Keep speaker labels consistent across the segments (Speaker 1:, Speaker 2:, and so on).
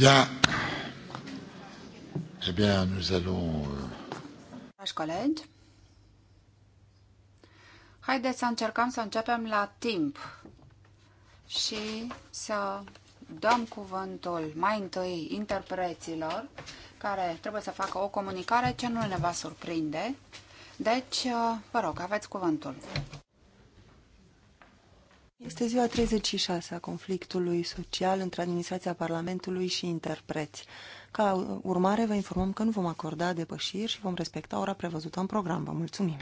Speaker 1: Bien. Eh bien, nous allons... Euh,
Speaker 2: Dragi colegi, haideți să încercăm să începem la timp și să dăm cuvântul mai întâi interpreților care trebuie să facă o comunicare ce nu ne va surprinde. Deci, vă rog, aveți cuvântul.
Speaker 3: Este ziua 36 a conflictului social între administrația Parlamentului și interpreți. Ca urmare, vă informăm că nu vom acorda depășiri și vom respecta ora prevăzută în program. Vă mulțumim!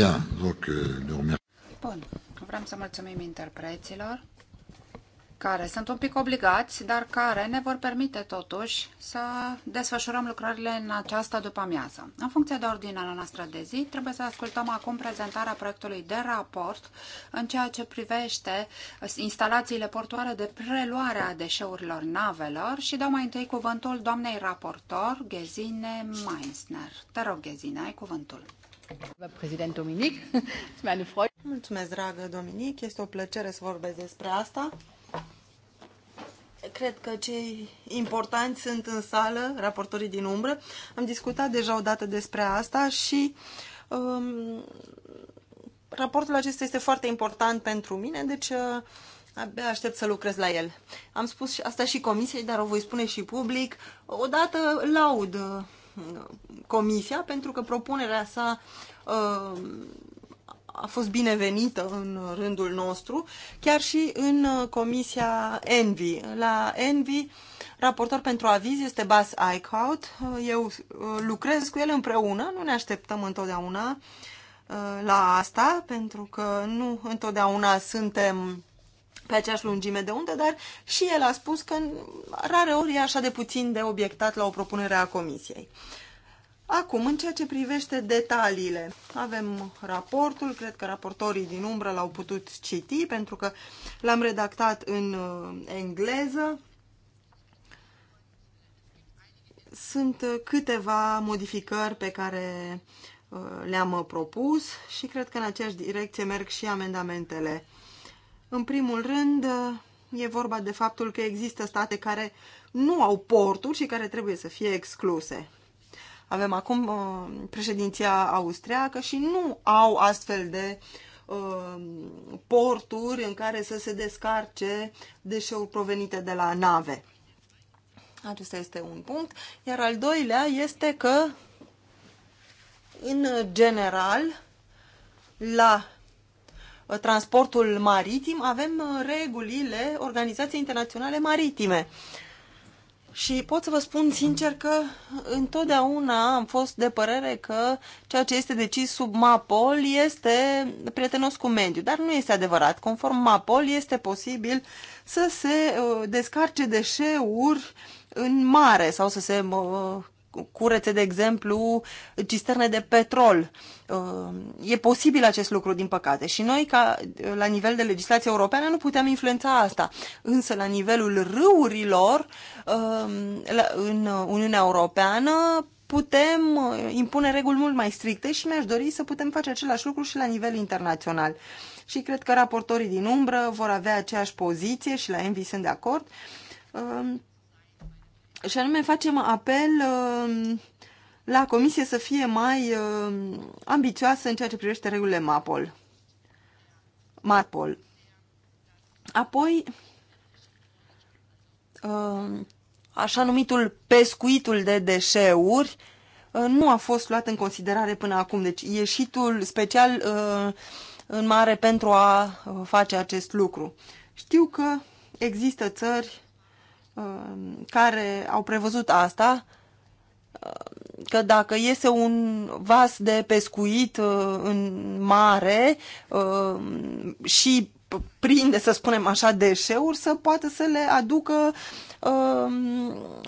Speaker 3: Bien, donc euh, nous
Speaker 2: Bun, vrem să mulțumim interpreților care sunt un pic obligați, dar care ne vor permite totuși să desfășurăm lucrările în această după-amiază. În funcție de ordinea noastră de zi, trebuie să ascultăm acum prezentarea proiectului de raport în ceea ce privește instalațiile portoare de preluare a deșeurilor navelor și dau mai întâi cuvântul doamnei raportor Gezine Meissner. Te rog, Gezine, ai cuvântul. Prezident Dominic,
Speaker 3: Mulțumesc, dragă Dominic, este o plăcere să vorbesc despre asta. Cred că cei importanți sunt în sală, raportorii din umbră. Am discutat deja o dată despre asta și um, raportul acesta este foarte important pentru mine, deci uh, Abia aștept să lucrez la el. Am spus asta și comisiei, dar o voi spune și public. Odată laud uh, comisia pentru că propunerea sa uh, a fost binevenită în rândul nostru, chiar și în uh, comisia Envi. La Envi, raportor pentru aviz este Bas Eichhout. Uh, eu lucrez cu el împreună, nu ne așteptăm întotdeauna la asta, pentru că nu întotdeauna suntem pe aceeași lungime de undă, dar și el a spus că rare ori e așa de puțin de obiectat la o propunere a comisiei. Acum, în ceea ce privește detaliile, avem raportul, cred că raportorii din umbră l-au putut citi pentru că l-am redactat în uh, engleză. Sunt câteva modificări pe care uh, le-am propus și cred că în aceeași direcție merg și amendamentele în primul rând, e vorba de faptul că există state care nu au porturi și care trebuie să fie excluse. Avem acum uh, președinția austriacă și nu au astfel de uh, porturi în care să se descarce deșeuri provenite de la nave. Acesta este un punct. Iar al doilea este că, în general, la Uh, transportul maritim, avem uh, regulile Organizației Internaționale Maritime. Și pot să vă spun sincer că întotdeauna am fost de părere că ceea ce este decis sub MAPOL este prietenos cu mediul, dar nu este adevărat. Conform MAPOL este posibil să se uh, descarce deșeuri în mare sau să se curețe, de exemplu, cisterne de petrol. Uh, e posibil acest lucru, din păcate. Și noi, ca, la nivel de legislație europeană, nu putem influența asta. Însă, la nivelul râurilor, uh, în Uniunea Europeană, putem uh, impune reguli mult mai stricte și mi-aș dori să putem face același lucru și la nivel internațional. Și cred că raportorii din umbră vor avea aceeași poziție și la Envi sunt de acord și anume facem apel um, la comisie să fie mai um, ambițioasă în ceea ce privește regulile MAPOL. MAPOL. Apoi, um, așa numitul pescuitul de deșeuri uh, nu a fost luat în considerare până acum. Deci ieșitul special uh, în mare pentru a uh, face acest lucru. Știu că există țări Um, care au prevăzut asta, um, că dacă iese un vas de pescuit uh, în mare um, și prinde, să spunem așa, deșeuri, să poată să le aducă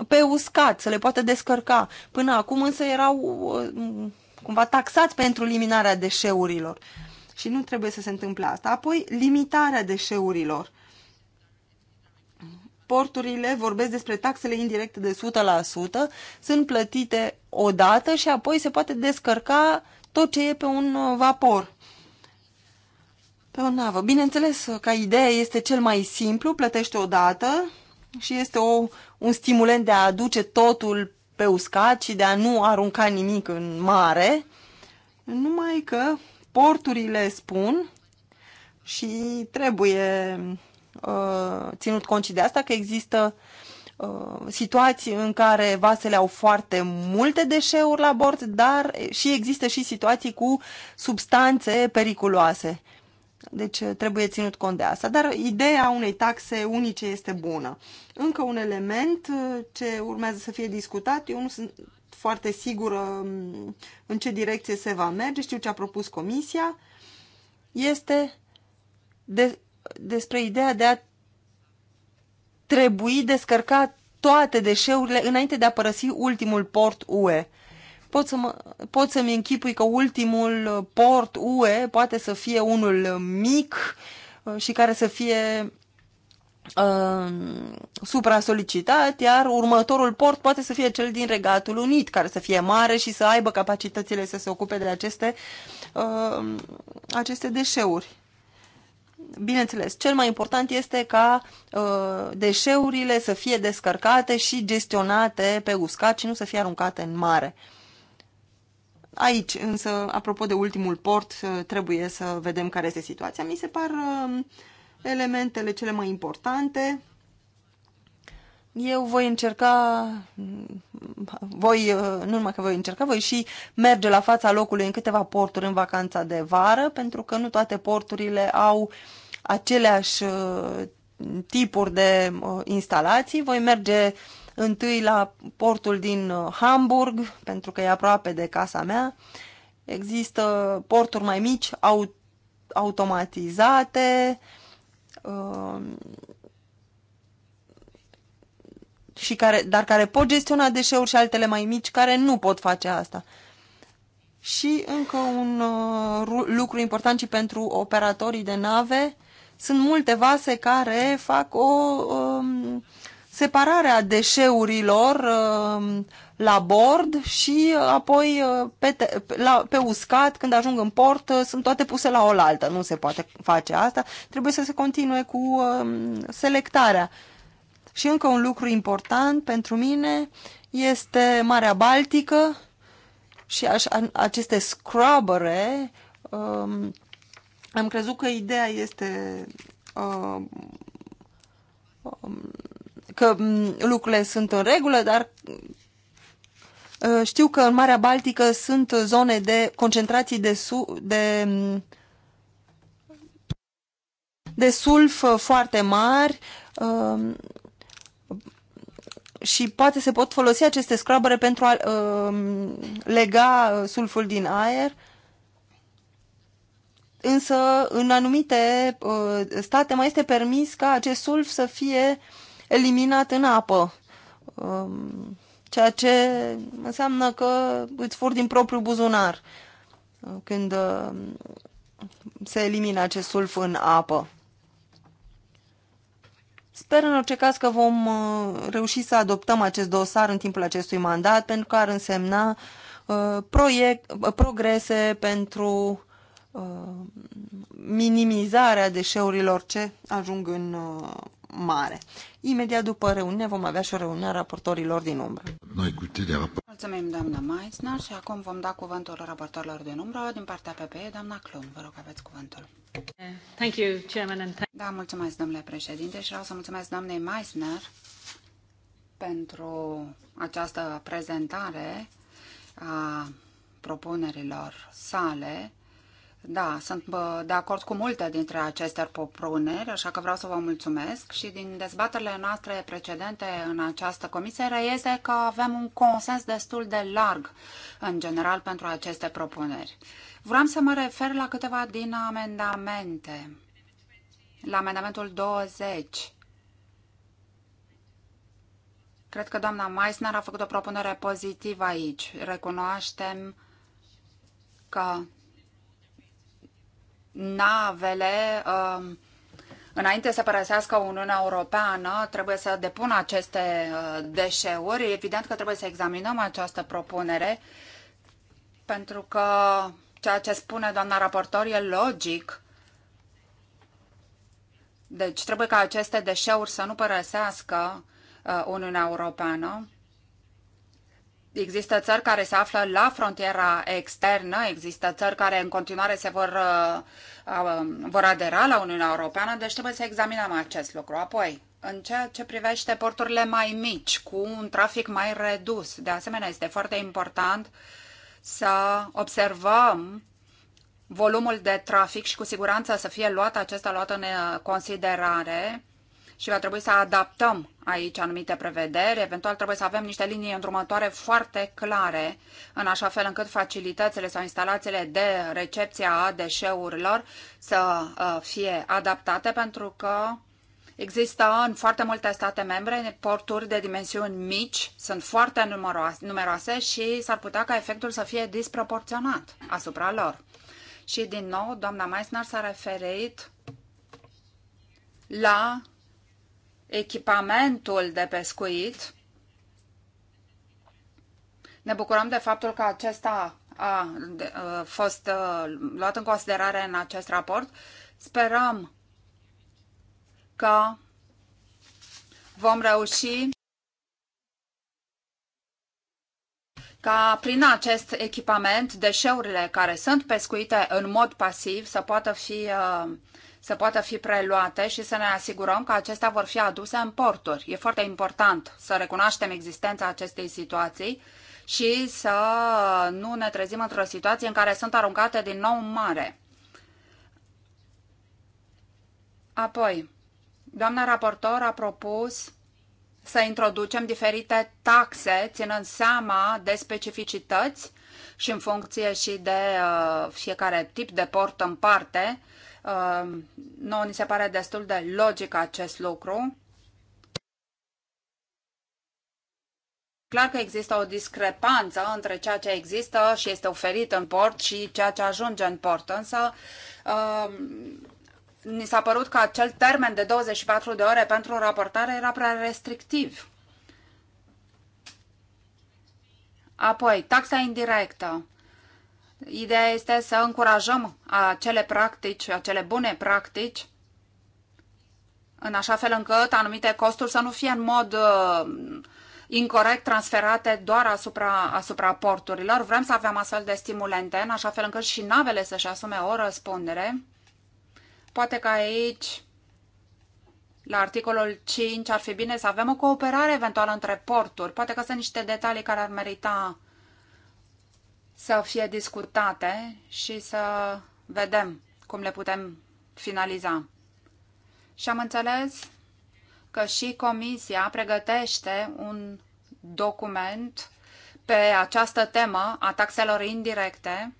Speaker 3: pe uscat, să le poată descărca. Până acum însă erau cumva taxați pentru eliminarea deșeurilor. Și nu trebuie să se întâmple asta. Apoi, limitarea deșeurilor. Porturile vorbesc despre taxele indirecte de 100%, sunt plătite odată și apoi se poate descărca tot ce e pe un uh, vapor. Pe o navă. Bineînțeles, ca ideea este cel mai simplu, plătești odată și este o, un stimulent de a aduce totul pe uscat și de a nu arunca nimic în mare, numai că porturile spun și trebuie Uh, ținut cont și de asta, că există uh, situații în care vasele au foarte multe deșeuri la bord, dar și există și situații cu substanțe periculoase. Deci uh, trebuie ținut cont de asta. Dar ideea unei taxe unice este bună. Încă un element ce urmează să fie discutat, eu nu sunt foarte sigură um, în ce direcție se va merge, știu ce a propus Comisia, este de despre ideea de a trebui descărca toate deșeurile înainte de a părăsi ultimul port UE. Pot, să mă, pot să-mi închipui că ultimul uh, port UE poate să fie unul uh, mic uh, și care să fie uh, supra-solicitat, iar următorul port poate să fie cel din Regatul Unit, care să fie mare și să aibă capacitățile să se ocupe de aceste, uh, aceste deșeuri bineînțeles, cel mai important este ca uh, deșeurile să fie descărcate și gestionate pe uscat și nu să fie aruncate în mare. Aici, însă, apropo de ultimul port, uh, trebuie să vedem care este situația. Mi se par uh, elementele cele mai importante eu voi încerca, voi, uh, nu numai că voi încerca, voi și merge la fața locului în câteva porturi în vacanța de vară, pentru că nu toate porturile au aceleași uh, tipuri de uh, instalații. Voi merge întâi la portul din Hamburg, pentru că e aproape de casa mea. Există porturi mai mici, au, automatizate, și care, dar care pot gestiona deșeuri și altele mai mici care nu pot face asta. Și încă un uh, lucru important și pentru operatorii de nave, sunt multe vase care fac o um, separare a deșeurilor um, la bord și uh, apoi uh, pe, te, la, pe uscat, când ajung în port, uh, sunt toate puse la oaltă. Nu se poate face asta. Trebuie să se continue cu um, selectarea. Uh, și încă un lucru important pentru mine este Marea Baltică și aș, aceste scrubbere. Um, am crezut că ideea este um, um, că mm, lucrurile sunt în regulă, dar uh, știu că în Marea Baltică sunt zone de concentrații de, su- de, mm, de sulf foarte mari um, și poate se pot folosi aceste scrubbere pentru a um, uh, lega sulful din aer, însă în anumite uh, state mai este permis ca acest sulf să fie eliminat în apă, uh, ceea ce înseamnă că îți fur din propriul buzunar uh, când uh, se elimină acest sulf în apă. Sper în orice caz că vom uh, reuși să adoptăm acest dosar în timpul acestui mandat, pentru că ar însemna uh, proiect, uh, progrese pentru minimizarea deșeurilor ce ajung în mare. Imediat după reuniune vom avea și o reuniune a raportorilor din umbră. Mulțumim,
Speaker 2: doamna Meisner, și acum vom da cuvântul raportorilor din umbră din partea PPE, doamna Clun. Vă rog, aveți cuvântul. Thank you, Chairman, and thank da, mulțumesc, domnule președinte, și vreau să mulțumesc doamnei Meisner pentru această prezentare a propunerilor sale da, sunt de acord cu multe dintre aceste propuneri, așa că vreau să vă mulțumesc și din dezbaterile noastre precedente în această comisie reiese că avem un consens destul de larg în general pentru aceste propuneri. Vreau să mă refer la câteva din amendamente. La amendamentul 20. Cred că doamna Meissner a făcut o propunere pozitivă aici. Recunoaștem că navele um, înainte să părăsească Uniunea Europeană, trebuie să depună aceste uh, deșeuri. Evident că trebuie să examinăm această propunere, pentru că ceea ce spune doamna raportor e logic. Deci trebuie ca aceste deșeuri să nu părăsească uh, Uniunea Europeană Există țări care se află la frontiera externă, există țări care în continuare se vor, uh, uh, vor adera la Uniunea Europeană, deci trebuie să examinăm acest lucru. Apoi, în ceea ce privește porturile mai mici, cu un trafic mai redus, de asemenea, este foarte important să observăm volumul de trafic și cu siguranță să fie luat acesta luat în uh, considerare și va trebui să adaptăm aici anumite prevederi. Eventual trebuie să avem niște linii îndrumătoare foarte clare, în așa fel încât facilitățile sau instalațiile de recepție a deșeurilor să uh, fie adaptate, pentru că Există în foarte multe state membre porturi de dimensiuni mici, sunt foarte numeroase, numeroase și s-ar putea ca efectul să fie disproporționat asupra lor. Și din nou, doamna Meissner s-a referit la echipamentul de pescuit. Ne bucurăm de faptul că acesta a fost luat în considerare în acest raport. Sperăm că vom reuși ca prin acest echipament deșeurile care sunt pescuite în mod pasiv să poată fi uh, să poată fi preluate și să ne asigurăm că acestea vor fi aduse în porturi. E foarte important să recunoaștem existența acestei situații și să nu ne trezim într-o situație în care sunt aruncate din nou în mare. Apoi, doamna raportor a propus să introducem diferite taxe, ținând seama de specificități și în funcție și de uh, fiecare tip de port în parte, Um, nu ni se pare destul de logic acest lucru. Clar că există o discrepanță între ceea ce există și este oferit în port și ceea ce ajunge în port, însă um, ni s-a părut că acel termen de 24 de ore pentru raportare era prea restrictiv. Apoi, taxa indirectă. Ideea este să încurajăm acele practici, acele bune practici, în așa fel încât anumite costuri să nu fie în mod uh, incorrect transferate doar asupra, asupra porturilor. Vrem să avem astfel de stimulente, în așa fel încât și navele să-și asume o răspundere. Poate că aici, la articolul 5, ar fi bine să avem o cooperare eventuală între porturi. Poate că sunt niște detalii care ar merita să fie discutate și să vedem cum le putem finaliza. Și am înțeles că și Comisia pregătește un document pe această temă a taxelor indirecte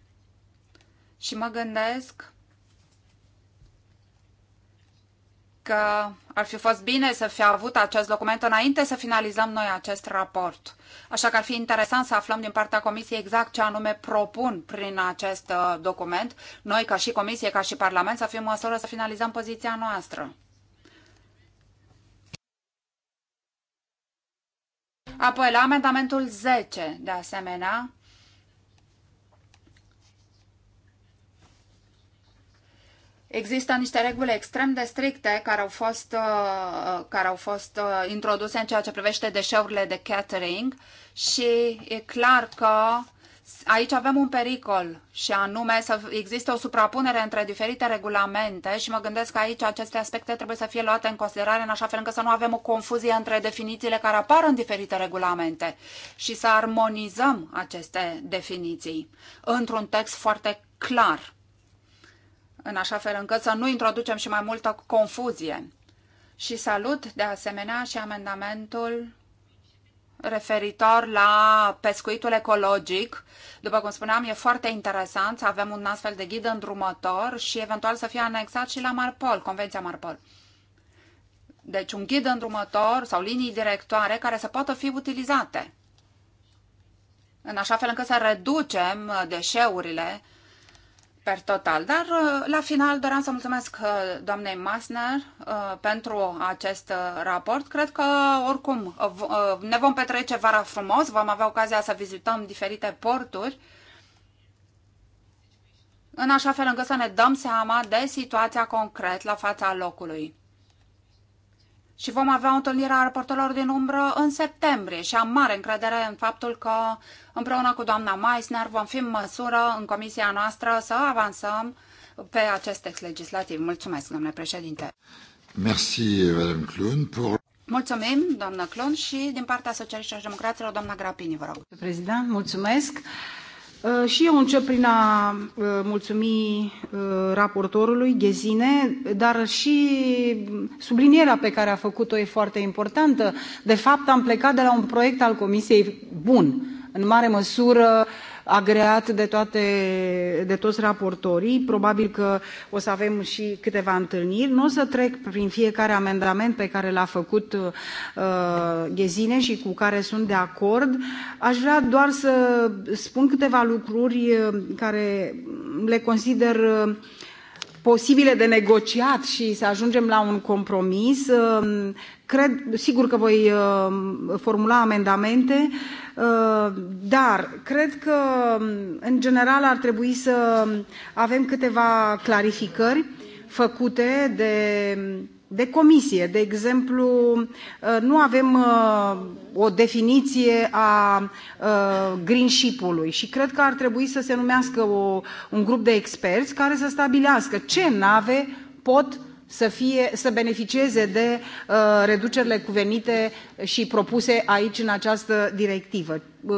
Speaker 2: și mă gândesc că ar fi fost bine să fi avut acest document înainte să finalizăm noi acest raport. Așa că ar fi interesant să aflăm din partea Comisiei exact ce anume propun prin acest uh, document. Noi, ca și Comisie, ca și Parlament, să fim măsură să finalizăm poziția noastră. Apoi, la amendamentul 10, de asemenea, Există niște reguli extrem de stricte care au fost, uh, uh, care au fost uh, introduse în ceea ce privește deșeurile de catering și e clar că aici avem un pericol și anume să există o suprapunere între diferite regulamente și mă gândesc că aici aceste aspecte trebuie să fie luate în considerare în așa fel încât să nu avem o confuzie între definițiile care apar în diferite regulamente și să armonizăm aceste definiții într-un text foarte clar în așa fel încât să nu introducem și mai multă confuzie. Și salut de asemenea și amendamentul referitor la pescuitul ecologic. După cum spuneam, e foarte interesant să avem un astfel de ghid îndrumător și eventual să fie anexat și la Marpol, Convenția Marpol. Deci un ghid îndrumător sau linii directoare care să poată fi utilizate. În așa fel încât să reducem deșeurile per total. Dar uh, la final doream să mulțumesc uh, doamnei Masner uh, pentru acest raport. Cred că oricum ne vom petrece vara frumos, vom avea ocazia să vizităm diferite porturi în așa fel încât să ne dăm seama de situația concret la fața locului și vom avea o întâlnire a raportorilor din umbră în septembrie și am mare încredere în faptul că împreună cu doamna Meissner vom fi în măsură în comisia noastră să avansăm pe acest text legislativ. Mulțumesc, domnule președinte.
Speaker 1: Merci, Madame Clun, pour...
Speaker 2: Mulțumim, doamnă Clun, și din partea Socialiștilor și Democraților, doamna Grapini, vă rog.
Speaker 4: Președinte, mulțumesc. Uh, și eu încep prin a uh, mulțumi uh, raportorului Ghezine, dar și sublinierea pe care a făcut-o e foarte importantă. De fapt, am plecat de la un proiect al Comisiei bun, în mare măsură uh, agreat de, toate, de toți raportorii. Probabil că o să avem și câteva întâlniri. Nu o să trec prin fiecare amendament pe care l-a făcut uh, Ghezine și cu care sunt de acord. Aș vrea doar să spun câteva lucruri uh, care le consider uh, posibile de negociat și să ajungem la un compromis. Uh, Cred, sigur că voi uh, formula amendamente, uh, dar cred că, în general, ar trebui să avem câteva clarificări făcute de de comisie. De exemplu, uh, nu avem o definiție a green ship-ului și cred că ar trebui să se numească o, un grup de experți care să stabilească ce nave pot să, fie, să beneficieze de uh, reducerile cuvenite și propuse aici în această directivă. Uh,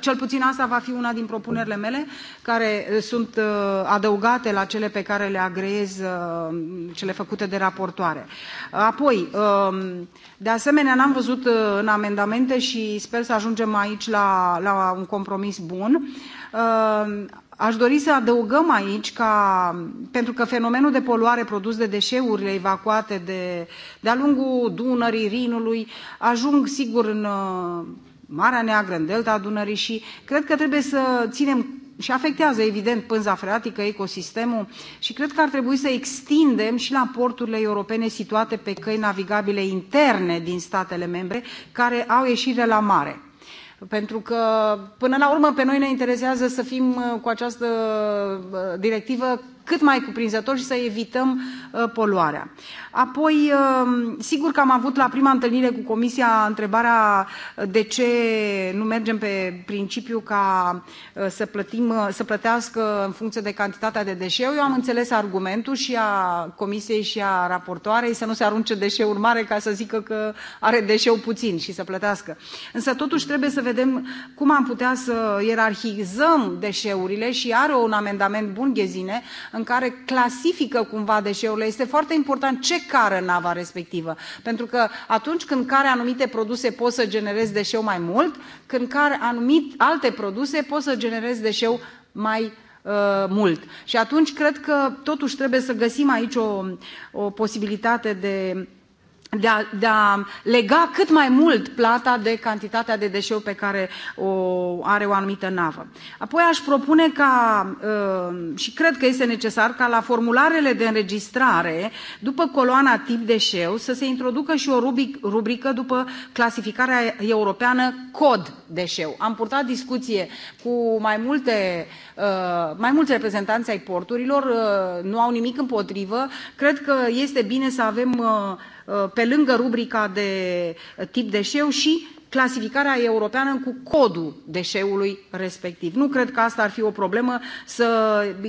Speaker 4: cel puțin asta va fi una din propunerile mele care uh, sunt uh, adăugate la cele pe care le agreez, uh, cele făcute de raportoare. Apoi, um, de asemenea, n-am văzut uh, în amendamente și sper să ajungem aici la, la un compromis bun Aș dori să adăugăm aici ca, pentru că fenomenul de poluare produs de deșeurile evacuate de, de-a lungul Dunării, Rinului, ajung sigur în uh, Marea Neagră, în delta Dunării și cred că trebuie să ținem și afectează evident pânza freatică, ecosistemul și cred că ar trebui să extindem și la porturile europene situate pe căi navigabile interne din statele membre care au ieșire la mare pentru că, până la urmă, pe noi ne interesează să fim uh, cu această uh, directivă cât mai cuprinzător și să evităm uh, poluarea. Apoi, um, sigur că am avut la prima întâlnire cu Comisia întrebarea uh, de ce nu mergem pe principiu ca uh, să, plătim, să plătească în funcție de cantitatea de deșeuri. Eu am înțeles argumentul și a Comisiei și a raportoarei să nu se arunce deșeuri mare ca să zică că are deșeu puțin și să plătească. Însă totuși trebuie să vedem cum am putea să ierarhizăm deșeurile și are un amendament bun, Ghezine, în care clasifică cumva deșeurile. Este foarte important ce cară nava respectivă, pentru că atunci când care anumite produse poți să generezi deșeu mai mult, când care anumite alte produse poți să generezi deșeu mai uh, mult. Și atunci cred că totuși trebuie să găsim aici o, o posibilitate de de a, de a lega cât mai mult plata de cantitatea de deșeuri pe care o are o anumită navă. Apoi aș propune ca, uh, și cred că este necesar, ca la formularele de înregistrare, după coloana tip deșeu, să se introducă și o rubrică după clasificarea europeană cod deșeu. Am purtat discuție cu mai, multe, uh, mai mulți reprezentanți ai porturilor, uh, nu au nimic împotrivă. Cred că este bine să avem pe lângă rubrica de tip deșeu și clasificarea europeană cu codul deșeului respectiv. Nu cred că asta ar fi o problemă să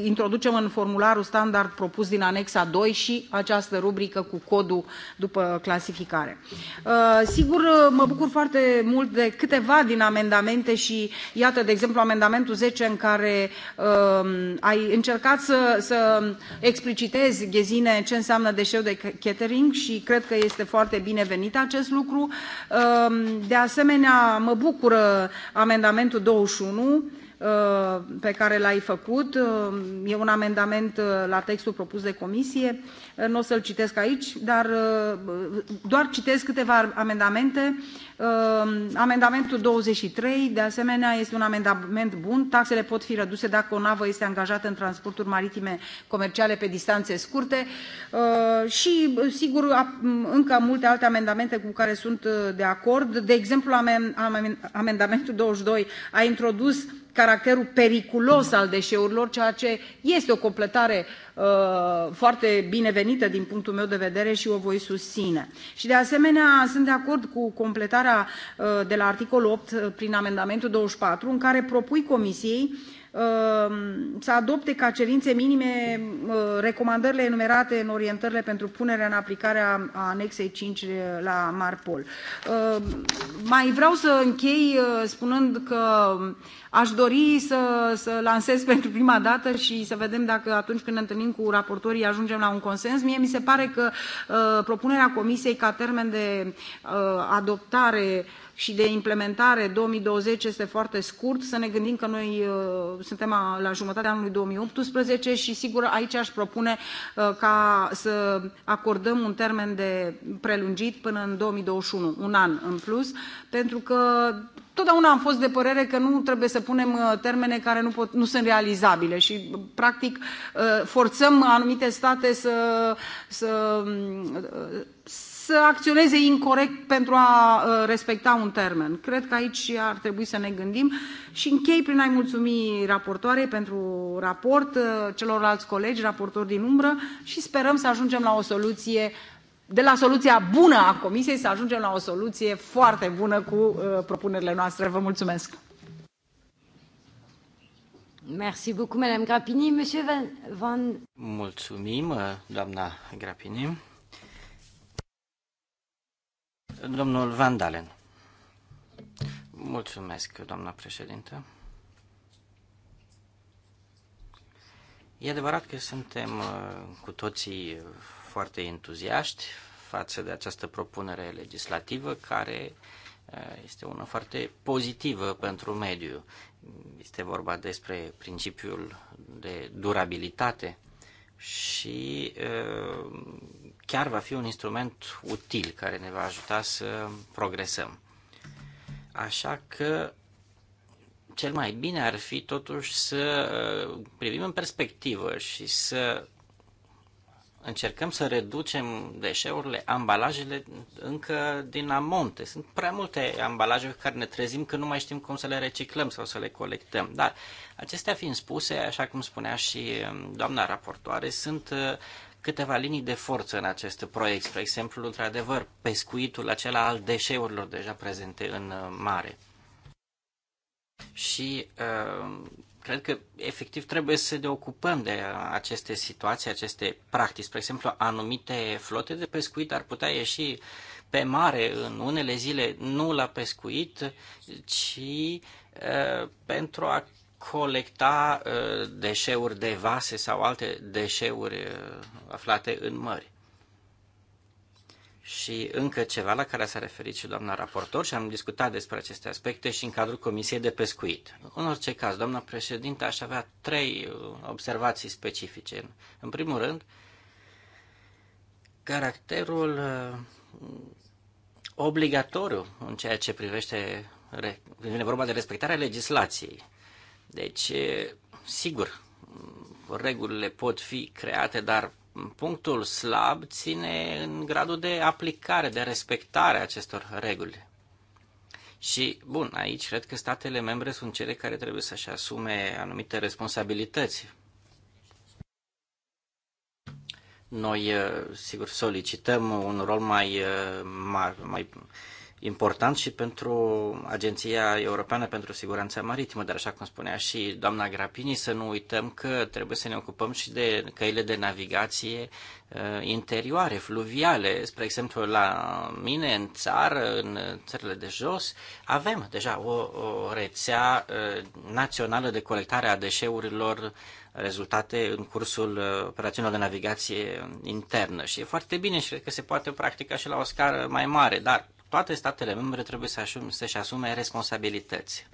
Speaker 4: introducem în formularul standard propus din anexa 2 și această rubrică cu codul după clasificare. Uh, sigur, uh, mă bucur foarte mult de câteva din amendamente și iată, de exemplu, amendamentul 10 în care um, ai încercat să, să explicitezi, Ghezine, ce înseamnă deșeu de catering și cred că este foarte binevenit acest lucru. Um, de asemenea, asemenea mă bucură amendamentul douăzeci și unu Uh, pe care l ai făcut uh, e un amendament uh, la textul propus de comisie nu o să l citesc aici dar doar citesc câteva amendamente amendamentul douăzeci și trei de asemenea este un amendament bun taxele pot fi reduse dacă o navă este angajată în transporturi maritime comerciale pe distanțe scurte și sigur încă multe alte amendamente cu care sunt de acord de exemplu amendamentul douăzeci și doi a introdus caracterul periculos al deșeurilor, ceea ce este o completare uh, foarte binevenită din punctul meu de vedere și o voi susține. Și de asemenea sunt de acord cu completarea uh, de la articolul 8 uh, prin amendamentul 24 în care propui Comisiei să adopte ca cerințe minime recomandările enumerate în orientările pentru punerea în aplicare a anexei 5 la Marpol. Mai vreau să închei spunând că Aș dori să, să lansez pentru prima dată și să vedem dacă atunci când ne întâlnim cu raportorii ajungem la un consens. Mie mi se pare că uh, propunerea Comisiei ca termen de uh, adoptare și de implementare 2020 este foarte scurt. Să ne gândim că noi uh, suntem a, la jumătatea anului 2018 și sigur aici aș propune uh, ca să acordăm un termen de prelungit până în 2021, un an în plus, pentru că totdeauna am fost de părere că nu trebuie să punem uh, termene care nu, pot, nu sunt realizabile și, uh, practic, uh, forțăm anumite state să, să, mm, să acționeze incorrect pentru a respecta un termen. Cred că aici ar trebui să ne gândim și închei prin a-i mulțumi raportoarei pentru raport, celorlalți colegi, raportori din umbră și sperăm să ajungem la o soluție de la soluția bună a Comisiei să ajungem la o soluție foarte bună cu uh, propunerile noastre. Vă mulțumesc! Merci beaucoup, Madame Grapini. Monsieur Van...
Speaker 5: Mulțumim, uh, doamna Grapini. Domnul Van Dalen. Mulțumesc, doamna președintă. E adevărat că suntem uh, cu toții uh, foarte entuziaști față de această propunere legislativă care este una foarte pozitivă pentru mediu. Este vorba despre principiul de durabilitate și chiar va fi un instrument util care ne va ajuta să progresăm. Așa că cel mai bine ar fi totuși să privim în perspectivă și să încercăm să reducem deșeurile, ambalajele încă din amonte. Sunt prea multe ambalaje care ne trezim că nu mai știm cum să le reciclăm sau să le colectăm. Dar acestea fiind spuse, așa cum spunea și um, doamna raportoare, sunt uh, câteva linii de forță în acest proiect. Spre exemplu, într-adevăr, pescuitul acela al deșeurilor deja prezente în uh, mare. Și uh, cred că efectiv trebuie să ne ocupăm de aceste situații, aceste practici. Spre exemplu, anumite flote de pescuit ar putea ieși pe mare în unele zile, nu la pescuit, ci uh, pentru a colecta uh, deșeuri de vase sau alte deșeuri uh, aflate în mări și încă ceva la care s-a referit și doamna raportor și am discutat despre aceste aspecte și în cadrul Comisiei de Pescuit. În orice caz, doamna președintă aș avea trei uh, observații specifice. În primul rând, caracterul uh, obligatoriu în ceea ce privește, când vine vorba de respectarea legislației. Deci, uh, sigur, regulile pot fi create, dar punctul slab ține în gradul de aplicare, de respectare a acestor reguli. Și, bun, aici cred că statele membre sunt cele care trebuie să-și asume anumite responsabilități. Noi, eh, sigur, solicităm un rol mai, eh, mai, mai important și pentru Agenția Europeană pentru Siguranța Maritimă, dar așa cum spunea și doamna Grapini, să nu uităm că trebuie să ne ocupăm și de căile de navigație uh, interioare, fluviale. Spre exemplu, la mine, în țară, în țările de jos, avem deja o, o rețea uh, națională de colectare a deșeurilor rezultate în cursul uh, operațiunilor de navigație internă și e foarte bine și cred că se poate practica și la o scară mai mare, dar toate statele membre trebuie să asum, să-și asume responsabilități.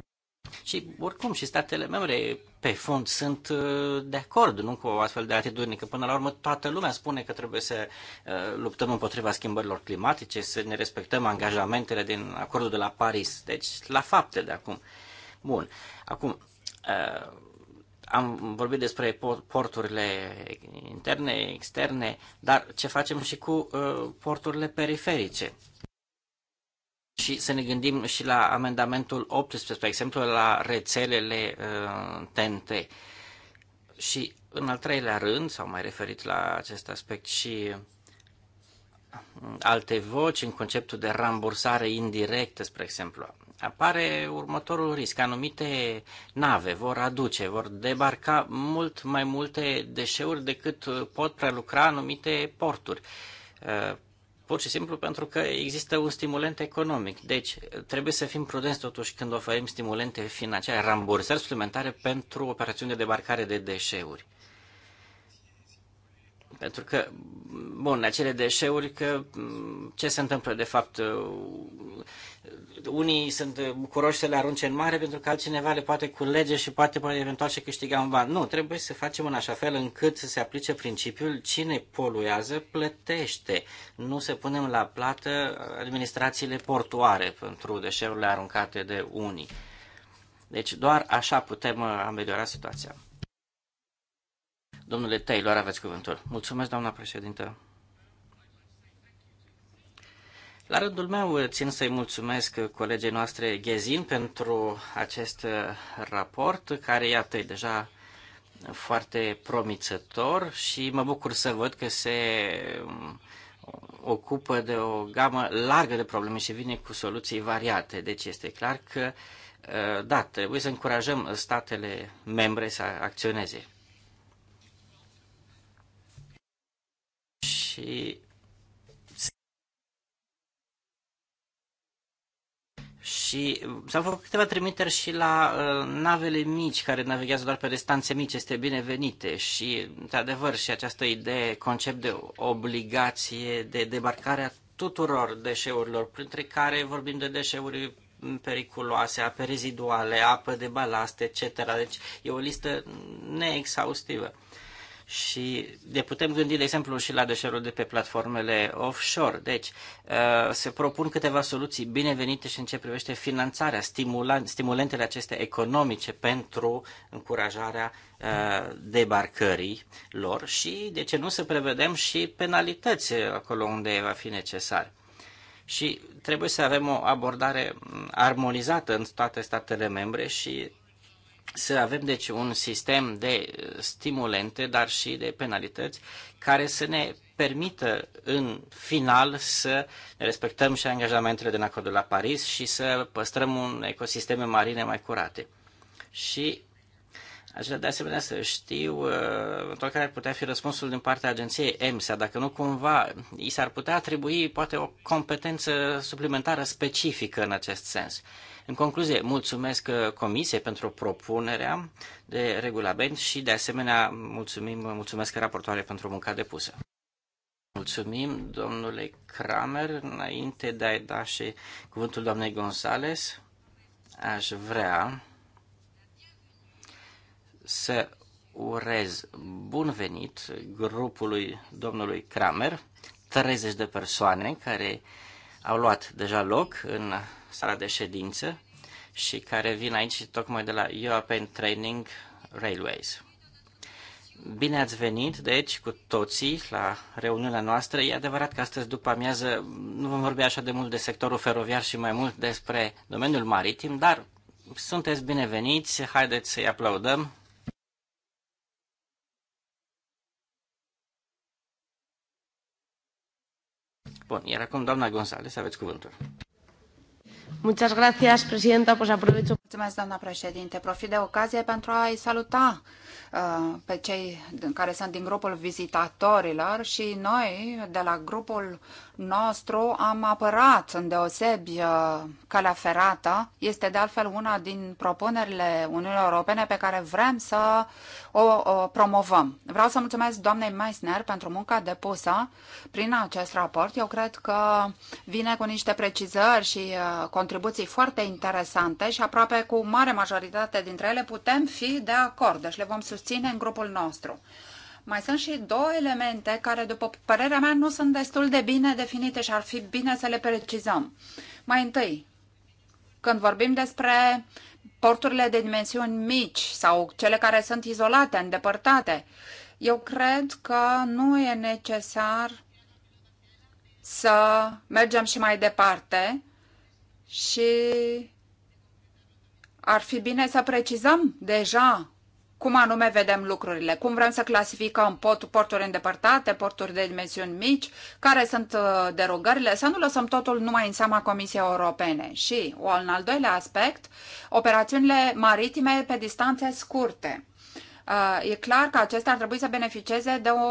Speaker 5: Și oricum și statele membre pe fond sunt uh, de acord, nu cu o astfel de atitudine, că până la urmă toată lumea spune că trebuie să uh, luptăm împotriva schimbărilor climatice, să ne respectăm angajamentele din acordul de la Paris. Deci la fapte de acum. Bun. Acum, uh, am vorbit despre porturile interne, externe, dar ce facem și cu porturile periferice? și să ne gândim și la amendamentul 18, spre exemplu, la rețelele uh, TNT. Și în al treilea rând, s-au mai referit la acest aspect și uh, alte voci în conceptul de rambursare indirectă, spre exemplu. Apare următorul risc. Anumite nave vor aduce, vor debarca mult mai multe deșeuri decât pot prelucra anumite porturi. Uh, pur și simplu pentru că există un stimulent economic. Deci trebuie să fim prudenți totuși când oferim stimulente financiare, rambursări suplimentare pentru operațiuni de debarcare de deșeuri. Pentru că, bun, acele deșeuri, că mm, ce se întâmplă de fapt? Uh, unii sunt uh, bucuroși să le arunce în mare pentru că altcineva le poate culege și poate, poate eventual și câștiga un ban. Nu, trebuie să facem în așa fel încât să se aplice principiul cine poluează plătește. Nu se punem la plată administrațiile portoare pentru deșeurile aruncate de unii. Deci doar așa putem uh, ameliora situația. Domnule Taylor, aveți cuvântul. Mulțumesc, doamna președintă. La rândul meu țin să-i mulțumesc colegei noastre Ghezin pentru acest raport, care, iată, e deja foarte promițător și mă bucur să văd că se ocupă de o gamă largă de probleme și vine cu soluții variate. Deci este clar că, da, trebuie să încurajăm statele membre să acționeze. și Și s-au făcut câteva trimiteri și la uh, navele mici, care navighează doar pe distanțe mici, este binevenite. Și, într-adevăr, și această idee, concept de obligație de debarcare a tuturor deșeurilor, printre care vorbim de deșeuri periculoase, ape reziduale, apă de balast, etc. Deci e o listă neexhaustivă și ne putem gândi, de exemplu, și la deșeuri de pe platformele offshore. Deci, uh, se propun câteva soluții binevenite și în ce privește finanțarea, stimulentele acestea economice pentru încurajarea uh, debarcării lor și, de ce nu, să prevedem și penalități acolo unde va fi necesar și trebuie să avem o abordare armonizată în toate statele membre și să avem deci un sistem de uh, stimulente, dar și de penalități, care să ne permită în final să respectăm și angajamentele din acordul la Paris și să păstrăm un ecosisteme marine mai curate. Și Aș vrea de asemenea să știu eventual uh, care ar putea fi răspunsul din partea agenției EMSA, dacă nu cumva i s-ar putea atribui poate o competență suplimentară specifică în acest sens. În concluzie, mulțumesc uh, Comisiei pentru propunerea de regulament și, de asemenea, mulțumim, mulțumesc raportoare pentru munca depusă. Mulțumim, domnule Kramer. Înainte de a-i da și cuvântul doamnei Gonzales, aș vrea să urez bun venit grupului domnului Kramer, 30 de persoane care au luat deja loc în sala de ședință și care vin aici tocmai de la European Training Railways. Bine ați venit, deci, cu toții la reuniunea noastră. E adevărat că astăzi, după amiază, nu vom vorbi așa de mult de sectorul feroviar și mai mult despre domeniul maritim, dar sunteți bineveniți, haideți să-i aplaudăm. Bun, iar acum doamna González aveți cuvântul.
Speaker 2: Muchas gracias, presidenta. Pues aprovecho. Mulțumesc, doamna președinte. Profit de ocazie pentru a-i saluta uh, pe cei care sunt din grupul vizitatorilor și noi, de la grupul nostru, am apărat în deosebi uh, calea ferată. Este de altfel una din propunerile Uniunii Europene pe care vrem să o, o promovăm. Vreau să mulțumesc doamnei Meissner pentru munca depusă prin acest raport. Eu cred că vine cu niște precizări și uh, contribuții foarte interesante și aproape cu mare majoritate dintre ele putem fi de acord, deci le vom susține în grupul nostru. Mai sunt și două elemente care, după părerea mea, nu sunt destul de bine definite și ar fi bine să le precizăm. Mai întâi, când vorbim despre porturile de dimensiuni mici sau cele care sunt izolate, îndepărtate, eu cred că nu e necesar să mergem și mai departe și ar fi bine să precizăm deja cum anume vedem lucrurile, cum vrem să clasificăm port, porturi îndepărtate, porturi de dimensiuni mici, care sunt uh, derogările, să nu lăsăm totul numai în seama Comisiei Europene. Și, un al doilea aspect, operațiunile maritime pe distanțe scurte. Uh, e clar că acestea ar trebui să beneficieze de o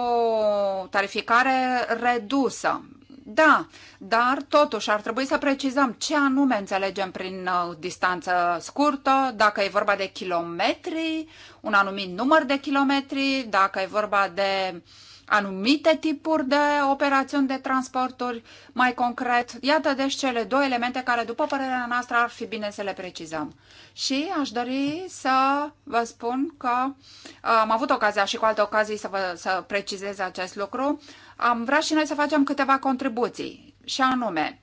Speaker 2: tarificare redusă da, dar totuși ar trebui să precizăm ce anume înțelegem prin uh, distanță scurtă, dacă e vorba de kilometri, un anumit număr de kilometri, dacă e vorba de anumite tipuri de operațiuni de transporturi mai concret. Iată deci cele două elemente care, după părerea noastră, ar fi bine să le precizăm. Și aș dori să vă spun că uh, am avut ocazia și cu alte ocazii să, vă, să precizez acest lucru am vrea și noi să facem câteva contribuții, și anume,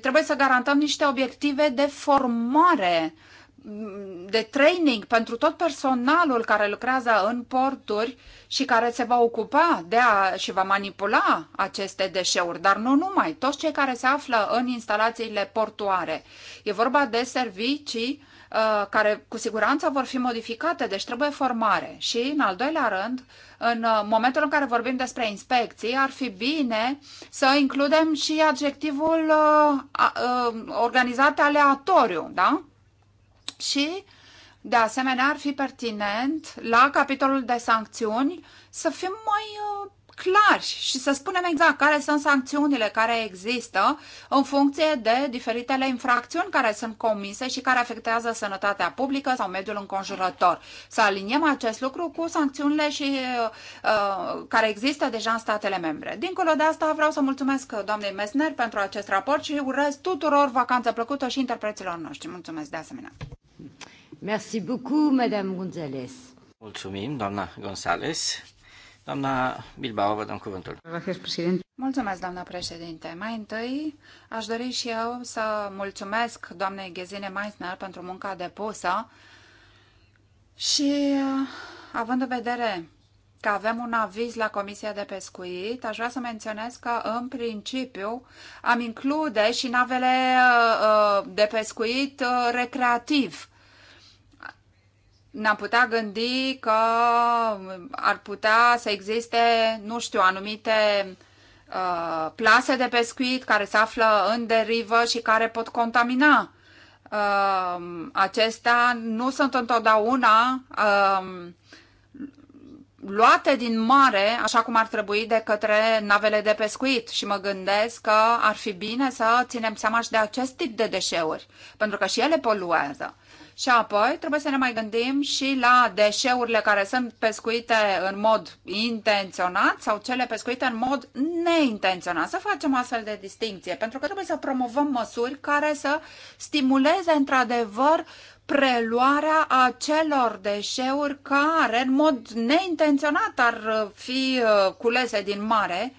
Speaker 2: trebuie să garantăm niște obiective de formare, mm, de training pentru tot personalul care lucrează în porturi și care se va ocupa de a, și va manipula aceste deșeuri, dar nu numai, toți cei care se află în instalațiile portoare. E vorba de servicii Uh, care cu siguranță vor fi modificate, deci trebuie formare. Și, în al doilea rând, în uh, momentul în care vorbim despre inspecții, ar fi bine să includem și adjectivul uh, organizat aleatoriu, da? Și, de asemenea, ar fi pertinent la capitolul de sancțiuni să fim mai clari și să spunem exact care sunt sancțiunile care există în funcție de diferitele infracțiuni care sunt comise și care afectează sănătatea publică sau mediul înconjurător. Să aliniem acest lucru cu sancțiunile și, uh, uh care există deja în statele membre. Dincolo de asta, vreau să mulțumesc doamnei Mesner pentru acest raport și urez tuturor vacanță plăcută și interpreților noștri. Mulțumesc de asemenea.
Speaker 4: Merci beaucoup, Madame Gonzalez.
Speaker 5: Mulțumim, doamna Gonzalez. Doamna Bilbao, vă dăm cuvântul.
Speaker 2: Mulțumesc, doamna președinte. Mai întâi, aș dori și eu să mulțumesc doamnei Ghezine Meissner pentru munca depusă și având în vedere că avem un aviz la Comisia de Pescuit, aș vrea să menționez că, în principiu, am include și navele uh, uh, de pescuit uh, recreativ ne-am putea gândi că ar putea să existe, nu știu, anumite uh, plase de pescuit care se află în derivă și care pot contamina. Uh, acestea nu sunt întotdeauna uh, luate din mare, așa cum ar trebui, de către navele de pescuit. Și mă gândesc că ar fi bine să ținem seama și de acest tip de deșeuri, pentru că și ele poluează. Și apoi trebuie să ne mai gândim și la deșeurile care sunt pescuite în mod intenționat sau cele pescuite în mod neintenționat. Să facem astfel de distinție, pentru că trebuie să promovăm măsuri care să stimuleze într-adevăr preluarea acelor deșeuri care în mod neintenționat ar fi uh, culese din mare,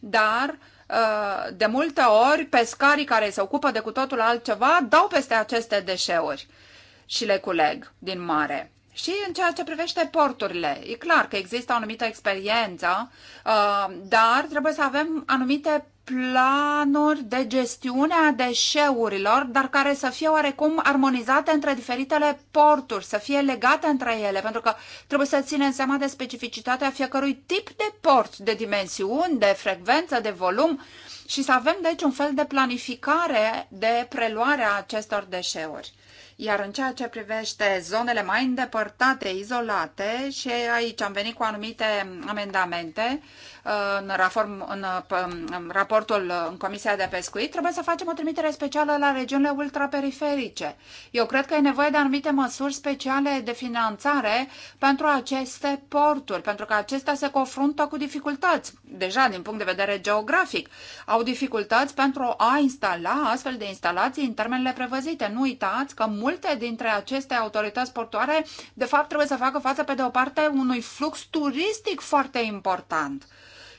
Speaker 2: dar uh, de multe ori pescarii care se ocupă de cu totul altceva dau peste aceste deșeuri și le culeg din mare. Și în ceea ce privește porturile, e clar că există o anumită experiență, uh, dar trebuie să avem anumite planuri de gestiune a deșeurilor, dar care să fie oarecum armonizate între diferitele porturi, să fie legate între ele, pentru că trebuie să ținem seama de specificitatea fiecărui tip de port, de dimensiuni, de frecvență, de volum și să avem deci un fel de planificare de preluare a acestor deșeuri. Iar în ceea ce privește zonele mai îndepărtate, izolate, și aici am venit cu anumite amendamente, în, reform, în, în raportul în Comisia de Pescuit, trebuie să facem o trimitere specială la regiunile ultraperiferice. Eu cred că e nevoie de anumite măsuri speciale de finanțare pentru aceste porturi, pentru că acestea se confruntă cu dificultăți, deja din punct de vedere geografic. Au dificultăți pentru a instala astfel de instalații în termenele prevăzite. Nu uitați că multe dintre aceste autorități portoare, de fapt, trebuie să facă față, pe de o parte, unui flux turistic foarte important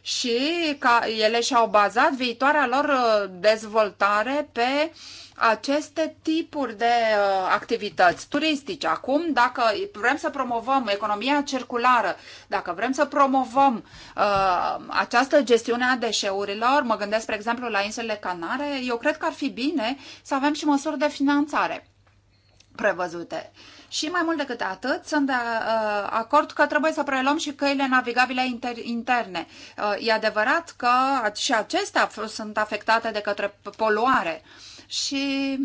Speaker 2: și ca ele și-au bazat viitoarea lor uh, dezvoltare pe aceste tipuri de uh, activități turistice. Acum, dacă vrem să promovăm economia circulară, dacă vrem să promovăm uh, această gestiune a deșeurilor, mă gândesc, spre exemplu, la insulele Canare, eu cred că ar fi bine să avem și măsuri de finanțare prevăzute. Uh, și mai mult decât atât, sunt de uh, acord că trebuie să preluăm și căile navigabile inter- interne. Uh, e adevărat că și acestea sunt afectate de către poluare. Și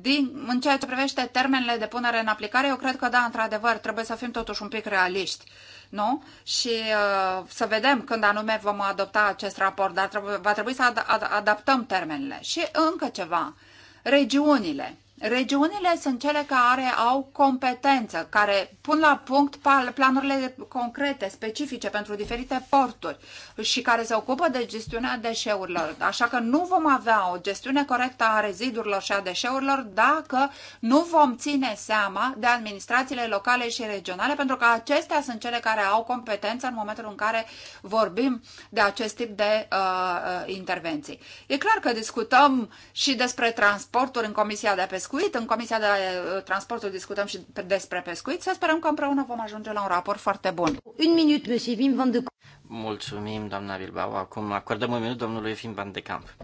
Speaker 2: din, în ceea ce privește termenele de punere în aplicare, eu cred că da, într-adevăr, trebuie să fim totuși un pic realiști. Nu? Și uh, să vedem când anume vom adopta acest raport, dar trebuie, va trebui să ad- ad- adaptăm termenele. Și încă ceva, regiunile. Regiunile sunt cele care au competență, care pun la punct planurile concrete, specifice pentru diferite porturi și care se ocupă de gestiunea deșeurilor. Așa că nu vom avea o gestiune corectă a rezidurilor și a deșeurilor dacă nu vom ține seama de administrațiile locale și regionale, pentru că acestea sunt cele care au competență în momentul în care vorbim de acest tip de uh, uh intervenții. E clar că discutăm și despre transporturi în Comisia de Pescuit, pescuit, în Comisia de uh, Transportul discutăm și despre pescuit. Să sperăm că împreună vom ajunge la un raport foarte bun. Un minut, monsieur Wim van de
Speaker 5: Mulțumim, doamna Bilbao. Acum acordăm un minut domnului Vim van de Camp.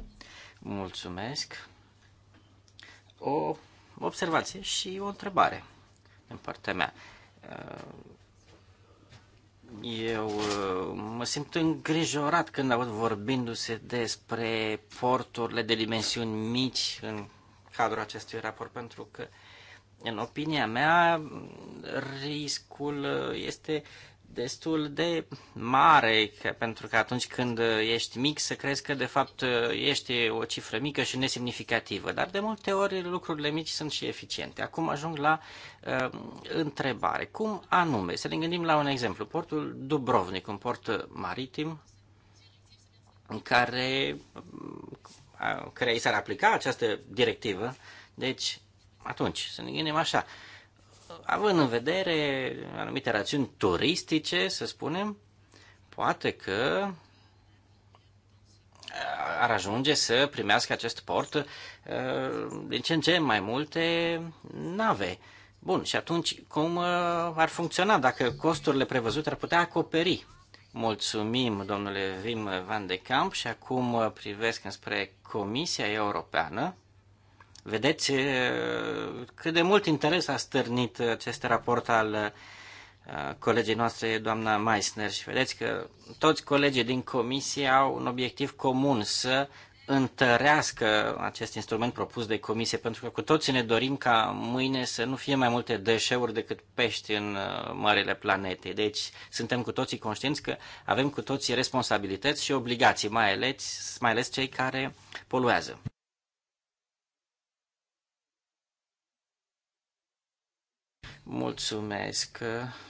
Speaker 5: Mulțumesc. O observație și o întrebare în partea mea. Uh, eu uh, mă simt îngrijorat când aud vorbindu-se despre porturile de dimensiuni mici în cadrul acestui raport, pentru că, în opinia mea, riscul uh, este destul de mare, că, pentru că atunci când ești mic să crezi că de fapt uh, ești o cifră mică și nesemnificativă, dar de multe ori lucrurile mici sunt și eficiente. Acum ajung la uh, întrebare. Cum anume? Să ne gândim la un exemplu. Portul Dubrovnik, un port maritim care care i s-ar aplica această directivă. Deci, atunci, să ne gândim așa. Având în vedere anumite rațiuni turistice, să spunem, poate că ar ajunge să primească acest port din ce în ce mai multe nave. Bun, și atunci cum ar funcționa dacă costurile prevăzute ar putea acoperi Mulțumim, domnule Vim Van de Camp, și acum uh, privesc înspre Comisia Europeană. Vedeți uh, cât de mult interes a stârnit uh, acest raport al colegii noastre, doamna Meissner, și vedeți că toți colegii din comisie au un obiectiv comun, să întărească acest instrument propus de comisie, pentru că cu toții ne dorim ca mâine să nu fie mai multe deșeuri decât pești în uh, mările planetei. Deci suntem cu toții conștienți că avem cu toții responsabilități și obligații, mai ales, mai ales cei care poluează. Mulțumesc,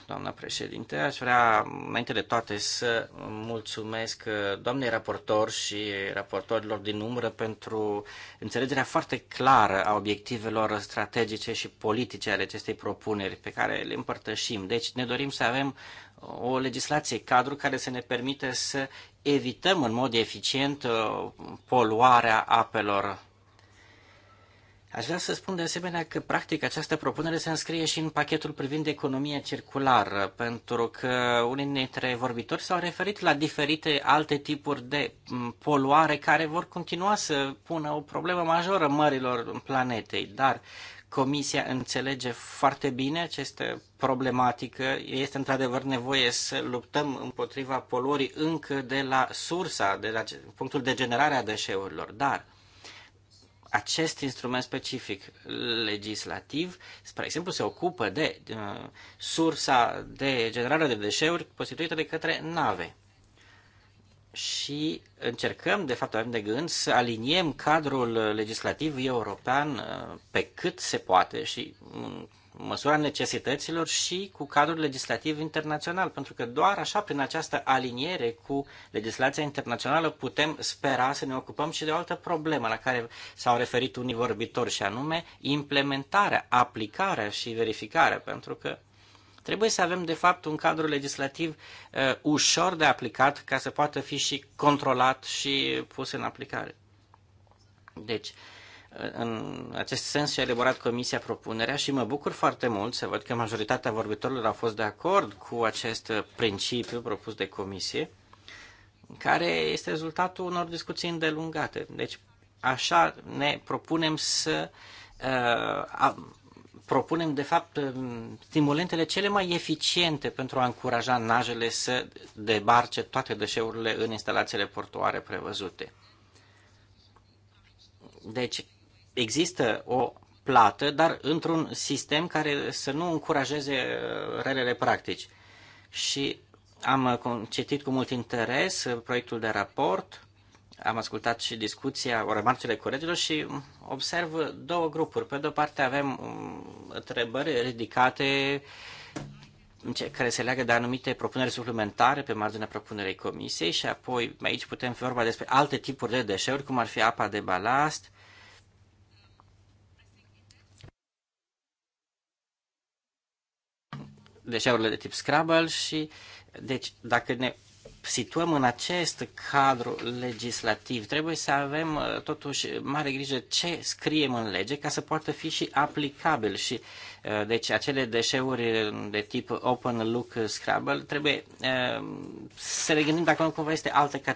Speaker 5: doamna președinte. Aș vrea, înainte de toate, să mulțumesc uh, doamnei raportor și raportorilor din umbră pentru înțelegerea foarte clară a obiectivelor strategice și politice ale acestei propuneri pe care le împărtășim. Deci ne dorim să avem o legislație cadru care să ne permite să evităm în mod eficient uh, poluarea apelor Aș vrea să spun de asemenea că, practic, această propunere se înscrie și în pachetul privind economia circulară, pentru că unii dintre vorbitori s-au referit la diferite alte tipuri de poluare care vor continua să pună o problemă majoră mărilor planetei, dar Comisia înțelege foarte bine această problematică. Este într-adevăr nevoie să luptăm împotriva poluării încă de la sursa, de la punctul de generare a deșeurilor, dar acest instrument specific legislativ, spre exemplu, se ocupă de uh, sursa de generare de deșeuri constituită de către nave. Și încercăm, de fapt, avem de gând să aliniem cadrul legislativ european uh, pe cât se poate și în măsura necesităților și cu cadrul legislativ internațional, pentru că doar așa, prin această aliniere cu legislația internațională, putem spera să ne ocupăm și de o altă problemă la care s-au referit unii vorbitori, și anume implementarea, aplicarea și verificarea, pentru că trebuie să avem, de fapt, un cadru legislativ uh, ușor de aplicat ca să poată fi și controlat și pus în aplicare. Deci, uh, în acest sens și-a elaborat Comisia propunerea și mă bucur foarte mult să văd că majoritatea vorbitorilor a fost de acord cu acest principiu propus de Comisie, care este rezultatul unor discuții îndelungate. Deci așa ne propunem să uh, a, propunem, de fapt, stimulentele cele mai eficiente pentru a încuraja najele să debarce toate deșeurile în instalațiile portoare prevăzute. Deci, există o plată, dar într-un sistem care să nu încurajeze uh, relele practici. Și am uh, citit cu mult interes uh, proiectul de raport, am ascultat și discuția, o remarcele colegilor și observ două grupuri. Pe de o parte avem um, întrebări ridicate care se leagă de anumite propuneri suplimentare pe marginea propunerei comisiei și apoi aici putem fi vorba despre alte tipuri de deșeuri, cum ar fi apa de balast, deșeurile de tip Scrabble și deci dacă ne situăm în acest cadru legislativ, trebuie să avem uh, totuși mare grijă ce scriem în lege ca să poată fi și aplicabil și uh, deci acele deșeuri de tip open look Scrabble trebuie uh, să le gândim dacă nu cumva este altă categorie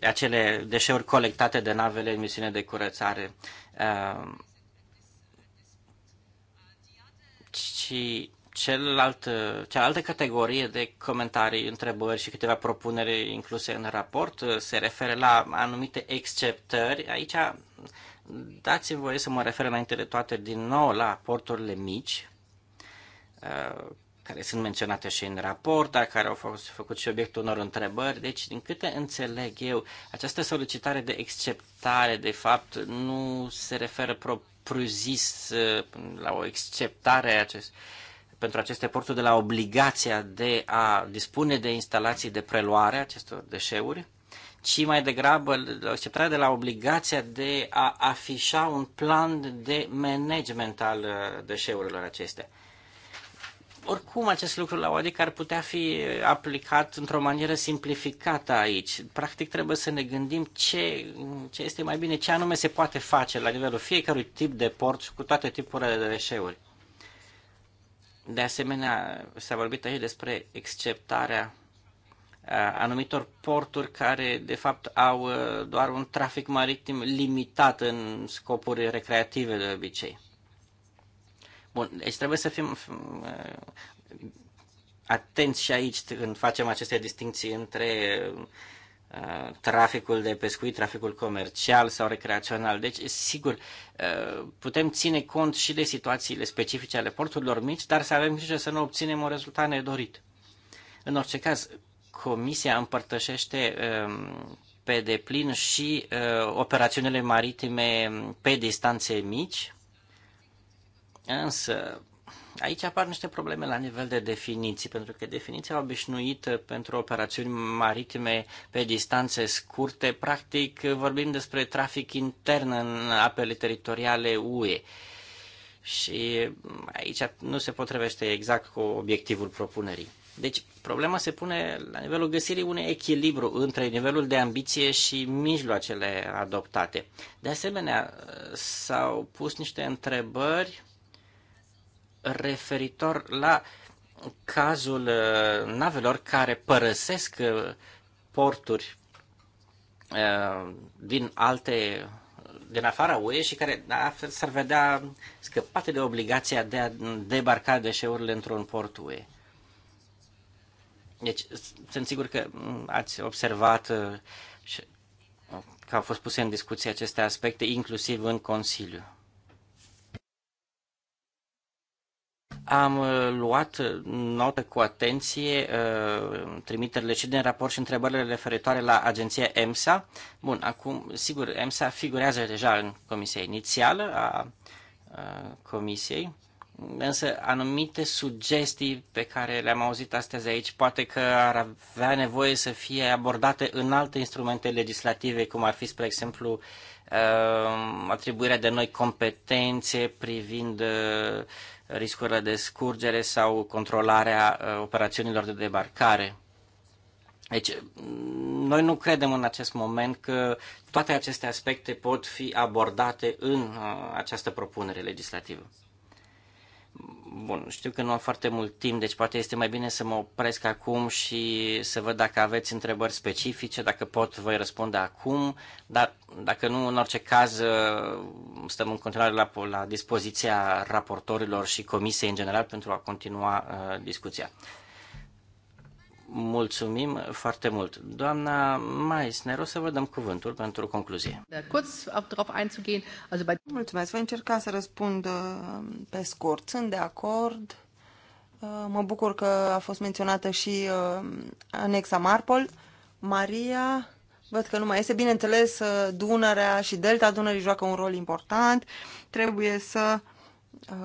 Speaker 5: acele deșeuri colectate de navele în misiune de curățare ci celălalt, cealaltă categorie de comentarii, întrebări și câteva propuneri incluse în raport uh, se referă la anumite exceptări. Aici dați-mi voie să mă refer înainte de toate din nou la porturile mici, uh, care sunt menționate și în raport, dar care au fost făcut și obiectul unor întrebări. Deci, din câte înțeleg eu, această solicitare de exceptare, de fapt, nu se referă propriu propriu-zis uh, la o acceptare acest, pentru aceste porturi de la obligația de a dispune de instalații de preluare acestor deșeuri, ci mai degrabă la acceptarea de la obligația de a afișa un plan de management al uh, deșeurilor acestea. Oricum, acest lucru la OADIC ar putea fi aplicat într-o manieră simplificată aici. Practic, trebuie să ne gândim ce, ce este mai bine, ce anume se poate face la nivelul fiecărui tip de port cu toate tipurile de deșeuri. De asemenea, s-a vorbit aici despre exceptarea anumitor porturi care, de fapt, au uh, doar un trafic maritim limitat în scopuri recreative de obicei. Bun, deci trebuie să fim uh, atenți și aici când facem aceste distinții între uh, traficul de pescuit, traficul comercial sau recreațional. Deci, sigur, uh, putem ține cont și de situațiile specifice ale porturilor mici, dar să avem grijă să nu obținem un rezultat nedorit. În orice caz, Comisia împărtășește um, pe deplin și operațiunile maritime pe distanțe mici, Însă, aici apar niște probleme la nivel de definiții, pentru că definiția obișnuită pentru operațiuni maritime pe distanțe scurte, practic vorbim despre trafic intern în apele teritoriale UE. Și aici nu se potrivește exact cu obiectivul propunerii. Deci problema se pune la nivelul găsirii unui echilibru între nivelul de ambiție și mijloacele adoptate. De asemenea, s-au pus niște întrebări referitor la cazul uh, navelor care părăsesc uh, porturi uh, din alte din afara UE și care da, s-ar vedea scăpate de obligația de a debarca deșeurile într-un port UE. Deci, sunt sigur că mm, ați observat că au fost puse în discuție aceste aspecte, inclusiv în Consiliu. Am uh, luat uh, notă cu atenție uh, trimiterile și din raport și întrebările referitoare la agenția EMSA. Bun, acum, sigur, EMSA figurează deja în comisia inițială a comisiei, însă anumite sugestii pe care le-am auzit astăzi aici poate că ar avea nevoie să fie abordate în alte instrumente legislative, cum ar fi, spre exemplu, atribuirea de noi competențe privind riscurile de scurgere sau controlarea uh, operațiunilor de debarcare. Deci, mm, noi nu credem în acest moment că toate aceste aspecte pot fi abordate în uh, această propunere legislativă. Bun, știu că nu am foarte mult timp, deci poate este mai bine să mă opresc acum și să văd dacă aveți întrebări specifice, dacă pot voi răspunde acum, dar dacă nu, în orice caz, ă, stăm în continuare la, la dispoziția raportorilor și comisiei în general pentru a continua uh, discuția. Mulțumim foarte mult. Doamna Meissner, o să vă dăm cuvântul pentru concluzie.
Speaker 3: Mulțumesc. Voi încerca să răspund uh, pe scurt. Sunt de acord. Uh, mă bucur că a fost menționată și uh, anexa Marpol. Maria, văd că nu mai este. Bineînțeles, Dunărea și Delta Dunării joacă un rol important. Trebuie să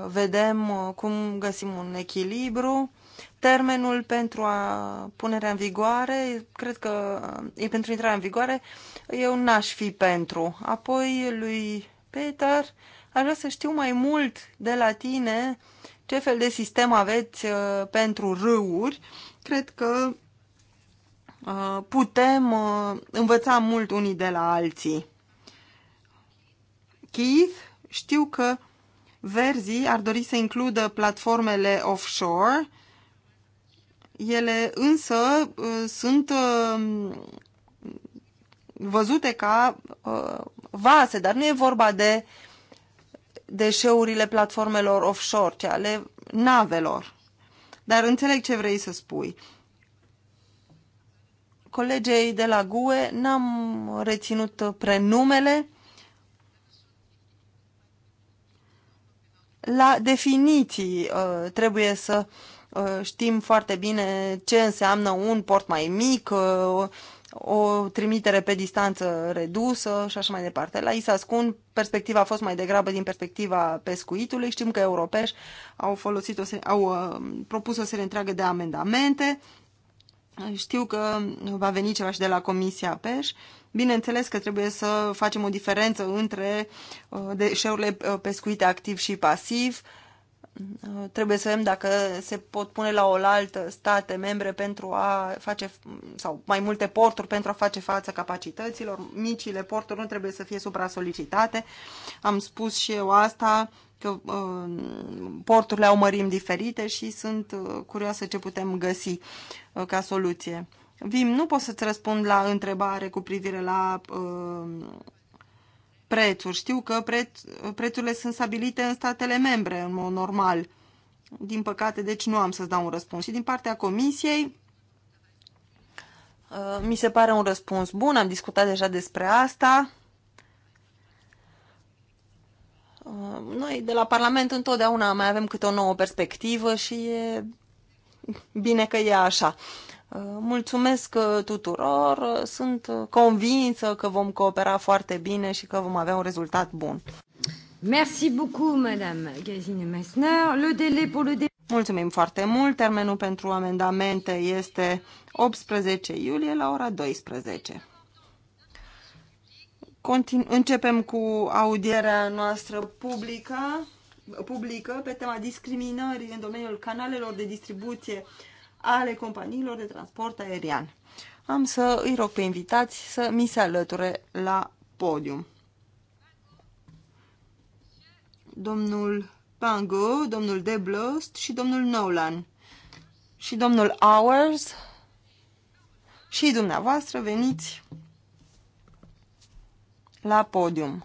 Speaker 3: vedem cum găsim un echilibru Termenul pentru a punerea în vigoare, cred că e pentru intrarea în vigoare, eu n-aș fi pentru. Apoi lui Peter, aș vrea să știu mai mult de la tine ce fel de sistem aveți uh, pentru râuri. Cred că uh, putem uh, învăța mult unii de la alții. Keith, știu că verzii ar dori să includă platformele offshore ele însă uh, sunt uh, văzute ca uh, vase, dar nu e vorba de deșeurile platformelor offshore, ci ale navelor. Dar înțeleg ce vrei să spui. Colegei de la GUE n-am reținut prenumele. La definiții trebuie să Uh, știm foarte bine ce înseamnă un port mai mic, uh, o trimitere pe distanță redusă și așa mai departe. La Isascun, perspectiva a fost mai degrabă din perspectiva pescuitului. Știm că europeși au, folosit o serie, au uh, propus o serie întreagă de amendamente. Știu că va veni ceva și de la Comisia PEș. Bineînțeles că trebuie să facem o diferență între deșeurile pescuite activ și pasiv. Uh, Uh, trebuie să vedem dacă se pot pune la oaltă state membre pentru a face, sau mai multe porturi pentru a face față capacităților. Micile porturi nu trebuie să fie supra-solicitate. Am spus și eu asta, că uh, porturile au mărimi diferite și sunt uh, curioasă ce putem găsi ca soluție. Vim, nu pot să-ți răspund la întrebare cu privire la uh, prețuri. Știu că preț, prețurile sunt stabilite în statele membre, în mod normal. Din păcate, deci nu am să-ți dau un răspuns. Și din partea comisiei, uh, mi se pare un răspuns bun, am discutat deja despre asta. Uh, noi de la Parlament întotdeauna mai avem câte o nouă perspectivă și e bine că e așa. Uh, mulțumesc uh, tuturor, uh, sunt convinsă că vom coopera foarte bine și că vom avea un rezultat bun.
Speaker 4: Merci beaucoup, Madame Gazine Messner. Le délai pour le dé...
Speaker 3: Mulțumim foarte mult. Termenul pentru amendamente este 18 iulie la ora 12. Continu începem cu audierea noastră publică, publică pe tema discriminării în domeniul canalelor de distribuție ale companiilor de transport aerian. Am să îi rog pe invitați să mi se alăture la podium. Domnul Pango, domnul Deblost și domnul Nolan și domnul Hours și dumneavoastră veniți la podium.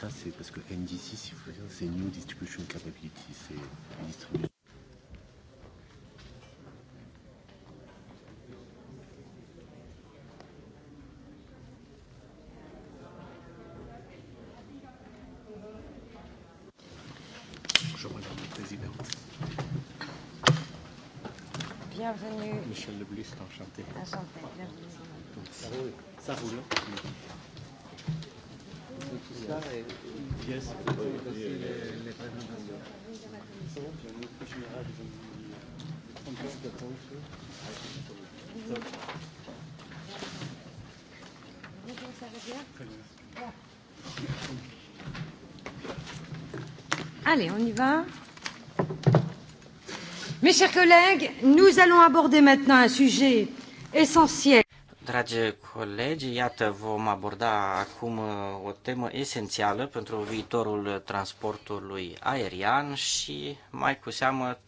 Speaker 1: Ça, c'est parce que NDC, si vous voulez, c'est New Distribution Capability, c'est distribution.
Speaker 5: Bienvenue.
Speaker 3: Michel Leblis, enchanté. Enchanté, bienvenue. Ça roule. Ça roule.
Speaker 4: Allez, on y va. Mes chers collègues, nous allons aborder maintenant un sujet essentiel.
Speaker 5: Dragi colegi, iată, vom aborda acum uh, o temă esențială pentru viitorul transportului aerian și mai cu seamă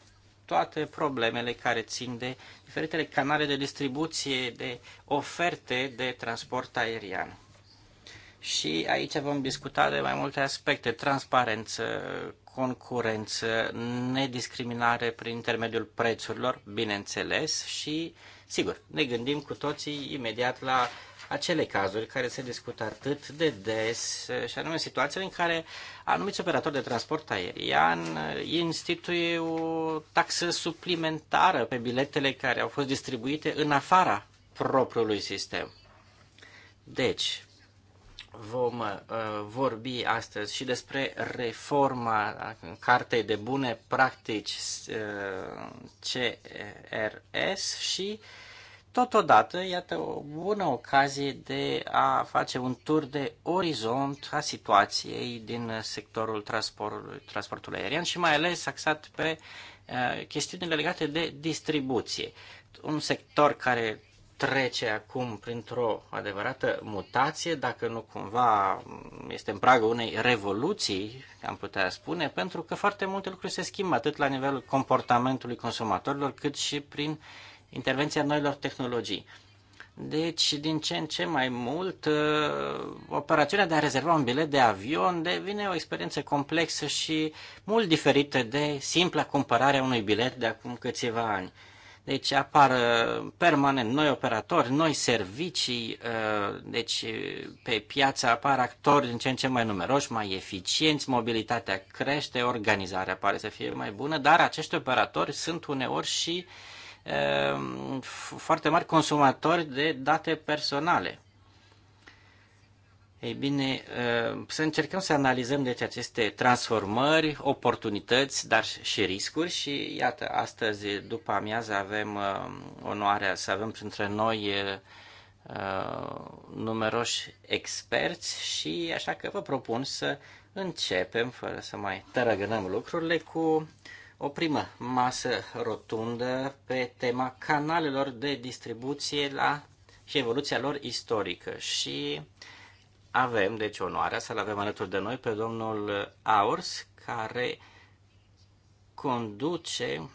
Speaker 5: toate problemele care țin de diferitele canale de distribuție, de oferte de transport aerian și aici vom discuta de mai multe aspecte, transparență, concurență, nediscriminare prin intermediul prețurilor, bineînțeles, și, sigur, ne gândim cu toții imediat la acele cazuri care se discută atât de des, și anume situațiile în care anumiți operatori de transport aerian instituie o taxă suplimentară pe biletele care au fost distribuite în afara propriului sistem. Deci, vom uh, vorbi astăzi și despre reforma Cartei de Bune Practici uh, CRS și totodată, iată, o bună ocazie de a face un tur de orizont a situației din sectorul transportului, transportului aerian și mai ales axat pe uh, chestiunile legate de distribuție. Un sector care trece acum printr-o adevărată mutație, dacă nu cumva este în pragul unei revoluții, am putea spune, pentru că foarte multe lucruri se schimbă atât la nivelul comportamentului consumatorilor, cât și prin intervenția noilor tehnologii. Deci, din ce în ce mai mult, ă, operațiunea de a rezerva un bilet de avion devine o experiență complexă și mult diferită de simpla cumpărare a unui bilet de acum câțiva ani. Deci apar permanent noi operatori, noi servicii, uh, deci pe piață apar actori din ce în ce mai numeroși, mai eficienți, mobilitatea crește, organizarea pare să fie mai bună, dar acești operatori sunt uneori și uh, foarte mari consumatori de date personale. Ei bine, uh, să încercăm să analizăm deci aceste transformări, oportunități, dar și riscuri și iată, astăzi după amiază avem uh, onoarea să avem printre noi uh, numeroși experți și așa că vă propun să începem, fără să mai tărăgânăm lucrurile, cu o primă masă rotundă pe tema canalelor de distribuție la și evoluția lor istorică și uh, avem, deci, onoarea să-l avem alături de noi pe domnul Aurs, care conduce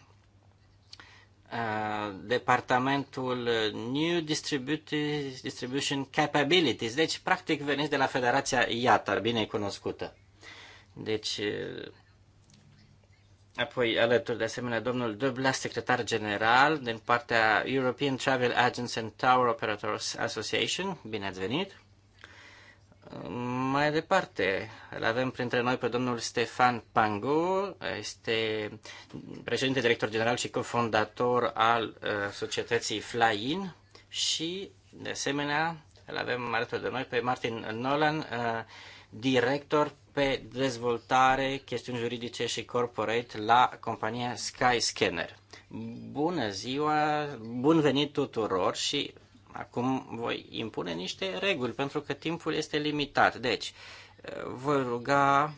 Speaker 5: uh, departamentul New Distribution Capabilities, deci practic veniți de la Federația IATA, bine cunoscută. Deci, uh, apoi alături de asemenea domnul Dubla, secretar general din partea European Travel Agents and Tower Operators Association, bine ați venit. Mai departe, îl avem printre noi pe domnul Stefan Pangu, este președinte director general și cofondator al uh, societății Flyin și, de asemenea, îl avem alături de noi pe Martin Nolan, uh, director pe dezvoltare, chestiuni juridice și corporate la compania Skyscanner. Bună ziua, bun venit tuturor și Acum voi impune niște reguli, pentru că timpul este limitat. Deci, voi ruga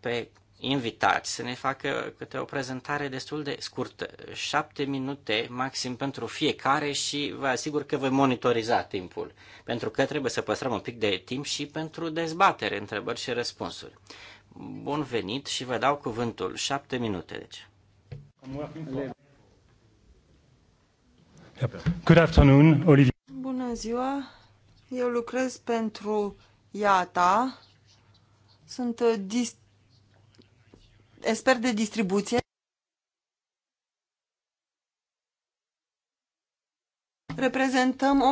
Speaker 5: pe invitați să ne facă câte o prezentare destul de scurtă, șapte minute maxim pentru fiecare și vă asigur că voi monitoriza timpul, pentru că trebuie să păstrăm un pic de timp și pentru dezbatere, întrebări și răspunsuri. Bun venit și vă dau cuvântul, șapte minute deci.
Speaker 1: Good
Speaker 3: afternoon, Olivier. Bună ziua! Eu lucrez pentru IATA. Sunt dis... expert de distribuție. Reprezentăm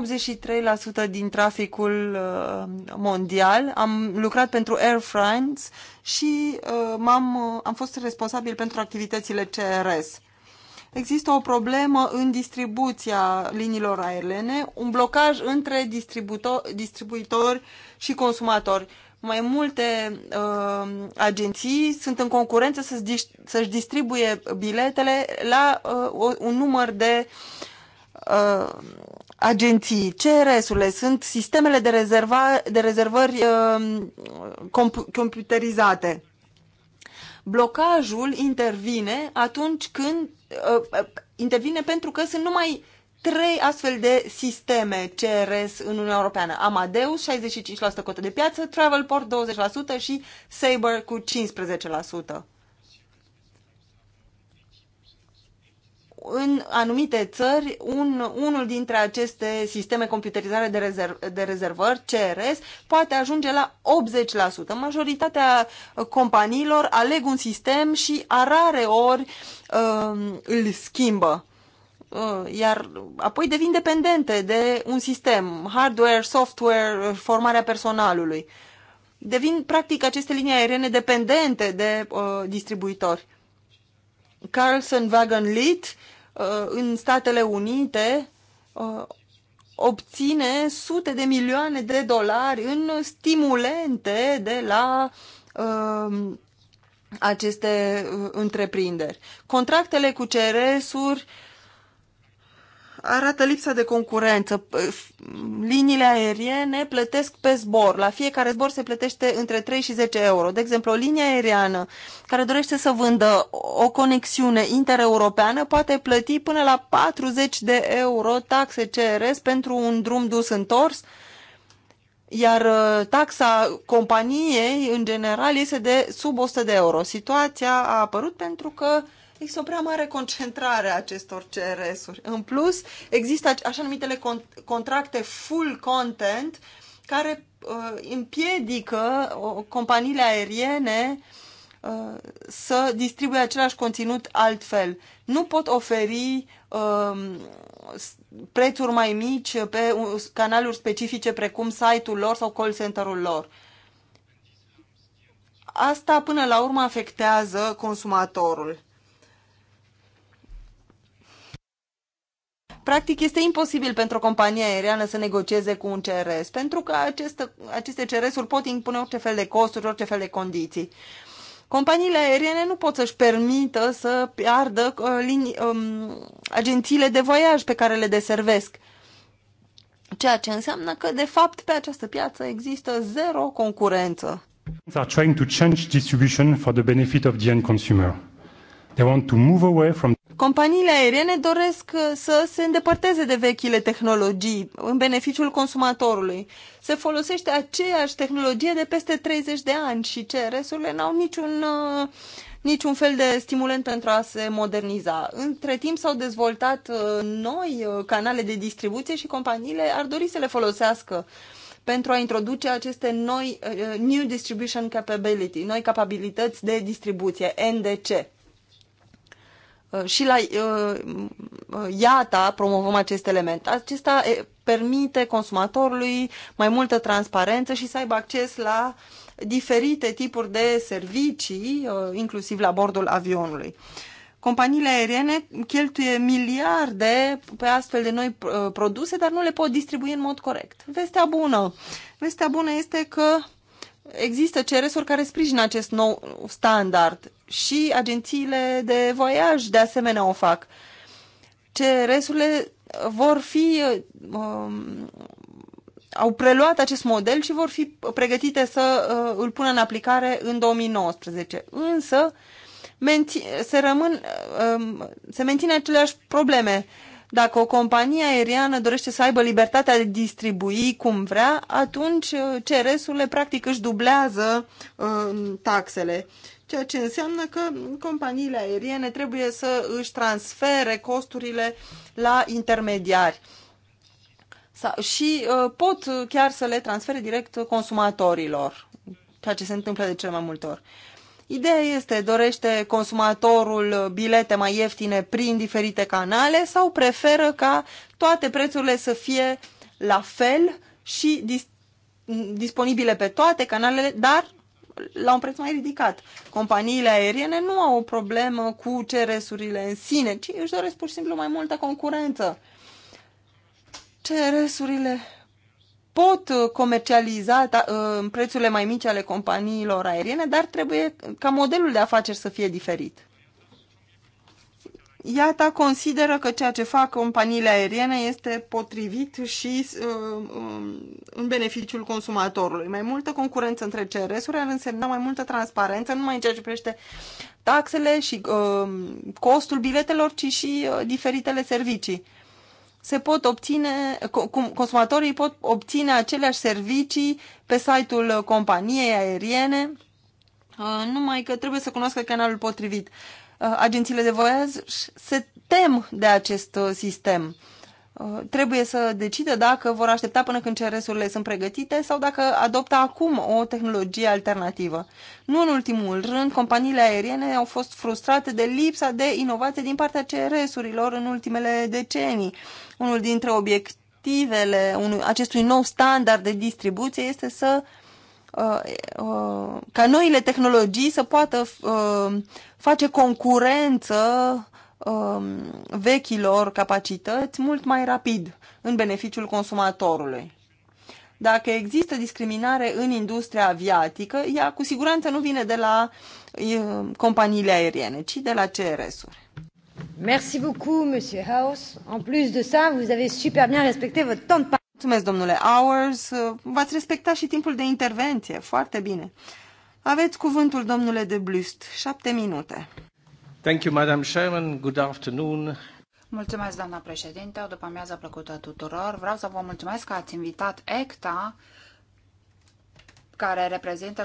Speaker 3: 83% din traficul uh, mondial. Am lucrat pentru Air France și uh, am uh, am fost responsabil pentru activitățile CRS. Există o problemă în distribuția liniilor aerene, un blocaj între distributor, distribuitori și consumatori. Mai multe uh, agenții sunt în concurență să-și, să distribuie biletele la uh, un număr de uh, agenții, CRS-urile, sunt sistemele de, rezerva, de rezervări uh, comp computerizate blocajul intervine atunci când uh, uh, intervine pentru că sunt numai trei astfel de sisteme CRS în Uniunea Europeană. Amadeus, 65% cotă de piață, Travelport, 20% și Sabre cu 15%. în anumite țări, un, unul dintre aceste sisteme computerizare de, rezerv, de rezervări, CRS, poate ajunge la 80%. Majoritatea uh, companiilor aleg un sistem și a rare ori uh, îl schimbă. Uh, iar apoi devin dependente de un sistem, hardware, software, formarea personalului. Devin, practic, aceste linii aeriene dependente de uh, distribuitori. Carlson Wagon Lead Uh, în Statele Unite uh, obține sute de milioane de dolari în stimulente de la uh, aceste întreprinderi. Contractele cu CRS-uri uh, arată lipsa de concurență. Liniile aeriene plătesc pe zbor. La fiecare zbor se plătește între 3 și 10 euro. De exemplu, o linie aeriană care dorește să vândă o conexiune intereuropeană poate plăti până la 40 de euro taxe CRS pentru un drum dus întors, iar uh, taxa companiei, în general, este de sub 100 de euro. Situația a apărut pentru că există o prea mare concentrare a acestor CRS-uri. În plus, există așa numitele contracte full content care uh, împiedică companiile aeriene uh, să distribuie același conținut altfel. Nu pot oferi uh, prețuri mai mici pe canaluri specifice precum site-ul lor sau call center-ul lor. Asta până la urmă afectează consumatorul. Practic este imposibil pentru compania aeriană să negocieze cu un CRS, pentru că aceste, aceste CRS-uri pot impune orice fel de costuri, orice fel de condiții. Companiile aeriene nu pot să-și permită să piardă uh, linii, um, agențiile de voiaj pe care le deservesc. Ceea ce înseamnă că, de fapt, pe această piață există zero concurență.
Speaker 1: Are trying to change distribution for the benefit of the end consumer. They want to move away from
Speaker 3: Companiile aeriene doresc uh, să se îndepărteze de vechile tehnologii în beneficiul consumatorului. Se folosește aceeași tehnologie de peste 30 de ani și CRS-urile n-au niciun, uh, niciun fel de stimulent pentru a se moderniza. Între timp s-au dezvoltat uh, noi canale de distribuție și companiile ar dori să le folosească pentru a introduce aceste noi New Distribution Capability, noi capabilități de distribuție, NDC Uh, și la uh, uh, IATA promovăm acest element. Acesta permite consumatorului mai multă transparență și să aibă acces la diferite tipuri de servicii, inclusiv la bordul avionului. Companiile aeriene cheltuie miliarde pe astfel de noi produse, dar nu le pot distribui în mod corect. Vestea bună. Vestea bună este că există CRS-uri care sprijină acest nou standard și agențiile de voiaj de asemenea o fac. CRS-urile vor fi Uh, au preluat acest model și vor fi pregătite să uh, îl pună în aplicare în 2019. Însă se rămân uh, se menține aceleași probleme. Dacă o companie aeriană dorește să aibă libertatea de distribui cum vrea, atunci uh, CRS-urile practic își dublează uh, taxele ceea ce înseamnă că companiile aeriene trebuie să își transfere costurile la intermediari și uh, pot chiar să le transfere direct consumatorilor, ceea ce se întâmplă de cele mai multe ori. Ideea este, dorește consumatorul bilete mai ieftine prin diferite canale sau preferă ca toate prețurile să fie la fel și dis- disponibile pe toate canalele, dar la un preț mai ridicat. Companiile aeriene nu au o problemă cu CRS-urile în sine, ci își doresc pur și simplu mai multă concurență. CRS-urile pot comercializa da, ă, prețurile mai mici ale companiilor aeriene, dar trebuie ca modelul de afaceri să fie diferit. IATA consideră că ceea ce fac companiile aeriene este potrivit și uh, um, în beneficiul consumatorului. Mai multă concurență între CRS-uri ar însemna mai multă transparență, nu numai în ceea ce privește taxele și uh, costul biletelor, ci și uh, diferitele servicii. Se pot obține, consumatorii pot obține aceleași servicii pe site-ul companiei aeriene, uh, numai că trebuie să cunoască canalul potrivit. Uh, agențiile de voiaj se tem de acest uh, sistem. Uh, trebuie să decidă dacă vor aștepta până când ceresurile sunt pregătite sau dacă adoptă acum o tehnologie alternativă. Nu în ultimul rând, companiile aeriene au fost frustrate de lipsa de inovație din partea ceresurilor în ultimele decenii. Unul dintre obiectivele acestui nou standard de distribuție este să uh, Uh, uh, ca noile tehnologii să poată uh, face concurență um, vechilor capacități mult mai rapid în beneficiul consumatorului. Dacă există discriminare în industria aviatică, ea cu siguranță nu vine de la companiile aeriene, ci de la CRS-uri. Merci beaucoup, Monsieur House. En plus de ça, vous avez super bien respecté votre temps de parole. Mulțumesc, domnule Hours. V-ați respectat și timpul de intervenție. Foarte bine. Aveți cuvântul, domnule de Blust. Șapte minute. Thank you,
Speaker 5: Madam Chairman. Good afternoon.
Speaker 2: Mulțumesc, doamna președinte. După amiază plăcută tuturor. Vreau să vă mulțumesc că ați invitat ECTA care reprezintă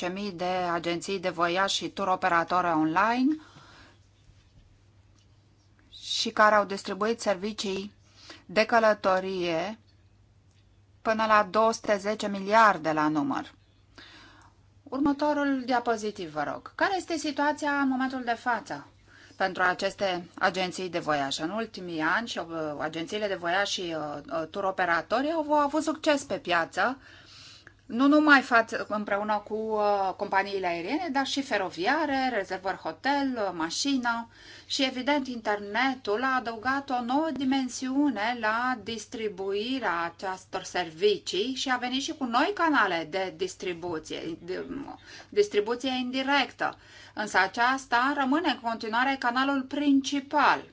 Speaker 2: 17.000 de agenții de voiaj și tur operatoare online și care au distribuit servicii de călătorie până la 210 miliarde la număr. Următorul diapozitiv, vă rog. Care este situația în momentul de față pentru aceste agenții de voiaș. În ultimii ani și uh, agențiile de voiaș și uh, uh, tur operatorii au avut succes pe piață, nu numai față, împreună cu uh, companiile aeriene, dar și feroviare, rezervări hotel, uh, mașină și, evident, internetul a adăugat o nouă dimensiune la distribuirea acestor servicii și a venit și cu noi canale de distribuție, de, distribuție indirectă. Însă aceasta rămâne în continuare canalul principal.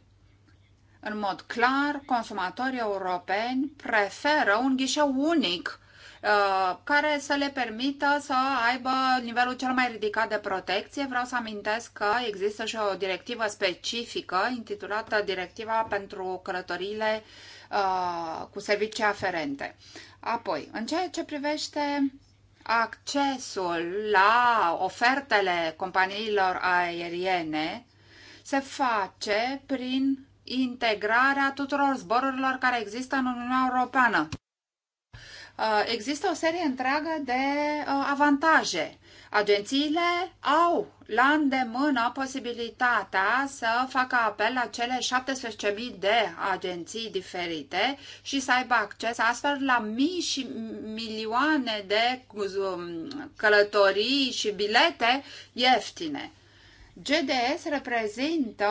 Speaker 2: În mod clar, consumatorii europeni preferă un ghișeu unic Uh, care să le permită să aibă nivelul cel mai ridicat de protecție. Vreau să amintesc că există și o directivă specifică intitulată Directiva pentru călătoriile uh, cu servicii aferente. Apoi, în ceea ce privește accesul la ofertele companiilor aeriene, se face prin integrarea tuturor zborurilor care există în Uniunea Europeană. Uh, există o serie întreagă de uh, avantaje. Agențiile au la îndemână posibilitatea să facă apel la cele 17.000 de agenții diferite și să aibă acces astfel la mii și milioane de um, călătorii și bilete ieftine. GDS reprezintă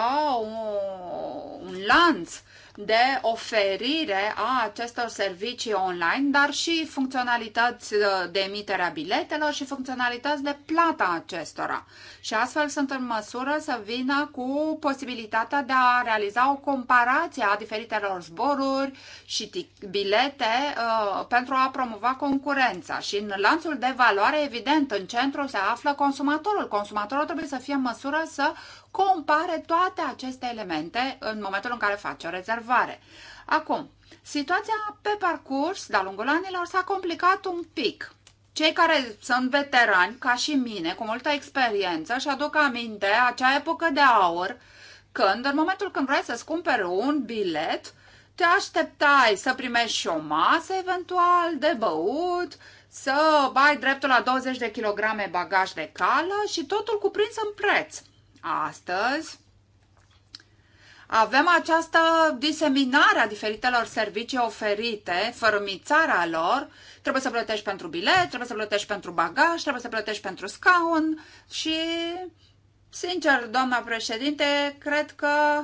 Speaker 2: un lanț de oferire a acestor servicii online, dar și funcționalități uh, de emitere a biletelor și funcționalități de plata acestora. Și astfel sunt în măsură să vină cu posibilitatea de a realiza o comparație a diferitelor zboruri și bilete uh, pentru a promova concurența. Și în lanțul de valoare, evident, în centru se află consumatorul. Consumatorul trebuie să fie în măsură să compare toate aceste elemente în momentul în care face o rezervare. Acum, situația pe parcurs, de-a lungul anilor, s-a complicat un pic. Cei care sunt veterani, ca și mine, cu multă experiență, și aduc aminte acea epocă de aur, când, în momentul când vrei să-ți cumperi un bilet, te așteptai să primești și o masă eventual de băut, să bai dreptul la 20 de kilograme bagaj de cală și totul cuprins în preț astăzi avem această diseminare a diferitelor servicii oferite, fărâmițarea lor, trebuie să plătești pentru bilet, trebuie să plătești pentru bagaj, trebuie să plătești pentru scaun și, sincer, doamna președinte, cred că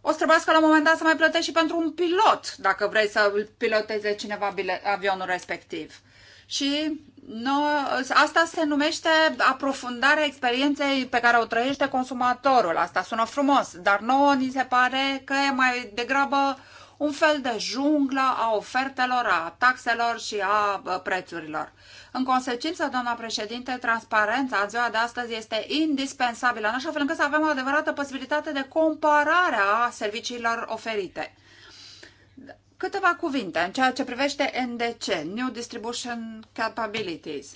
Speaker 2: o să trebuiască la un moment dat să mai plătești și pentru un pilot, dacă vrei să piloteze cineva avionul respectiv și nu, asta se numește aprofundarea experienței pe care o trăiește consumatorul. Asta sună frumos, dar nouă ni se pare că e mai degrabă un fel de junglă a ofertelor, a taxelor și a prețurilor. În consecință, doamna președinte, transparența în ziua de astăzi este indispensabilă, în așa fel încât să avem o adevărată posibilitate de comparare a serviciilor oferite. Câteva cuvinte în ceea ce privește NDC, New Distribution Capabilities.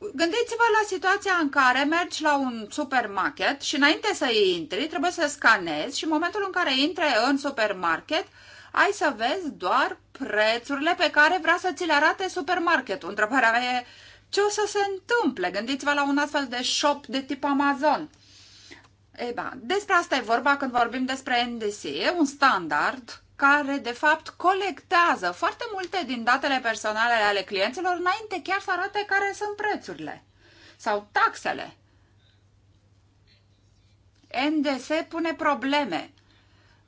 Speaker 2: Gândiți-vă la situația în care mergi la un supermarket și înainte să intri trebuie să scanezi și în momentul în care intri în supermarket ai să vezi doar prețurile pe care vrea să ți le arate supermarketul. Întrebarea mea e ce o să se întâmple? Gândiți-vă la un astfel de shop de tip Amazon. Ei ba, despre asta e vorba când vorbim despre NDC. E un standard care, de fapt, colectează foarte multe din datele personale ale clienților înainte chiar să arate care sunt prețurile sau taxele. NDC pune probleme,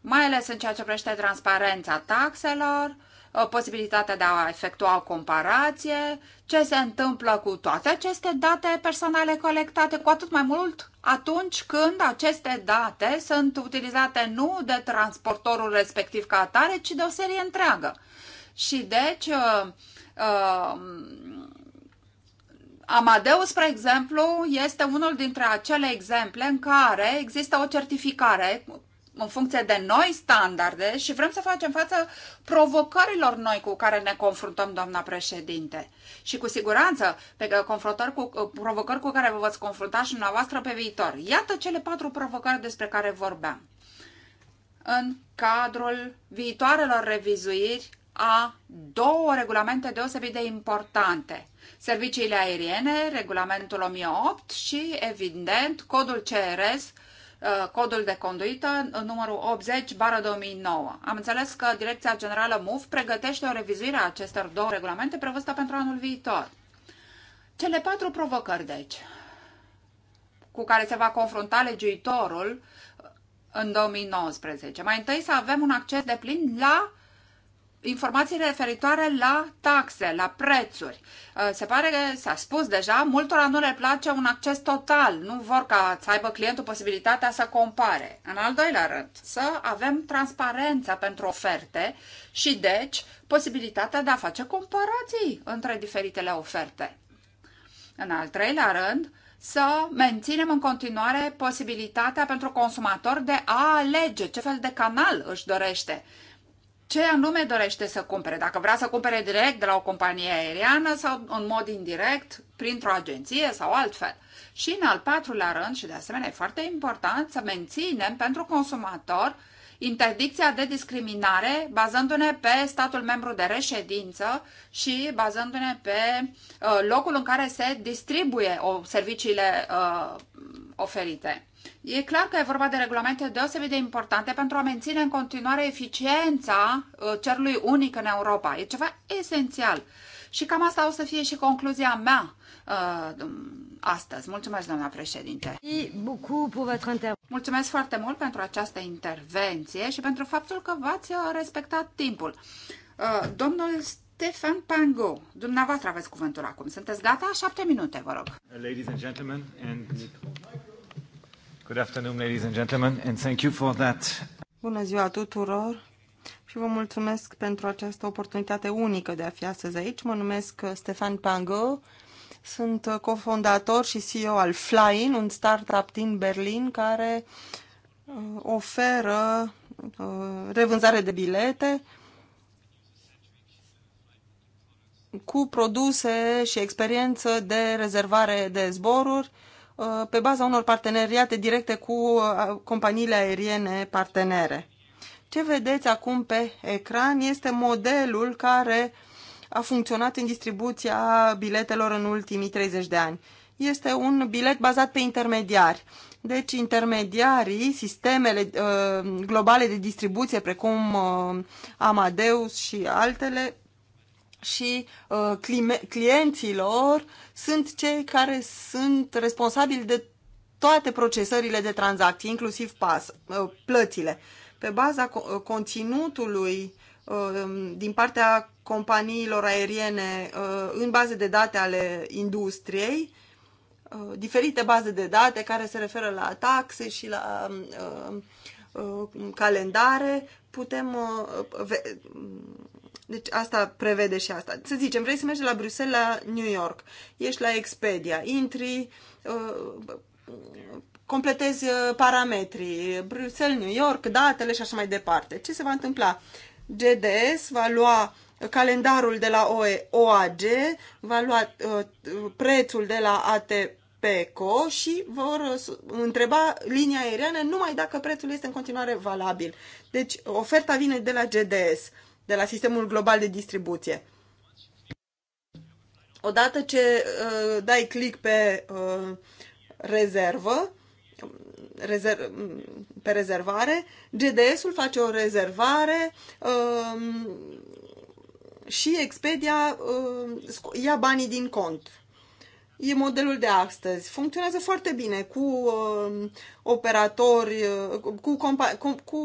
Speaker 2: mai ales în ceea ce privește transparența taxelor, Uh, posibilitatea de a efectua o comparație, ce se întâmplă cu toate aceste date personale colectate, cu atât mai mult atunci când aceste date sunt utilizate nu de transportorul respectiv ca atare, ci de o serie întreagă. Și deci, uh, uh, Amadeus, spre exemplu, este unul dintre acele exemple în care există o certificare în funcție de noi standarde și vrem să facem față provocărilor noi cu care ne confruntăm, doamna președinte. Și cu siguranță, pe uh, confruntări cu, uh, provocări cu care vă veți confrunta și dumneavoastră pe viitor. Iată cele patru provocări despre care vorbeam în cadrul viitoarelor revizuiri a două regulamente deosebit de importante. Serviciile aeriene, regulamentul 1008 și, evident, codul CRS Uh, codul de conduită uh, numărul 80 bară 2009. Am înțeles că Direcția Generală MUF pregătește o revizuire a acestor două regulamente prevăzută pentru anul viitor. Cele patru provocări, deci, cu care se va confrunta legiuitorul în 2019. Mai întâi să avem un acces de plin la informații referitoare la taxe, la prețuri. Uh, se pare că s-a spus deja, multora nu le place un acces total, nu vor ca să aibă clientul posibilitatea să compare. În al doilea rând, să avem transparența pentru oferte și deci posibilitatea de a face comparații între diferitele oferte. În al treilea rând, să menținem în continuare posibilitatea pentru consumator de a alege ce fel de canal își dorește ce anume dorește să cumpere. Dacă vrea să cumpere direct de la o companie aeriană sau în mod indirect printr-o agenție sau altfel. Și în al patrulea rând, și de asemenea e foarte important, să menținem pentru consumator interdicția de discriminare bazându-ne pe statul membru de reședință și bazându-ne pe uh, locul în care se distribuie serviciile uh, oferite. E clar că e vorba de regulamente deosebit de importante pentru a menține în continuare eficiența uh, cerului unic în Europa. E ceva esențial. Și cam asta o să fie și concluzia mea uh, astăzi. Mulțumesc, doamna președinte. Mulțumesc foarte mult pentru această intervenție și pentru faptul că v-ați uh, respectat timpul. Uh, domnul Stefan Pango, dumneavoastră aveți cuvântul acum. Sunteți gata? Șapte minute, vă rog.
Speaker 1: Ladies and gentlemen, and
Speaker 5: Good afternoon, ladies and gentlemen, and thank you for that.
Speaker 3: Bună ziua tuturor și vă mulțumesc pentru această oportunitate unică de a fi astăzi aici. Mă numesc uh, Stefan Pango, sunt uh, cofondator și CEO al Flying, un startup din Berlin care uh, oferă revânzare de bilete cu produse și experiență de rezervare de zboruri Uh, pe baza unor parteneriate directe cu uh, companiile aeriene partenere. Ce vedeți acum pe ecran este modelul care a funcționat în distribuția biletelor în ultimii 30 de ani. Este un bilet bazat pe intermediari. Deci intermediarii, sistemele uh, globale de distribuție precum uh, Amadeus și altele și uh, clime, clienților sunt cei care sunt responsabili de toate procesările de tranzacții, inclusiv pas, uh, plățile. Pe baza co uh, conținutului uh, din partea companiilor aeriene uh, în baze de date ale industriei, uh, diferite baze de date care se referă la taxe și la um, uh, uh, calendare, putem uh, deci asta prevede și asta. Să zicem, vrei să mergi la Bruxelles la New York, ești la Expedia, intri, uh, completezi uh, parametrii, Bruxelles, New York, datele și așa mai departe. Ce se va întâmpla? GDS va lua calendarul de la OAG, va lua uh, prețul de la ATPCO și vor uh, întreba linia aeriană numai dacă prețul este în continuare valabil. Deci oferta vine de la GDS de la sistemul global de distribuție. Odată ce uh, dai click pe uh, rezervă, rezer- mm, pe rezervare, GDS-ul face o rezervare uh, și Expedia uh, ia banii din cont. E modelul de astăzi. Funcționează foarte bine cu uh, operatori, uh, cu, compa- cu, cu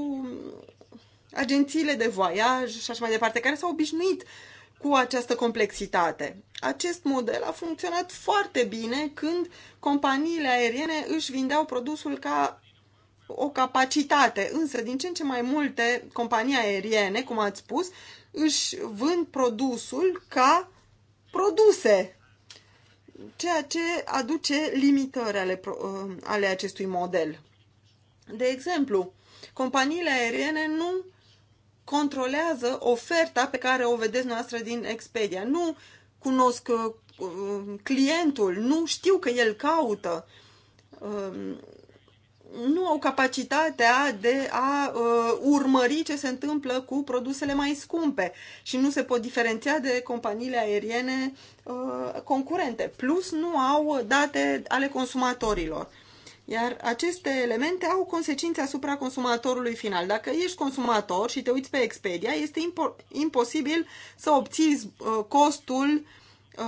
Speaker 3: agențiile de voiaj și așa mai departe, care s-au obișnuit cu această complexitate. Acest model a funcționat foarte bine când companiile aeriene își vindeau produsul ca o capacitate, însă din ce în ce mai multe companii aeriene, cum ați spus, își vând produsul ca produse, ceea ce aduce limitări ale, uh, ale acestui model. De exemplu, companiile aeriene nu controlează oferta pe care o vedeți noastră din Expedia. Nu cunosc uh, clientul, nu știu că el caută, um, nu au capacitatea de a uh, urmări ce se întâmplă cu produsele mai scumpe și nu se pot diferenția de companiile aeriene uh, concurente. Plus, nu au date ale consumatorilor. Iar aceste elemente au consecințe asupra consumatorului final. Dacă ești consumator și te uiți pe Expedia, este impo- imposibil să obții uh, costul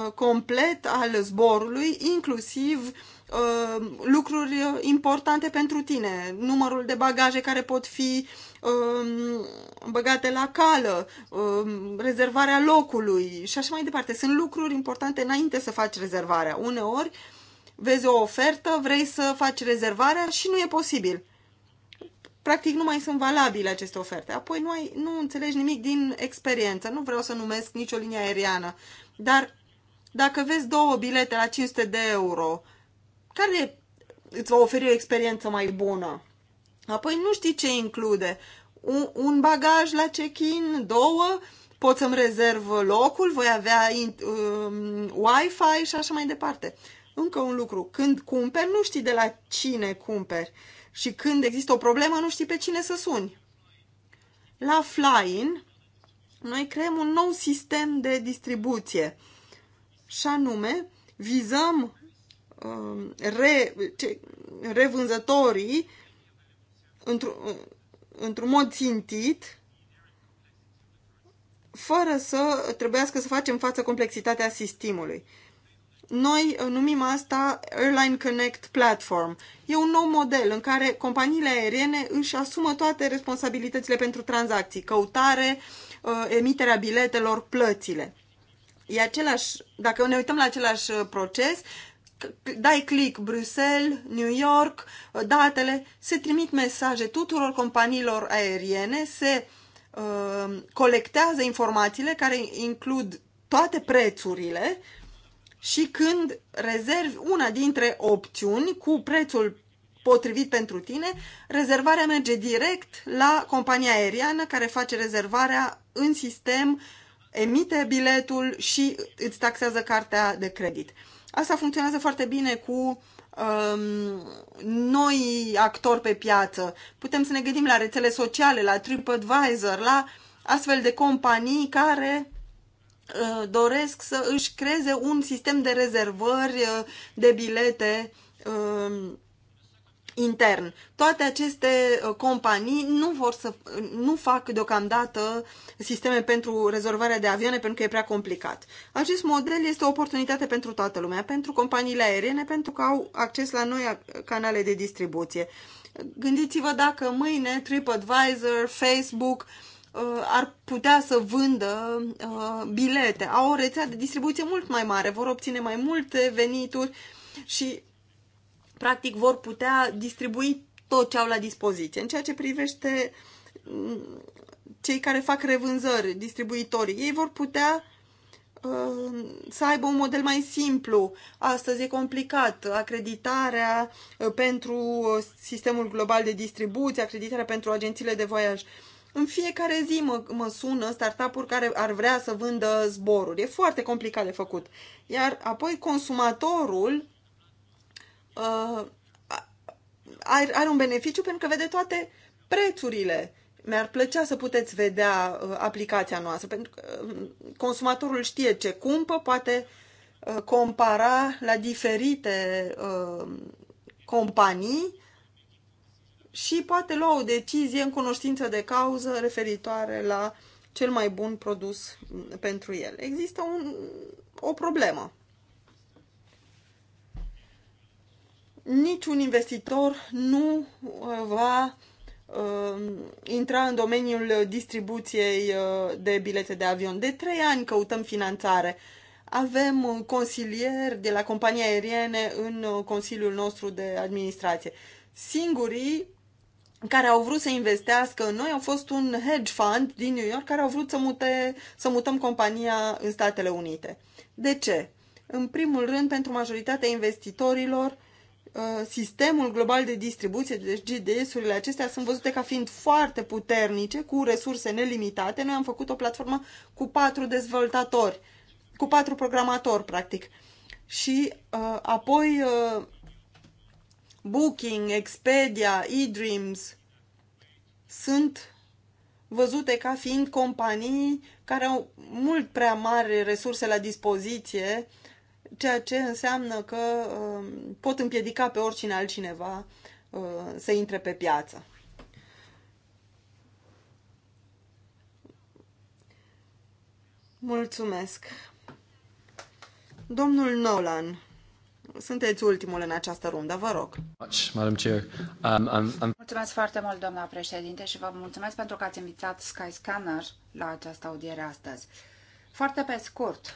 Speaker 3: uh, complet al zborului, inclusiv uh, lucruri importante pentru tine, numărul de bagaje care pot fi um, băgate la cală, um, rezervarea locului și așa mai departe. Sunt lucruri importante înainte să faci rezervarea. Uneori, vezi o ofertă, vrei să faci rezervarea și nu e posibil. Practic nu mai sunt valabile aceste oferte. Apoi nu, ai, nu înțelegi nimic din experiență. Nu vreau să numesc nicio linie aeriană. Dar dacă vezi două bilete la 500 de euro, care îți va oferi o experiență mai bună? Apoi nu știi ce include. Un, un bagaj la check-in, două, pot să-mi rezerv locul, voi avea in, um, Wi-Fi și așa mai departe. Încă un lucru, când cumperi, nu știi de la cine cumperi și când există o problemă, nu știi pe cine să suni. La Flying noi creăm un nou sistem de distribuție și anume vizăm um, re, ce, revânzătorii într-un într mod țintit fără să trebuiască să facem față complexitatea sistemului. Noi uh, numim asta Airline Connect Platform. E un nou model în care companiile aeriene își asumă toate responsabilitățile pentru tranzacții, căutare, uh, emiterea biletelor, plățile. E același, dacă ne uităm la același uh, proces, dai click Bruxelles, New York, datele, se trimit mesaje tuturor companiilor aeriene, se uh, colectează informațiile care includ toate prețurile și când rezervi una dintre opțiuni cu prețul potrivit pentru tine, rezervarea merge direct la compania aeriană care face rezervarea în sistem, emite biletul și îți taxează cartea de credit. Asta funcționează foarte bine cu um, noi actori pe piață. Putem să ne gândim la rețele sociale, la TripAdvisor, la astfel de companii care Uh, doresc să își creeze un sistem de rezervări uh, de bilete uh, intern. Toate aceste companii nu, vor să, nu fac deocamdată sisteme pentru rezervarea de avioane pentru că e prea complicat. Acest model este o oportunitate pentru toată lumea, pentru companiile aeriene, pentru că au acces la noi canale de distribuție. Gândiți-vă dacă mâine TripAdvisor, Facebook, uh, Uh, ar putea să vândă uh, bilete. Au o rețea de distribuție mult mai mare, vor obține mai multe venituri și practic vor putea distribui tot ce au la dispoziție. În ceea ce privește mm, cei care fac revânzări, distribuitorii, ei vor putea uh, să aibă un model mai simplu. Astăzi e complicat. Acreditarea pentru sistemul global de distribuție, acreditarea pentru agențiile de voiaj. În fiecare zi mă, mă sună startup-uri care ar vrea să vândă zboruri. E foarte complicat de făcut. Iar apoi consumatorul uh, are, are un beneficiu pentru că vede toate prețurile. Mi-ar plăcea să puteți vedea uh, aplicația noastră, pentru că uh, consumatorul știe ce cumpă, poate uh, compara la diferite uh, companii și poate lua o decizie în cunoștință de cauză referitoare la cel mai bun produs pentru el. Există un, o problemă. Niciun investitor nu uh, va uh, intra în domeniul distribuției uh, de bilete de avion. De trei ani căutăm finanțare. Avem uh, consilieri de la compania aeriene în Consiliul nostru de Administrație. Singurii care au vrut să investească în noi au fost un hedge fund din New York care au vrut să, mute, să mutăm compania în Statele Unite. De ce? În primul rând, pentru majoritatea investitorilor, uh, sistemul global de distribuție, deci GDS-urile acestea sunt văzute ca fiind foarte puternice, cu resurse nelimitate. Noi am făcut o platformă cu patru dezvoltatori, cu patru programatori, practic. Și uh, apoi uh, Booking, Expedia, eDreams sunt văzute ca fiind companii care au mult prea mari resurse la dispoziție, ceea ce înseamnă că um, pot împiedica pe oricine altcineva uh, să intre pe piață. Mulțumesc. Domnul Nolan sunteți ultimul în această rundă, vă rog. Um, um, um,
Speaker 2: mulțumesc foarte mult, doamna președinte, și vă mulțumesc pentru că ați invitat Skyscanner la această audiere astăzi. Foarte pe scurt,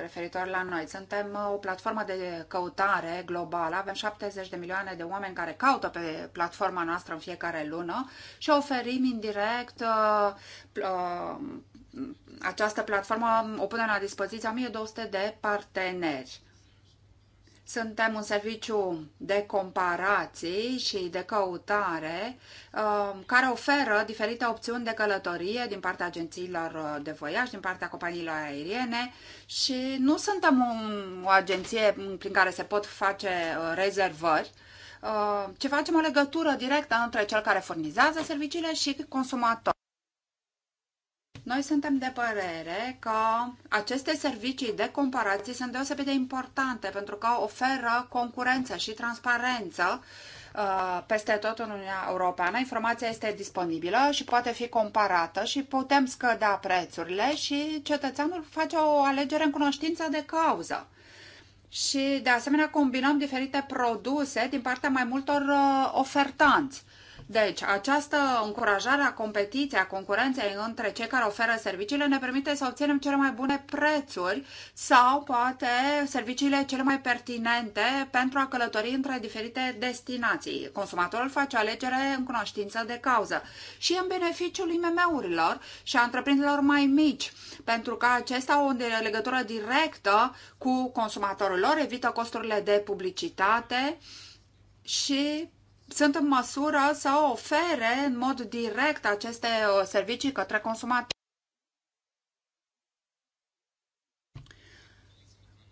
Speaker 2: referitor la noi, suntem uh, o platformă de căutare globală, avem 70 de milioane de oameni care caută pe platforma noastră în fiecare lună și oferim indirect uh, uh, această platformă, o punem la dispoziție 1200 de parteneri. Suntem un serviciu de comparații și de căutare um, care oferă diferite opțiuni de călătorie din partea agențiilor de voiaj, din partea companiilor aeriene și nu suntem o agenție prin care se pot face uh, rezervări, uh, ce facem o legătură directă între cel care furnizează serviciile și consumator. Noi suntem de părere că aceste servicii de comparație sunt deosebit de importante pentru că oferă concurență și transparență uh, peste tot în Uniunea Europeană. Informația este disponibilă și poate fi comparată și putem scădea prețurile și cetățeanul face o alegere în cunoștință de cauză. Și de asemenea combinăm diferite produse din partea mai multor uh, ofertanți deci, această încurajare a competiției, a concurenței între cei care oferă serviciile ne permite să obținem cele mai bune prețuri sau poate serviciile cele mai pertinente pentru a călători între diferite destinații. Consumatorul face o alegere în cunoștință de cauză și în beneficiul IMM-urilor și a întreprinderilor mai mici, pentru că acestea au o legătură directă cu consumatorul lor, evită costurile de publicitate și sunt în măsură să ofere în mod direct aceste uh, servicii către consumatori.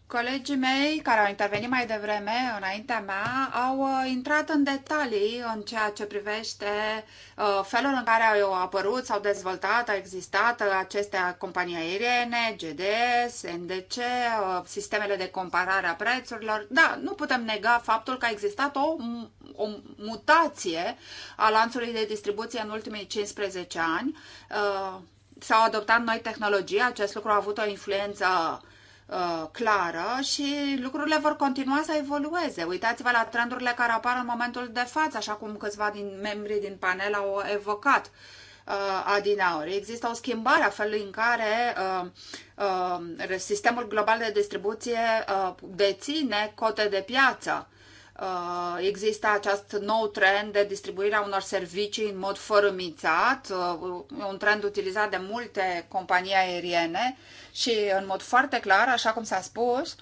Speaker 2: Colegii mei care au intervenit mai devreme, înaintea mea, au uh, intrat în detalii în ceea ce privește uh, felul în care au apărut, s-au dezvoltat, au existat uh, aceste companii aeriene, GDS, NDC, sistemele de comparare a prețurilor. Da, nu putem nega faptul că a existat o, o mutație a lanțului de distribuție în ultimii 15 ani. S-au adoptat noi tehnologii, acest lucru a avut o influență uh, Uh, clară și lucrurile vor continua să evolueze. Uitați-vă la trendurile care apar în momentul de față, așa cum câțiva din membrii din panel au evocat uh, adinaori. Există o schimbare a felului în care uh, uh, sistemul global de distribuție uh, deține cote de piață Uh, există acest nou trend de distribuirea unor servicii în mod fărâmițat, uh, un trend utilizat de multe companii aeriene și în mod foarte clar, așa cum s-a spus,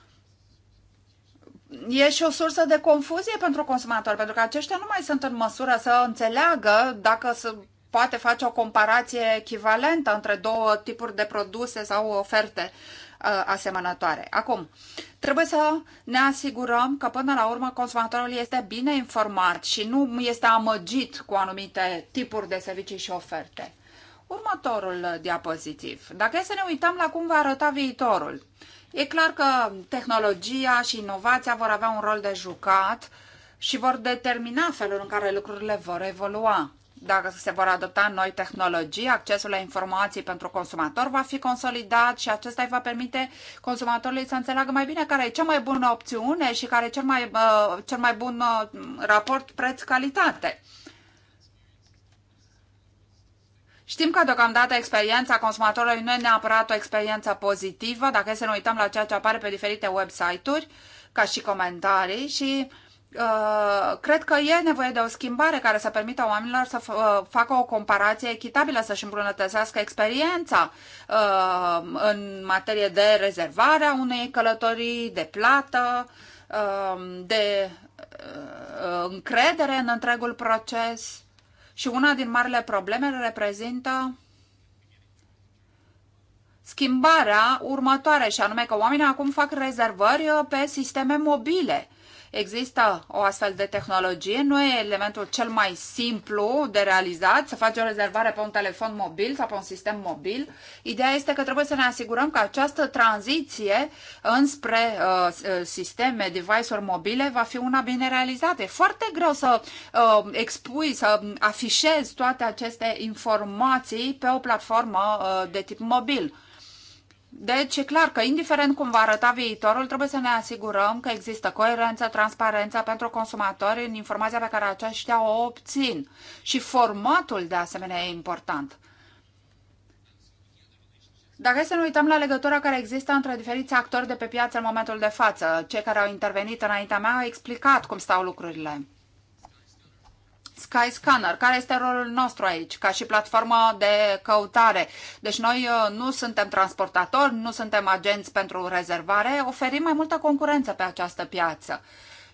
Speaker 2: e și o sursă de confuzie pentru consumator, pentru că aceștia nu mai sunt în măsură să înțeleagă dacă să poate face o comparație echivalentă între două tipuri de produse sau oferte Uh, asemănătoare. Acum, trebuie să ne asigurăm că până la urmă consumatorul este bine informat și nu este amăgit cu anumite tipuri de servicii și oferte. Următorul diapozitiv. Dacă e să ne uităm la cum va arăta viitorul, e clar că tehnologia și inovația vor avea un rol de jucat și vor determina felul în care lucrurile vor evolua dacă se vor adopta noi tehnologii, accesul la informații pentru consumator va fi consolidat și acesta îi va permite consumatorului să înțeleagă mai bine care e cea mai bună opțiune și care e cel mai, uh, cel mai bun uh, raport preț-calitate. Știm că deocamdată experiența consumatorului nu e neapărat o experiență pozitivă, dacă e să ne uităm la ceea ce apare pe diferite website-uri, ca și comentarii și uh, Uh, cred că e nevoie de o schimbare care să permită oamenilor să uh, facă o comparație echitabilă, să-și îmbunătățească experiența uh, în materie de rezervare a unei călătorii, de plată, de încredere în întregul proces. Și una din marile probleme reprezintă schimbarea următoare, și anume că oamenii acum fac rezervări pe sisteme mobile. Există o astfel de tehnologie, nu e elementul cel mai simplu de realizat, să faci o rezervare pe un telefon mobil sau pe un sistem mobil. Ideea este că trebuie să ne asigurăm că această tranziție înspre uh, uh sisteme, device-uri mobile va fi una bine realizată. E foarte greu să uh, expui, să afișezi toate aceste informații pe o platformă uh, de tip mobil. Deci e clar că, indiferent cum va arăta viitorul, trebuie să ne asigurăm că există coerență, transparență pentru consumatori în informația pe care aceștia o obțin. Și formatul, de asemenea, e important. Dacă să ne uităm la legătura care există între diferiți actori de pe piață în momentul de față, cei care au intervenit înaintea mea au explicat cum stau lucrurile. Skyscanner. Care este rolul nostru aici, ca și platformă de căutare? Deci noi uh, nu suntem transportatori, nu suntem agenți pentru rezervare, oferim mai multă concurență pe această piață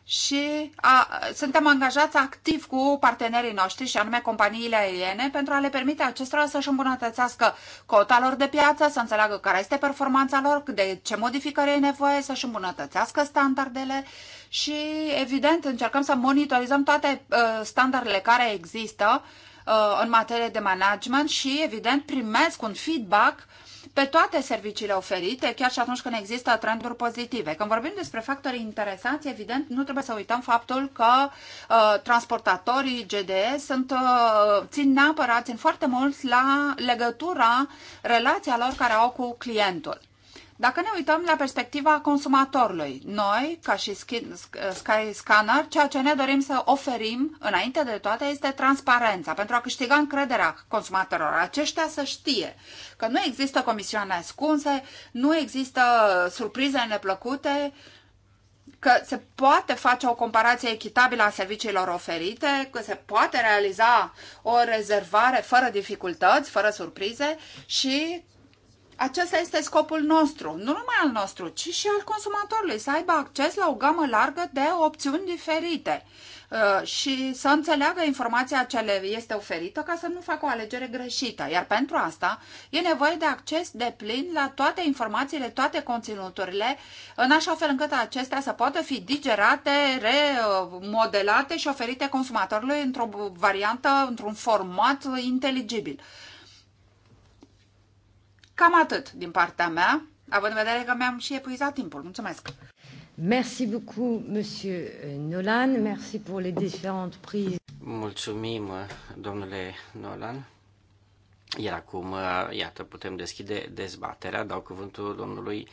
Speaker 2: și a, suntem angajați activ cu partenerii noștri și anume companiile aeriene pentru a le permite acestora să-și îmbunătățească cota lor de piață, să înțeleagă care este performanța lor, de ce modificări e nevoie, să-și îmbunătățească standardele și, evident, încercăm să monitorizăm toate uh, standardele care există uh, în materie de management și, evident, primesc un feedback pe toate serviciile oferite, chiar și atunci când există trenduri pozitive. Când vorbim despre factorii interesați, evident, nu trebuie să uităm faptul că uh, transportatorii GDS sunt, uh, țin neapărat, țin foarte mult la legătura, relația lor care au cu clientul. Dacă ne uităm la perspectiva consumatorului, noi, ca și uh, Sky Scanner, ceea ce ne dorim să oferim, înainte de toate, este transparența, pentru a câștiga încrederea consumatorilor. Aceștia să știe că nu există comisioane ascunse, nu există surprize neplăcute, că se poate face o comparație echitabilă a serviciilor oferite, că se poate realiza o rezervare fără dificultăți, fără surprize și acesta este scopul nostru, nu numai al nostru, ci și al consumatorului, să aibă acces la o gamă largă de opțiuni diferite uh, și să înțeleagă informația ce le este oferită ca să nu facă o alegere greșită. Iar pentru asta e nevoie de acces de plin la toate informațiile, toate conținuturile, în așa fel încât acestea să poată fi digerate, remodelate și oferite consumatorului într-o variantă, într-un format inteligibil. Cam atât din partea mea, având în vedere că mi-am și epuizat timpul. Mulțumesc!
Speaker 4: Merci beaucoup, monsieur euh, Nolan. Merci pour les différentes prises.
Speaker 5: Mulțumim, domnule Nolan. Iar acum, uh, iată, putem deschide dezbaterea. Dau cuvântul domnului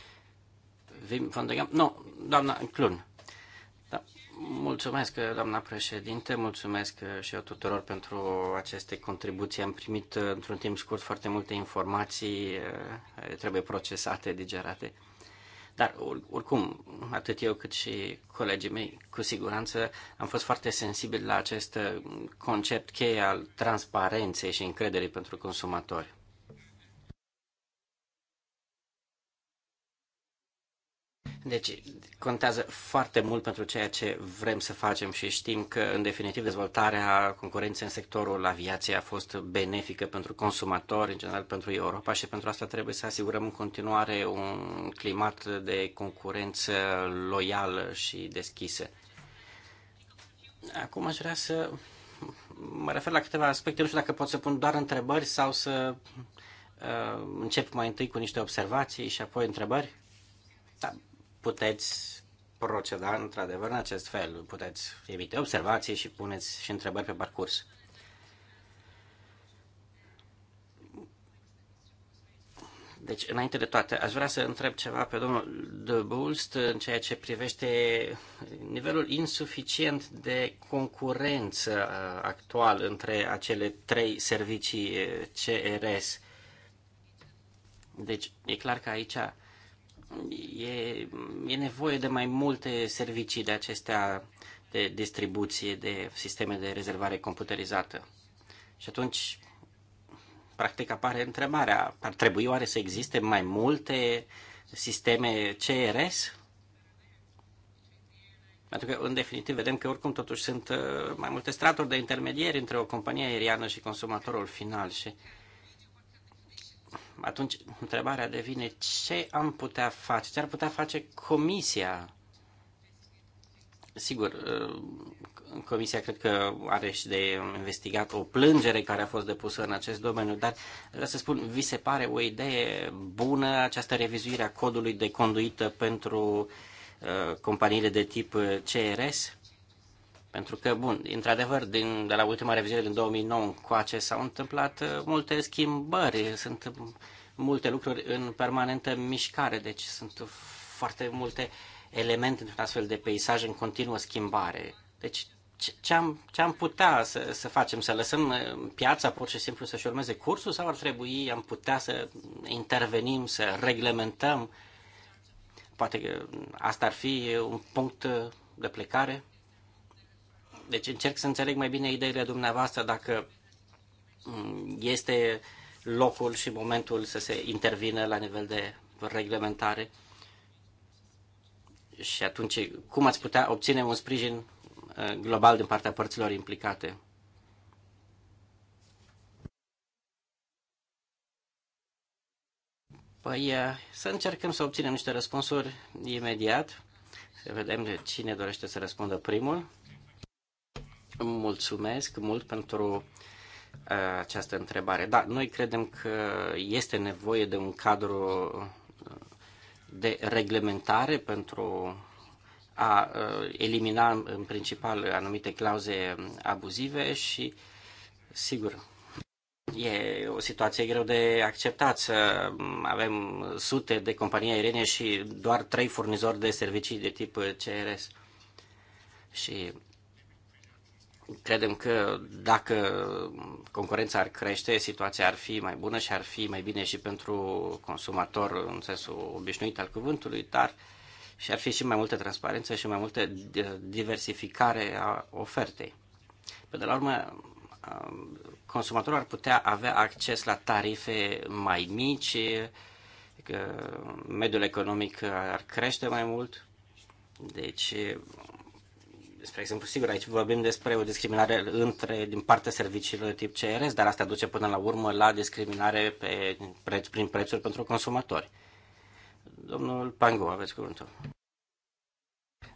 Speaker 5: Vim van Nu, no, doamna Clun. Mulțumesc, doamna președinte, mulțumesc și eu tuturor pentru aceste contribuții. Am primit într-un timp scurt foarte multe informații, eh, trebuie procesate, digerate. Dar, oricum, atât eu cât și colegii mei, cu siguranță, am fost foarte sensibili la acest concept cheie al transparenței și încrederii pentru consumatori. Deci contează foarte mult pentru ceea ce vrem să facem și știm că, în definitiv, dezvoltarea concurenței în sectorul aviației a fost benefică pentru consumatori, în general pentru Europa și pentru asta trebuie să asigurăm în continuare un climat de concurență loială și deschisă. Acum aș vrea să mă refer la câteva aspecte, nu știu dacă pot să pun doar întrebări sau să uh, încep mai întâi cu niște observații și apoi întrebări. Da, puteți proceda într-adevăr în acest fel. Puteți emite observații și puneți și întrebări pe parcurs. Deci, înainte de toate, aș vrea să întreb ceva pe domnul de Bulst în ceea ce privește nivelul insuficient de concurență uh, actual între acele trei servicii uh, CRS. Deci, e clar că aici e, e nevoie de mai multe servicii de acestea de distribuție, de sisteme de rezervare computerizată. Și atunci, practic, apare întrebarea, ar trebui oare să existe mai multe sisteme CRS? Pentru că, în definitiv, vedem că oricum totuși sunt uh, mai multe straturi de intermedieri între o companie aeriană și consumatorul final și atunci întrebarea devine ce am putea face, ce ar putea face comisia. Sigur, uh, comisia cred că are și de investigat o plângere care a fost depusă în acest domeniu, dar vreau să spun, vi se pare o idee bună această revizuire a codului de conduită pentru uh, companiile de tip CRS? Pentru că, bun, într-adevăr, din, de la ultima revizuire din 2009 încoace s-au întâmplat uh, multe schimbări, sunt multe lucruri în permanentă mișcare, deci sunt foarte multe elemente într-un astfel de peisaj în continuă schimbare. Deci ce am, ce am putea să, să facem? Să lăsăm uh, piața pur și simplu să-și urmeze cursul sau ar trebui, am putea să intervenim, să reglementăm? Poate că uh, asta ar fi un punct de plecare? Deci încerc să înțeleg mai bine ideile dumneavoastră dacă mm, este locul și momentul să se intervină la nivel de reglementare și atunci cum ați putea obține un sprijin uh, global din partea părților implicate? Păi uh, să încercăm să obținem niște răspunsuri imediat, să vedem cine dorește să răspundă primul. Mulțumesc mult pentru uh, această întrebare. Da, noi credem că este nevoie de un cadru uh, de reglementare pentru a uh, elimina în principal anumite clauze abuzive și, sigur, e o situație greu de acceptat să avem sute de companii aeriene și doar trei furnizori de servicii de tip CRS. Și Credem că dacă concurența ar crește, situația ar fi mai bună și ar fi mai bine și pentru consumator în sensul obișnuit al cuvântului, dar și ar fi și mai multă transparență și mai multă diversificare a ofertei. Pe de la urmă, consumatorul ar putea avea acces la tarife mai mici, mediul economic ar crește mai mult, deci Spre exemplu, sigur, aici vorbim despre o discriminare între, din partea serviciilor tip CRS, dar asta duce până la urmă la discriminare pe, preț, prin prețuri pentru consumatori. Domnul Pangu, aveți cuvântul.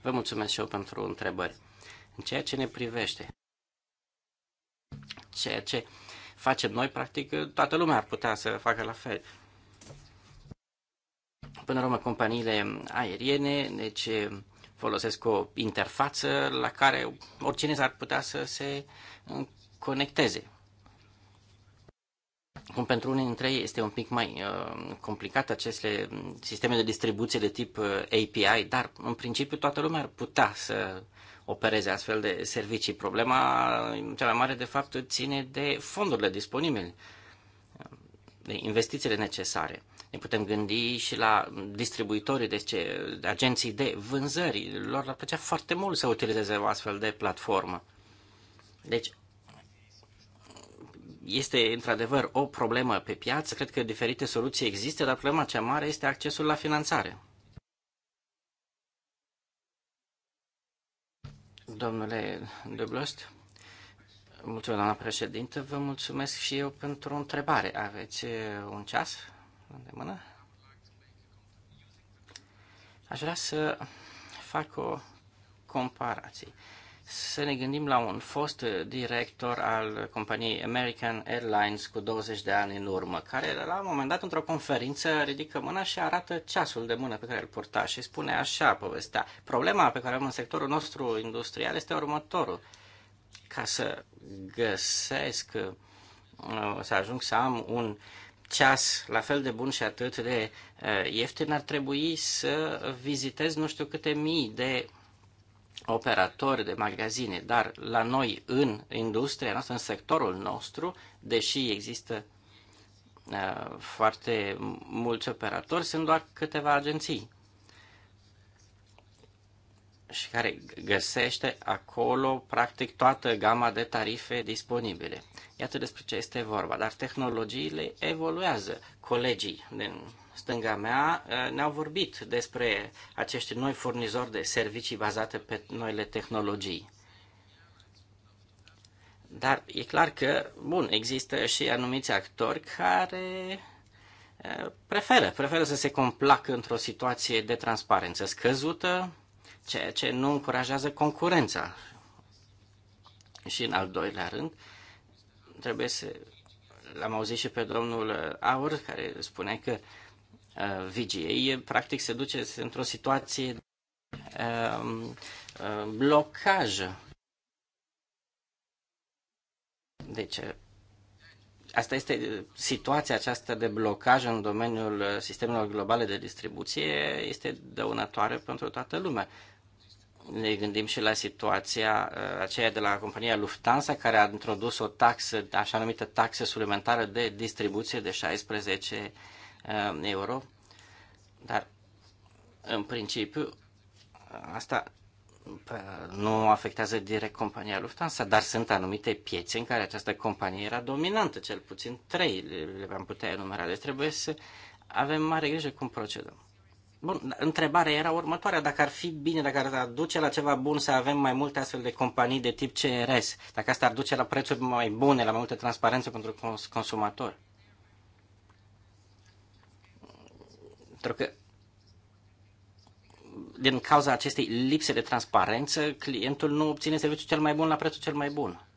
Speaker 5: Vă mulțumesc și eu pentru întrebări. În ceea ce ne privește, ceea ce facem noi, practic, toată lumea ar putea să facă la fel. Până la urmă, companiile aeriene, deci folosesc o interfață la care oricine s ar putea să se conecteze. Cum pentru unii dintre ei este un pic mai uh, complicat aceste sisteme de distribuție de tip uh, API, dar în principiu toată lumea ar putea să opereze astfel de servicii. Problema cea mai mare, de fapt, ține de fondurile disponibile. Uh, investițiile necesare. Ne putem gândi și la distribuitorii, deci agenții de vânzări. Lor ar plăcea foarte mult să utilizeze o astfel de platformă. Deci, este într-adevăr o problemă pe piață, cred că diferite soluții există, dar problema cea mare este accesul la finanțare. Domnule Deblost, Mulțumesc, doamna președintă. Vă mulțumesc și eu pentru întrebare. Aveți eh, un ceas de mână? Aș vrea să fac o comparație. Să ne gândim la un fost director al companiei American Airlines cu 20 de ani în urmă, care la un moment dat într-o conferință ridică mâna și arată ceasul de mână pe care îl purta și spune așa, povestea. Problema pe care avem în sectorul nostru industrial este următorul ca să găsesc, uh, să ajung să am un ceas la fel de bun și atât de uh, ieftin, ar trebui să vizitez nu știu câte mii de operatori de magazine, dar la noi în industria noastră, în sectorul nostru, deși există uh, foarte mulți operatori, sunt doar câteva agenții și care găsește acolo practic toată gama de tarife disponibile. Iată despre ce este vorba, dar tehnologiile evoluează. Colegii din stânga mea uh, ne-au vorbit despre acești noi furnizori de servicii bazate pe noile tehnologii. Dar e clar că, bun, există și anumiți actori care uh, preferă, preferă să se complacă într-o situație de transparență scăzută, ceea ce nu încurajează concurența. Și în al doilea rând, trebuie să... L-am auzit și pe domnul Aur, care spune că uh, VGA practic se duce într-o situație de um, uh, deci, uh, blocaj. Deci, asta este situația aceasta de blocaj în domeniul uh, sistemelor globale de distribuție este dăunătoare pentru toată lumea ne gândim și la situația uh, aceea de la compania Lufthansa, care a introdus o taxă, așa numită taxă suplimentară de distribuție de 16 uh, euro. Dar, în principiu, asta uh, nu afectează direct compania Lufthansa, dar sunt anumite piețe în care această companie era dominantă, cel puțin trei le am putea enumera. Deci trebuie să avem mare grijă cum procedăm. Bun, întrebarea era următoarea, dacă ar fi bine, dacă ar duce la ceva bun să avem mai multe astfel de companii de tip CRS, dacă asta ar duce la prețuri mai bune, la mai multă transparență pentru cons consumatori. Pentru că din cauza acestei lipse de transparență, clientul nu obține serviciul cel mai bun la prețul cel mai bun.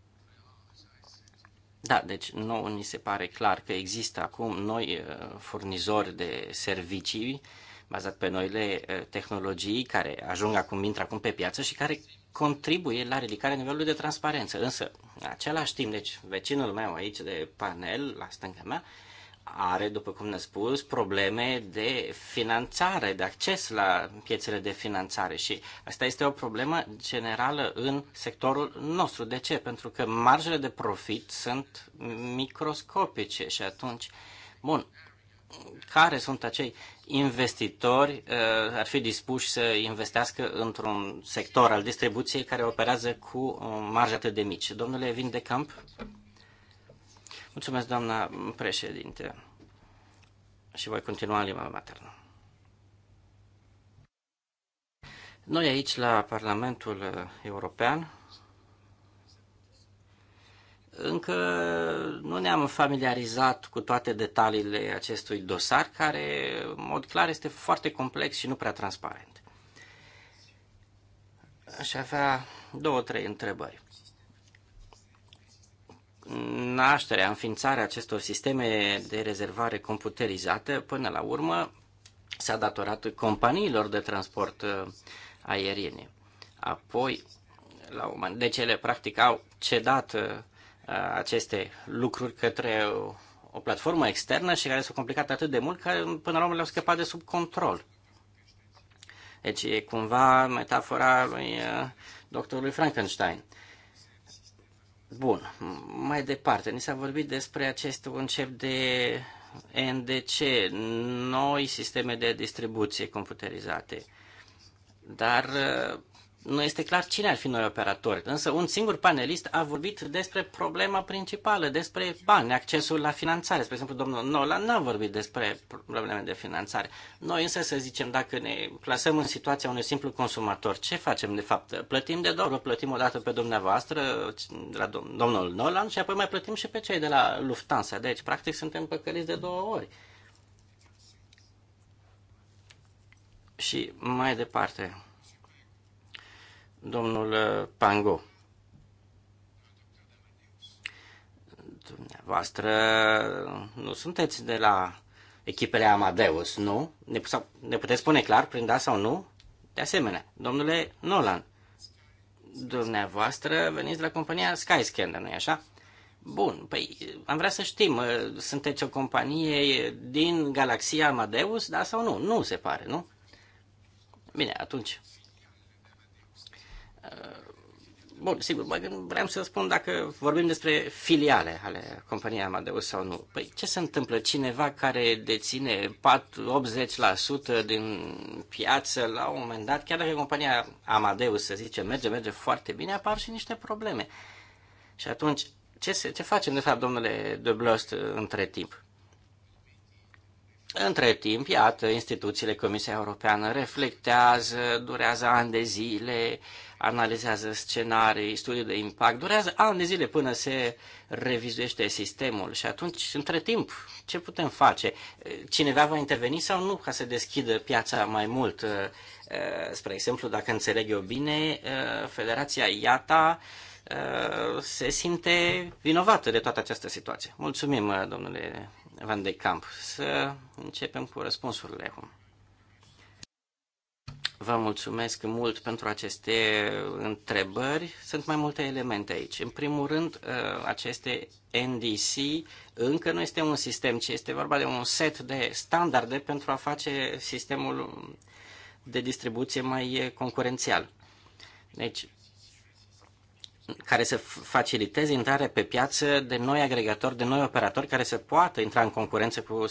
Speaker 5: Da, deci nouă ni se pare clar că există acum noi uh, furnizori de servicii bazat pe noile eh, tehnologii care ajung acum, intră acum pe piață și care contribuie la ridicarea nivelului de transparență. Însă, în același timp, deci vecinul meu aici de panel, la stânga mea, are, după cum ne-a spus, probleme de finanțare, de acces la piețele de finanțare și asta este o problemă generală în sectorul nostru. De ce? Pentru că marjele de profit sunt microscopice și atunci, bun, care sunt acei investitori uh, ar fi dispuși să investească într-un sector al distribuției care operează cu uh, marje atât de mici. Domnule Vin de Camp? Mulțumesc, doamna președinte. Și voi continua în limba maternă. Noi aici, la Parlamentul European, încă nu ne-am familiarizat cu toate detaliile acestui dosar, care, în mod clar, este foarte complex și nu prea transparent. Aș avea două, trei întrebări. Nașterea, înființarea acestor sisteme de rezervare computerizată, până la urmă, s-a datorat companiilor de transport uh, aeriene. Apoi, la un moment, deci ele practic au cedat uh, aceste lucruri către o platformă externă și care s-au complicat atât de mult că până la urmă le-au scăpat de sub control. Deci e cumva metafora lui uh, doctorului Frankenstein. Bun, mai departe, ni s-a vorbit despre acest concept de NDC, noi sisteme de distribuție computerizate. Dar uh, nu este clar cine ar fi noi operatori, însă un singur panelist a vorbit despre problema principală, despre bani, accesul la finanțare. Spre exemplu, domnul Nolan n-a vorbit despre probleme de finanțare. Noi însă să zicem, dacă ne plasăm în situația unui simplu consumator, ce facem de fapt? Plătim de două, plătim o dată pe dumneavoastră, de la domnul Nolan, și apoi mai plătim și pe cei de la Lufthansa. Deci, practic, suntem păcăliți de două ori. Și mai departe, domnul uh, Pango. Dumneavoastră uh, nu sunteți de la echipele Amadeus, nu? Ne, ne puteți spune clar prin da sau nu? De asemenea, domnule Nolan, dumneavoastră veniți de la compania Skyscanner, nu-i așa?
Speaker 1: Bun, păi
Speaker 5: am vrea să știm, uh, sunteți o companie din galaxia Amadeus, da sau nu? Nu se pare, nu? Bine, atunci Uh, bun, sigur, mă gând, vreau să spun dacă vorbim despre filiale ale companiei Amadeus sau nu. Păi ce se întâmplă? Cineva care deține 80% din piață la un moment dat, chiar dacă compania Amadeus, să zice, merge, merge foarte bine, apar și niște probleme. Și atunci, ce, se, ce facem, de fapt, domnule de Blost, între timp? Între timp, iată, instituțiile Comisia Europeană reflectează, durează ani de zile, analizează scenarii, studii de impact, durează ani de zile până se revizuiește sistemul și atunci, între timp, ce putem face? Cineva va interveni sau nu ca să deschidă piața mai mult? Eh, eh, spre exemplu, dacă înțeleg eu bine, eh, Federația IATA se simte vinovată de toată această situație. Mulțumim, domnule Van de Camp. Să începem cu răspunsurile acum. Vă mulțumesc mult pentru aceste întrebări. Sunt mai multe elemente aici. În primul rând, uh, aceste NDC încă nu este un sistem, ci este vorba de un set de standarde pentru a face sistemul de distribuție mai uh, concurențial. Deci, care să faciliteze intrarea pe piață de noi agregatori, de noi operatori care să poată intra în concurență cu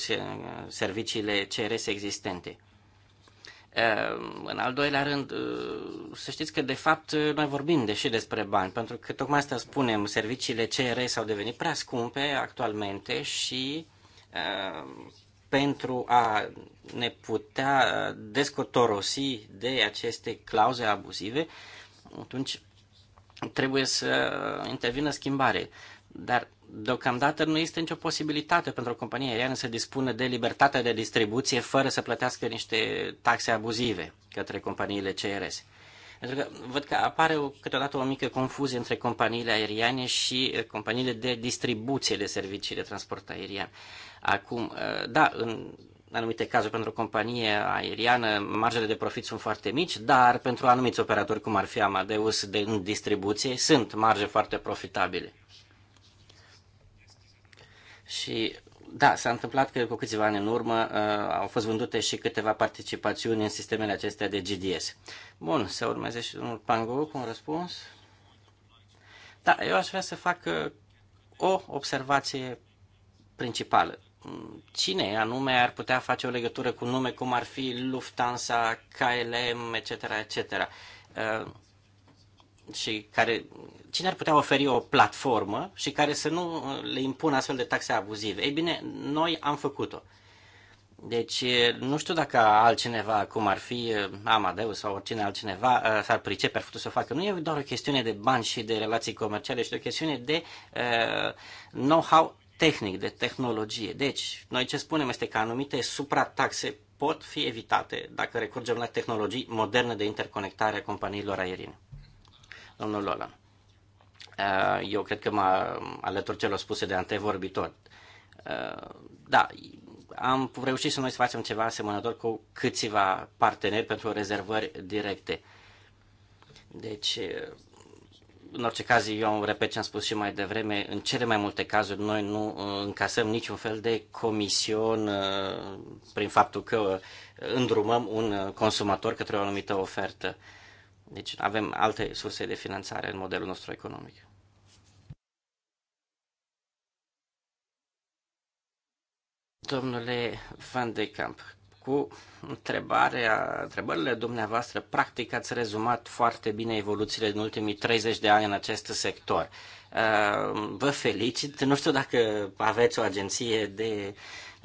Speaker 5: serviciile CRS existente. În al doilea rând, să știți că de fapt noi vorbim deși despre bani, pentru că tocmai asta spunem, serviciile CRS au devenit prea scumpe actualmente și pentru a ne putea descotorosi de aceste clauze abuzive, atunci trebuie să intervină schimbare. Dar deocamdată nu este nicio posibilitate pentru o companie aeriană să dispună de libertatea de distribuție fără să plătească niște taxe abuzive către companiile CRS. Pentru că văd că apare o, câteodată o mică confuzie între companiile aeriene și eh, companiile de distribuție de servicii de transport aerian. Acum, eh, da, în în anumite cazuri pentru o companie aeriană, marjele de profit sunt foarte mici, dar pentru anumiți operatori, cum ar fi Amadeus, de în distribuție, sunt marje foarte profitabile. Și da, s-a întâmplat că cu câțiva ani în urmă uh, au fost vândute și câteva participațiuni în sistemele acestea de GDS. Bun, să urmeze și domnul Pangu cu un răspuns. Da, eu aș vrea să fac uh, o observație principală cine anume ar putea face o legătură cu nume cum ar fi Lufthansa, KLM, etc., etc. Uh, și care, cine ar putea oferi o platformă și care să nu le impună astfel de taxe abuzive? Ei bine, noi am făcut-o. Deci, nu știu dacă altcineva, cum ar fi uh, Amadeus sau oricine altcineva, uh, s-ar pricepe, ar putea să o facă. Nu e doar o chestiune de bani și de relații comerciale, ci o chestiune de uh, know-how tehnic, de tehnologie. Deci, noi ce spunem este că anumite suprataxe pot fi evitate dacă recurgem la tehnologii moderne de interconectare a companiilor aeriene. Domnul Lola, uh, eu cred că mă alătur celor spuse de antevorbitor. Uh, da, am reușit să noi să facem ceva asemănător cu câțiva parteneri pentru rezervări directe. Deci, uh, în orice caz, eu repet ce am spus și mai devreme, în cele mai multe cazuri noi nu uh, încasăm niciun fel de comision uh, prin faptul că uh, îndrumăm un consumator către o anumită ofertă. Deci avem alte surse de finanțare în modelul nostru economic. Domnule Van de Camp, cu întrebarea, întrebările dumneavoastră. Practic ați rezumat foarte bine evoluțiile din ultimii 30 de ani în acest sector. Uh, vă felicit. Nu știu dacă aveți o agenție de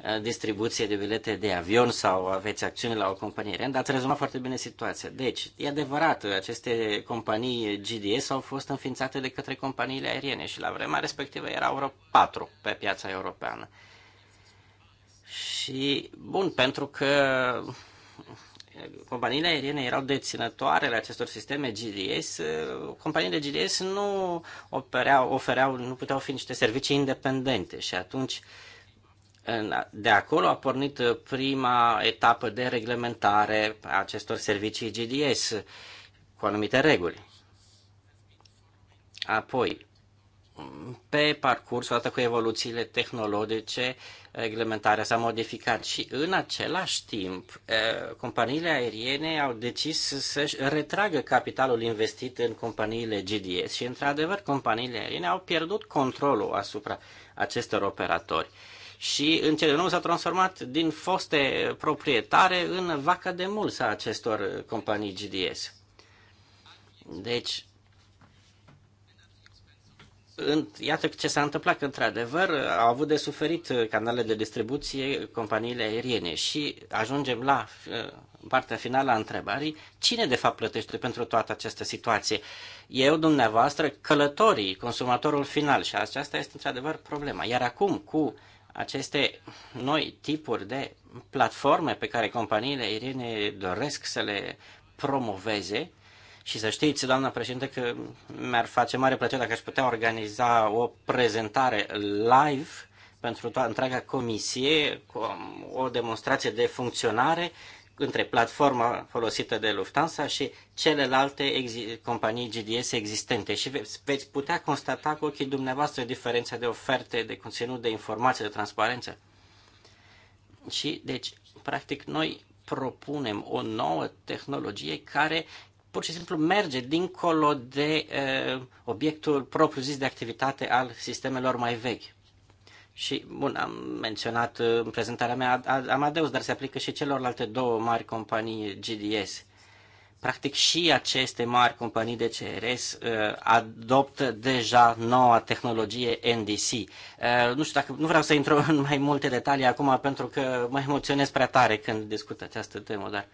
Speaker 5: uh, distribuție de bilete de avion sau aveți acțiuni la o companie rent, ați rezumat foarte bine situația. Deci, e adevărat, aceste companii GDS au fost înființate de către companiile aeriene și la vremea respectivă erau vreo patru pe piața europeană. Și, bun, pentru că companiile aeriene erau deținătoarele acestor sisteme GDS, companiile GDS nu opereau, ofereau, nu puteau fi niște servicii independente și atunci de acolo a pornit prima etapă de reglementare a acestor servicii GDS cu anumite reguli. Apoi, pe parcurs, odată cu evoluțiile tehnologice, reglementarea s-a modificat și în același timp companiile aeriene au decis să-și retragă capitalul investit în companiile GDS și, într-adevăr, companiile aeriene au pierdut controlul asupra acestor operatori și în cele nu s-a transformat din foste proprietare în vacă de mulți a acestor companii GDS. Deci, în, iată ce s-a întâmplat, că într-adevăr au avut de suferit canalele de distribuție, companiile aeriene și ajungem la uh, partea finală a întrebării, cine de fapt plătește pentru toată această situație? Eu, dumneavoastră, călătorii, consumatorul final și aceasta este într-adevăr problema. Iar acum, cu aceste noi tipuri de platforme pe care companiile aeriene doresc să le promoveze, și să știți, doamna președinte, că mi-ar face mare plăcere dacă aș putea organiza o prezentare live pentru întreaga comisie, cu o demonstrație de funcționare între platforma folosită de Lufthansa și celelalte companii GDS existente și veți, veți putea constata cu ochii dumneavoastră diferența de oferte, de conținut, de informație, de transparență. Și, deci, practic, noi propunem o nouă tehnologie care pur și simplu merge dincolo de uh, obiectul propriu-zis de activitate al sistemelor mai vechi. Și, bun, am menționat eh, în prezentarea mea Amadeus, dar se aplică și celorlalte două mari companii GDS. Practic și aceste mari companii de CRS eh, adoptă deja noua tehnologie NDC. Nu știu dacă, nu vreau să intru în mai multe detalii acum pentru că mă emoționez prea tare când discut această temă, dar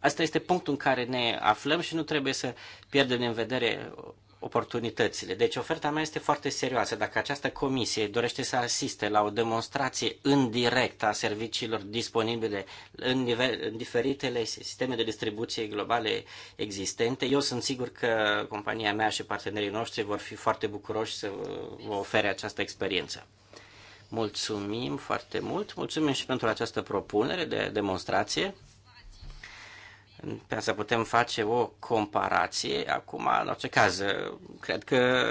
Speaker 5: Asta este punctul în care ne aflăm și nu trebuie să pierdem în vedere oportunitățile. Deci oferta mea este foarte serioasă. Dacă această comisie dorește să asiste la o demonstrație în direct a serviciilor disponibile în, nivel, în diferitele sisteme de distribuție globale existente, eu sunt sigur că compania mea și partenerii noștri vor fi foarte bucuroși să vă ofere această experiență. Mulțumim foarte mult, mulțumim și pentru această propunere de demonstrație ca să putem face o comparație. Acum, în orice caz, cred că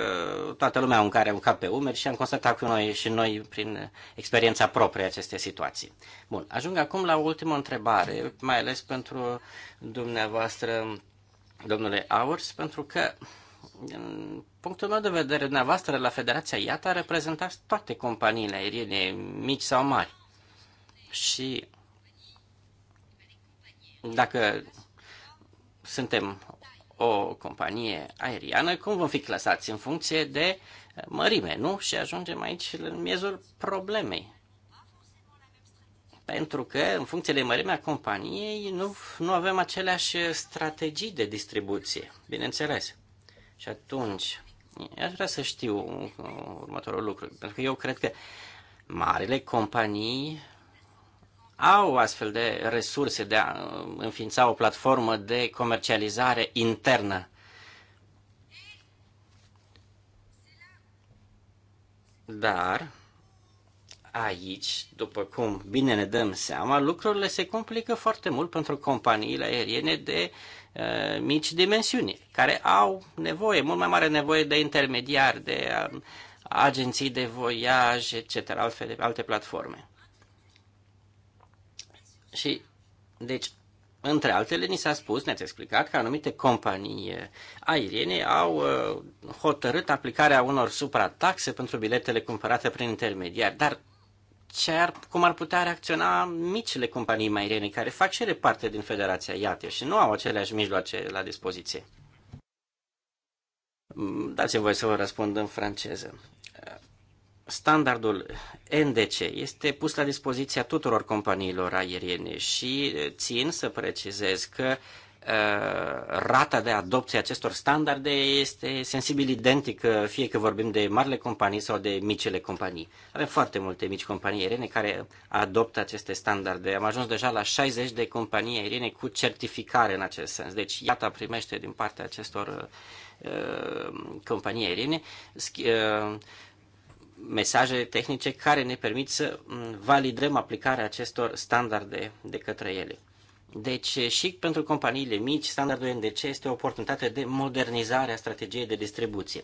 Speaker 5: toată lumea un care un cap pe umeri și am constatat cu noi și noi prin experiența proprie aceste situații. Bun, ajung acum la ultima întrebare, mai ales pentru dumneavoastră, domnule Aurs, pentru că în punctul meu de vedere, dumneavoastră la Federația IATA reprezentați toate companiile aeriene, mici sau mari. Și dacă suntem o companie aeriană, cum vom fi clasați în funcție de mărime, nu? Și ajungem aici în miezul problemei. Pentru că, în funcție de mărimea companiei, nu, nu avem aceleași strategii de distribuție, bineînțeles. Și atunci, aș vrea să știu următorul lucru, pentru că eu cred că marile companii au astfel de resurse de a uh, înființa o platformă de comercializare internă. Dar aici, după cum bine ne dăm seama, lucrurile se complică foarte mult pentru companiile aeriene de uh, mici dimensiuni, care au nevoie, mult mai mare nevoie de intermediari, de uh, agenții de voiaj, etc., alte, alte platforme. Și, deci, între altele, ni s-a spus, ne-ați explicat, că anumite companii aeriene au uh, hotărât aplicarea unor suprataxe pentru biletele cumpărate prin intermediari. Dar ce ar, cum ar putea reacționa micile companii aeriene care fac și ele parte din Federația IATE și nu au aceleași mijloace la dispoziție? Mm, dați-mi voi să vă răspund în franceză standardul NDC este pus la dispoziția tuturor companiilor aeriene și țin să precizez că uh, rata de adopție acestor standarde este sensibil identică, uh, fie că vorbim de marile companii sau de micile companii. Avem foarte multe mici companii aeriene care adoptă aceste standarde. Am ajuns deja la 60 de companii aeriene cu certificare în acest sens. Deci, iată, primește din partea acestor uh, uh companii aeriene uh, mesaje tehnice care ne permit să mm, validăm aplicarea acestor standarde de către ele. Deci și pentru companiile mici, standardul NDC este o oportunitate de modernizare a strategiei de distribuție.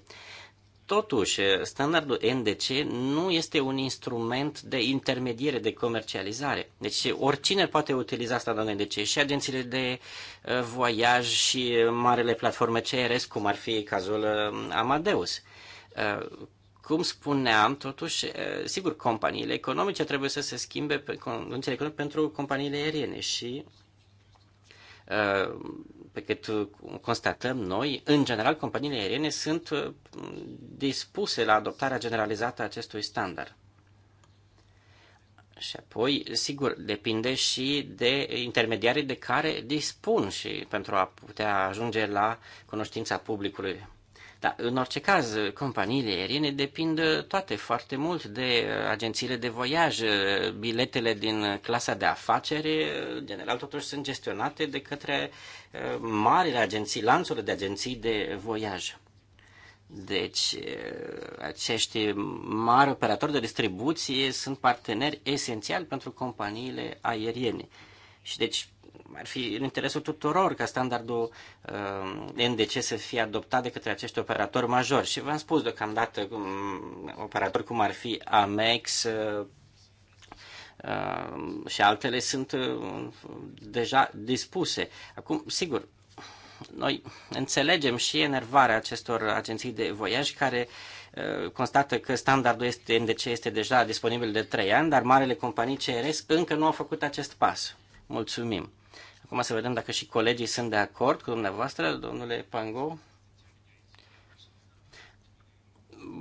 Speaker 5: Totuși, standardul NDC nu este un instrument de intermediere, de comercializare. Deci oricine poate utiliza standardul NDC și agențiile de uh, voiaj și marele platforme CRS, cum ar fi cazul uh, Amadeus uh, cum spuneam, totuși, sigur, companiile economice trebuie să se schimbe pe condițiile economice pentru companiile aeriene și pe cât constatăm noi, în general, companiile aeriene sunt dispuse la adoptarea generalizată a acestui standard. Și apoi, sigur, depinde și de intermediarii de care dispun și pentru a putea ajunge la cunoștința publicului. Da, în orice caz, companiile aeriene depind uh, toate foarte mult de uh, agențiile de voiaj. Uh, biletele din clasa de afaceri, general, totuși sunt gestionate de către marile agenții, lanțurile de agenții de voiaj. Deci, acești mari operatori de distribuție sunt parteneri esențiali pentru companiile aeriene. Și deci ar fi în interesul tuturor ca standardul uh, NDC să fie adoptat de către acești operatori majori. Și v-am spus deocamdată um, operatori cum ar fi Amex uh, uh, și altele sunt uh, deja dispuse. Acum, sigur, noi înțelegem și enervarea acestor agenții de voiaj care uh, constată că standardul este, NDC este deja disponibil de 3 ani, dar marele companii CRS încă nu au făcut acest pas. Mulțumim! Acum să vedem dacă și colegii sunt de acord cu dumneavoastră, domnule Pango.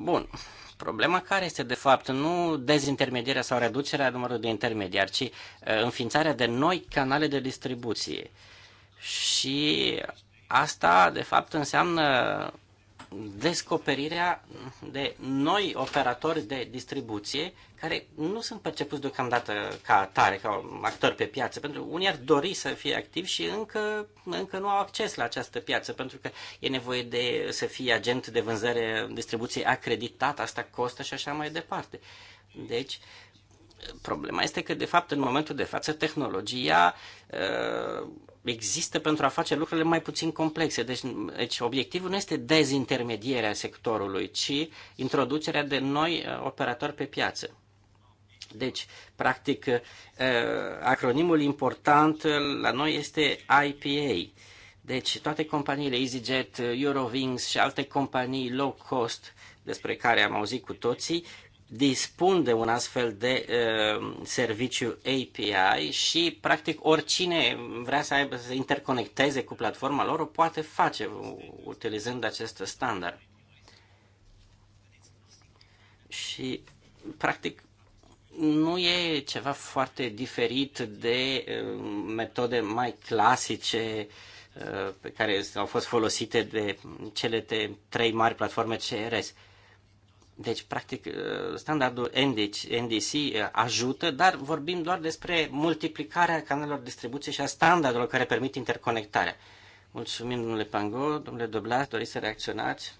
Speaker 5: Bun. Problema care este, de fapt, nu dezintermedierea sau reducerea numărului de intermediari, ci uh, înființarea de noi canale de distribuție. Și asta, de fapt, înseamnă descoperirea de noi operatori de distribuție care nu sunt percepuți deocamdată ca tare, ca actori pe piață, pentru că unii ar dori să fie activi și încă, încă nu au acces la această piață, pentru că e nevoie de să fie agent de vânzare, distribuție acreditat, asta costă și așa mai departe. Deci, problema este că, de fapt, în momentul de față, tehnologia uh, există pentru a face lucrurile mai puțin complexe. Deci, deci obiectivul nu este dezintermedierea sectorului, ci introducerea de noi uh, operatori pe piață. Deci, practic, eh, acronimul important la noi este IPA. Deci, toate companiile EasyJet, Eurowings și alte companii low cost despre care am auzit cu toții, dispun de un astfel de uh, serviciu API și practic oricine vrea să aibă să interconecteze cu platforma lor o poate face utilizând acest standard. Și practic nu e ceva foarte diferit de eh, metode mai clasice eh, pe care au fost folosite de cele trei mari platforme CRS. Deci, practic, eh, standardul NDC ajută, dar vorbim doar despre multiplicarea canalelor de distribuție și a standardelor care permit interconectarea. Mulțumim, domnule Pango, domnule Doblas, doriți să reacționați?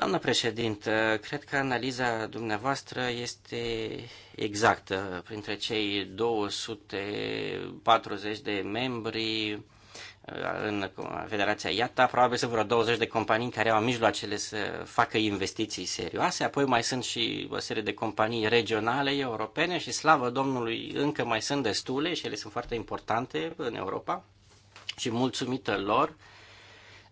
Speaker 5: Doamnă președintă, cred că analiza dumneavoastră este exactă. Printre cei 240 de membri uh, în Federația IATA, probabil sunt vreo 20 de companii care au mijloacele să facă investiții serioase, apoi mai sunt și o serie de companii regionale europene și slavă Domnului încă mai sunt destule și ele sunt foarte importante în Europa și mulțumită lor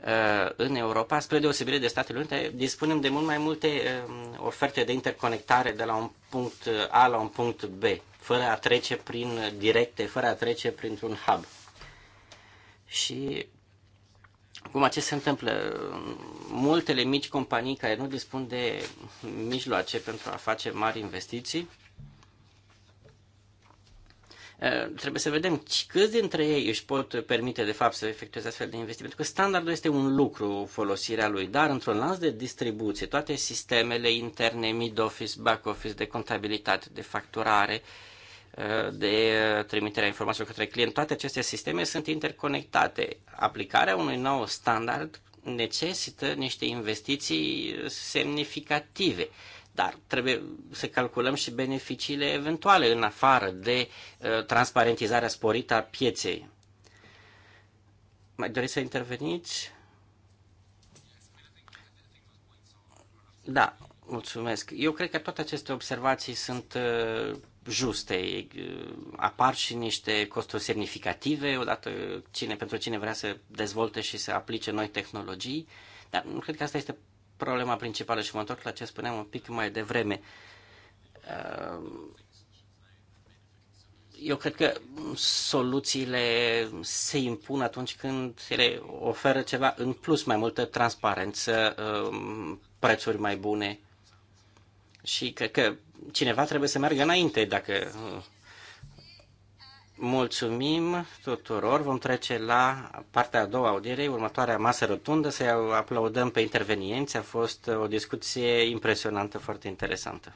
Speaker 5: Uh, în Europa, spre deosebire de Statele Unite, dispunem de mult mai multe um, oferte de interconectare de la un punct A la un punct B, fără a trece prin directe, fără a trece printr-un hub. Și cum ce se întâmplă? Multele mici companii care nu dispun de mijloace pentru a face mari investiții Eh, trebuie să vedem câți dintre ei își pot permite de fapt să efectueze astfel de investiții, pentru că standardul este un lucru folosirea lui, dar într-un lanț de distribuție, toate sistemele interne, mid-office, back-office, de contabilitate, de facturare, eh, de eh, trimiterea informațiilor către client, toate aceste sisteme sunt interconectate. Aplicarea unui nou standard necesită niște investiții semnificative dar trebuie să calculăm și beneficiile eventuale în afară de uh, transparentizarea sporită a pieței. Mai doriți să interveniți? Da, mulțumesc. Eu cred că toate aceste observații sunt uh, juste. Uh, apar și niște costuri semnificative, odată cine, pentru cine vrea să dezvolte și să aplice noi tehnologii, dar nu cred că asta este problema principală și mă întorc la ce spuneam un pic mai devreme. Ehm, eu cred că soluțiile se impun atunci când ele oferă ceva în plus, mai multă transparență, ehm, prețuri mai bune și cred că cineva trebuie să meargă înainte dacă Mulțumim tuturor. Vom trece la partea a doua audierei, următoarea masă rotundă, să aplaudăm pe intervenienți. A fost o discuție impresionantă, foarte interesantă.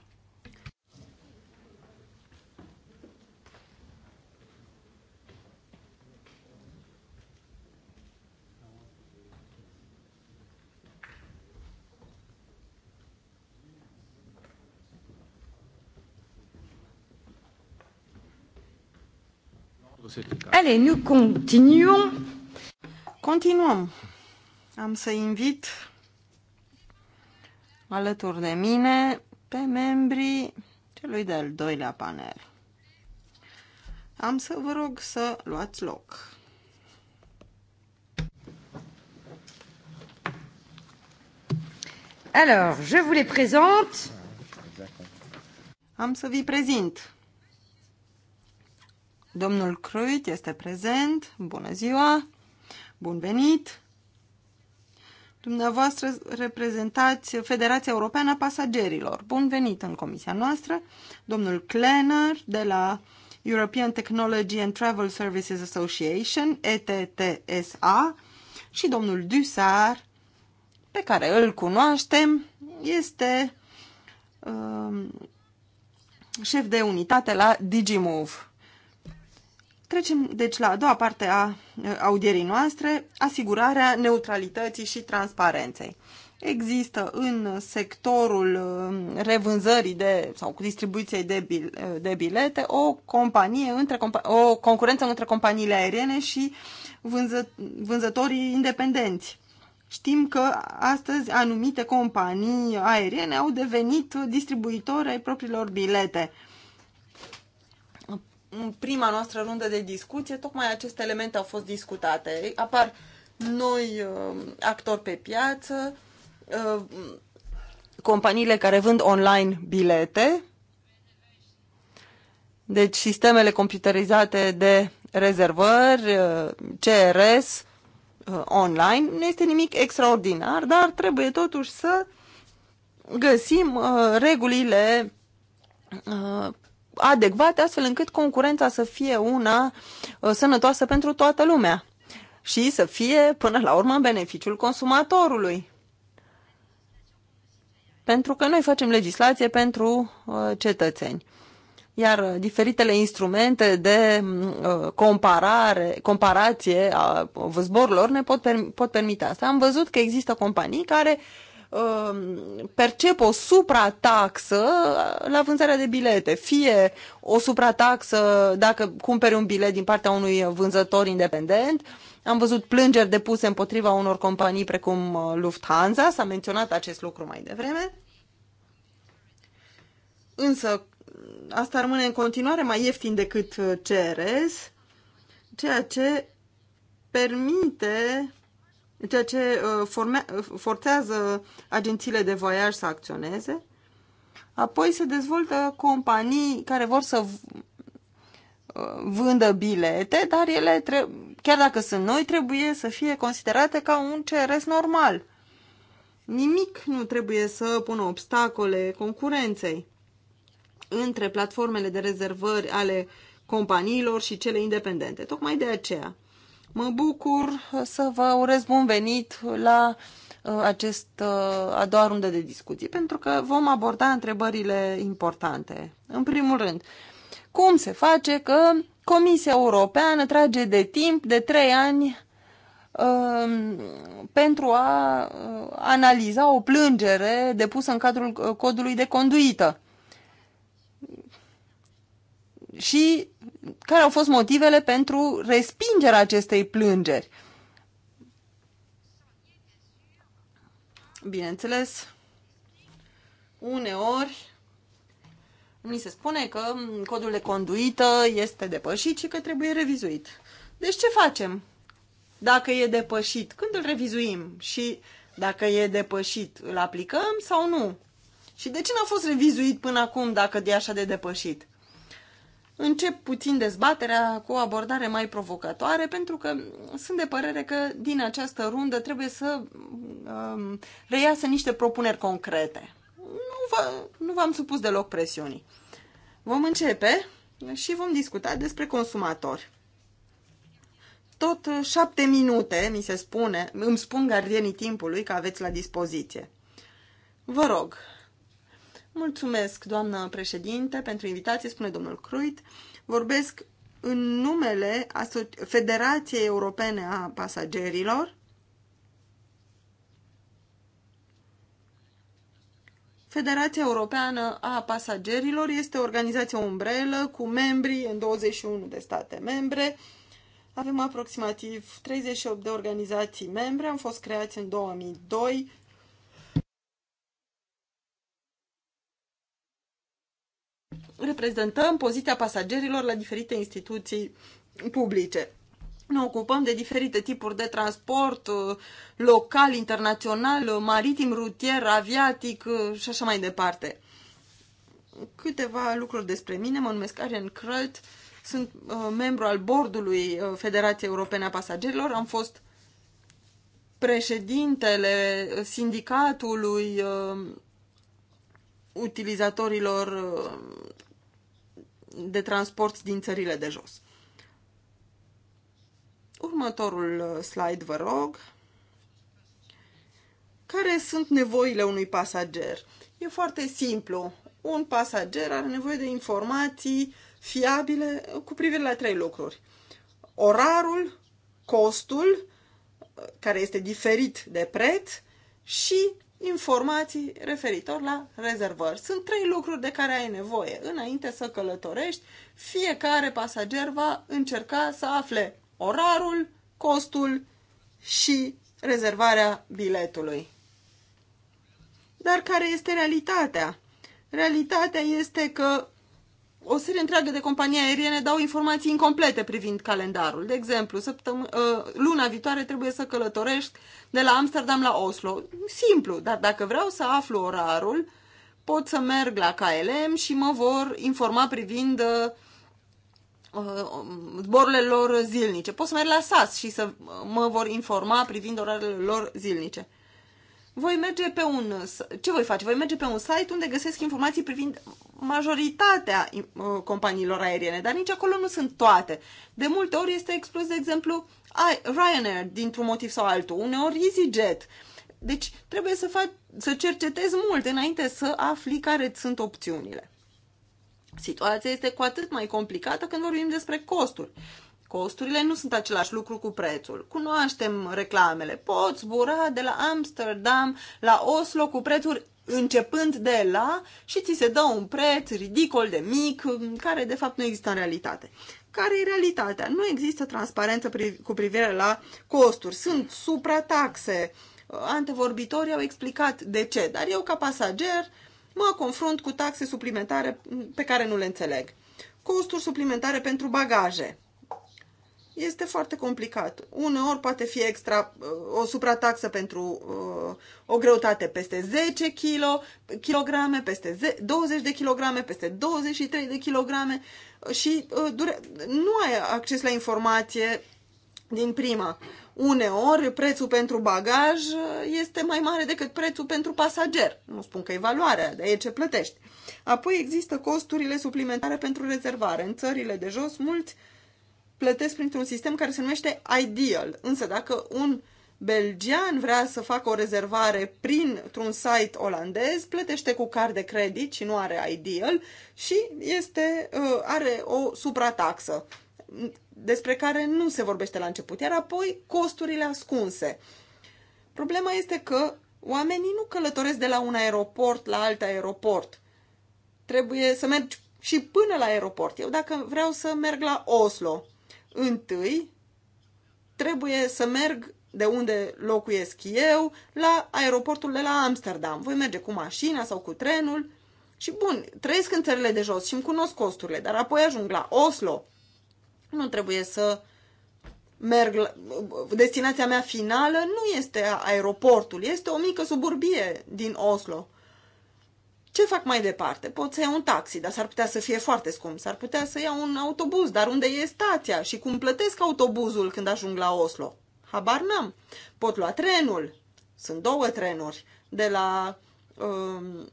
Speaker 4: Allez, nous continuons.
Speaker 3: Continuăm. Am să invit alături de mine pe membrii celui de-al doilea panel. Am să vă rog să luați loc. Alors, je vous les présente. Am să vi prezint. Domnul Cruit este prezent. Bună ziua! Bun venit! Dumneavoastră reprezentați Federația Europeană a Pasagerilor. Bun venit în comisia noastră. Domnul Klenner de la European Technology and Travel Services Association, ETTSA, și domnul Dusar, pe care îl cunoaștem, este um, șef de unitate la DigiMove. Trecem, deci, la a doua parte a audierii noastre, asigurarea neutralității și transparenței. Există în sectorul revânzării de, sau distribuției de, bil, de bilete o, companie între, o concurență între companiile aeriene și vânză, vânzătorii independenți. Știm că astăzi anumite companii aeriene au devenit distribuitori ai propriilor bilete în prima noastră rundă de discuție, tocmai aceste elemente au fost discutate. Apar noi uh, actori pe piață, uh, companiile care vând online bilete, deci sistemele computerizate de rezervări, uh, CRS, uh, online. Nu este nimic extraordinar, dar trebuie totuși să găsim uh, regulile adecvate, astfel încât concurența să fie una uh, sănătoasă pentru toată lumea și să fie, până la urmă, în beneficiul consumatorului. Pentru că noi facem legislație pentru uh, cetățeni iar uh, diferitele instrumente de mm, comparare, comparație a zborurilor ne pot, pot permite asta. Am văzut că există companii care uh, Um, percep o suprataxă la vânzarea de bilete, fie o suprataxă dacă cumperi un bilet din partea unui vânzător independent. Am văzut plângeri depuse împotriva unor companii precum uh, Lufthansa, s-a menționat acest lucru mai devreme. Însă, asta rămâne în continuare mai ieftin decât uh, CRS, ceea ce permite ceea ce uh, formea, uh, forțează agențiile de voiaj să acționeze. Apoi se dezvoltă companii care vor să uh, vândă bilete, dar ele, chiar dacă sunt noi, trebuie să fie considerate ca un CRS normal. Nimic nu trebuie să pună obstacole concurenței între platformele de rezervări ale companiilor și cele independente. Tocmai de aceea Mă bucur să vă urez bun venit la uh, acest uh, a doua rundă de discuții, pentru că vom aborda întrebările importante. În primul rând, cum se face că Comisia Europeană trage de timp de trei ani um, pentru a uh, analiza o plângere depusă în cadrul codului de conduită. Și care au fost motivele pentru respingerea acestei plângeri. Bineînțeles, uneori mi se spune că codul de conduită este depășit și că trebuie revizuit. Deci ce facem? Dacă e depășit, când îl revizuim? Și dacă e depășit, îl aplicăm sau nu? Și de ce n-a fost revizuit până acum dacă e așa de depășit? încep puțin dezbaterea cu o abordare mai provocatoare, pentru că sunt de părere că din această rundă trebuie să um, reiasă niște propuneri concrete. Nu v-am supus deloc presiunii. Vom începe și vom discuta despre consumatori. Tot șapte minute, mi se spune, îmi spun gardienii timpului că aveți la dispoziție. Vă rog, Mulțumesc, doamnă președinte, pentru invitație, spune domnul Cruit. Vorbesc în numele Federației Europene a Pasagerilor. Federația Europeană a Pasagerilor este o organizație umbrelă cu membri în 21 de state membre. Avem aproximativ 38 de organizații membre, am fost creați în 2002 reprezentăm poziția pasagerilor la diferite instituții publice. Ne ocupăm de diferite tipuri de transport uh, local, internațional, uh, maritim, rutier, aviatic uh, și așa mai departe. Câteva lucruri despre mine. Mă numesc Arian Krölt, sunt membru al bordului Federației Europene a Pasagerilor. Am fost președintele sindicatului utilizatorilor de transport din țările de jos. Următorul uh, slide, vă rog. Care sunt nevoile unui pasager? E foarte simplu. Un pasager are nevoie de informații fiabile cu privire la trei lucruri. Orarul, costul, uh, care este diferit de preț, și informații referitor la rezervări. Sunt trei lucruri de care ai nevoie înainte să călătorești. Fiecare pasager va încerca să afle orarul, costul și rezervarea biletului. Dar care este realitatea? Realitatea este că o serie întreagă de companii aeriene dau informații incomplete privind calendarul. De exemplu, săptăm- ă, luna viitoare trebuie să călătorești de la Amsterdam la Oslo. Simplu, dar dacă vreau să aflu orarul, pot să merg la KLM și mă vor informa privind ă, ă, zborurile lor zilnice. Pot să merg la SAS și să mă vor informa privind orarele lor zilnice voi merge pe un... Ce voi face? Voi merge pe un site unde găsesc informații privind majoritatea uh, companiilor aeriene, dar nici acolo nu sunt toate. De multe ori este exclus, de exemplu, Ryanair dintr-un motiv sau altul, uneori EasyJet. Deci trebuie să, fac, să cercetezi mult înainte să afli care sunt opțiunile. Situația este cu atât mai complicată când vorbim despre costuri. Costurile nu sunt același lucru cu prețul. Cunoaștem reclamele. Poți zbura de la Amsterdam la Oslo cu prețuri începând de la și ți se dă un preț ridicol de mic, care de fapt nu există în realitate. Care e realitatea? Nu există transparență cu privire la costuri. Sunt suprataxe. Antevorbitorii au explicat de ce, dar eu ca pasager mă confrunt cu taxe suplimentare pe care nu le înțeleg. Costuri suplimentare pentru bagaje este foarte complicat. Uneori poate fi extra, uh, o suprataxă pentru uh, o greutate peste 10 kg, kilograme, peste 20 de kilograme, peste 23 de kilograme și uh, dure, nu ai acces la informație din prima. Uneori prețul pentru bagaj este mai mare decât prețul pentru pasager. Nu spun că e valoarea, dar e ce plătești. Apoi există costurile suplimentare pentru rezervare. În țările de jos, mulți uh, plătesc printr-un sistem care se numește Ideal. Însă dacă un belgian vrea să facă o rezervare printr-un site olandez, plătește cu card de credit și nu are Ideal și este, uh, are o suprataxă mm, despre care nu se vorbește la început, iar apoi costurile ascunse. Problema este că oamenii nu călătoresc de la un aeroport la alt aeroport. Trebuie să mergi și până la aeroport. Eu dacă vreau să merg la Oslo, Întâi, trebuie să merg de unde locuiesc eu la aeroportul de la Amsterdam. Voi merge cu mașina sau cu trenul și bun, trăiesc în țările de jos și îmi cunosc costurile, dar apoi ajung la Oslo. Nu trebuie să merg la... Destinația mea finală nu este aeroportul, este o mică suburbie din Oslo. Ce fac mai departe? Pot să iau un taxi, dar s-ar putea să fie foarte scump. S-ar putea să iau un autobuz, dar unde e stația? Și cum plătesc autobuzul când ajung la Oslo? Habar n-am. Pot lua trenul. Sunt două trenuri. De la um,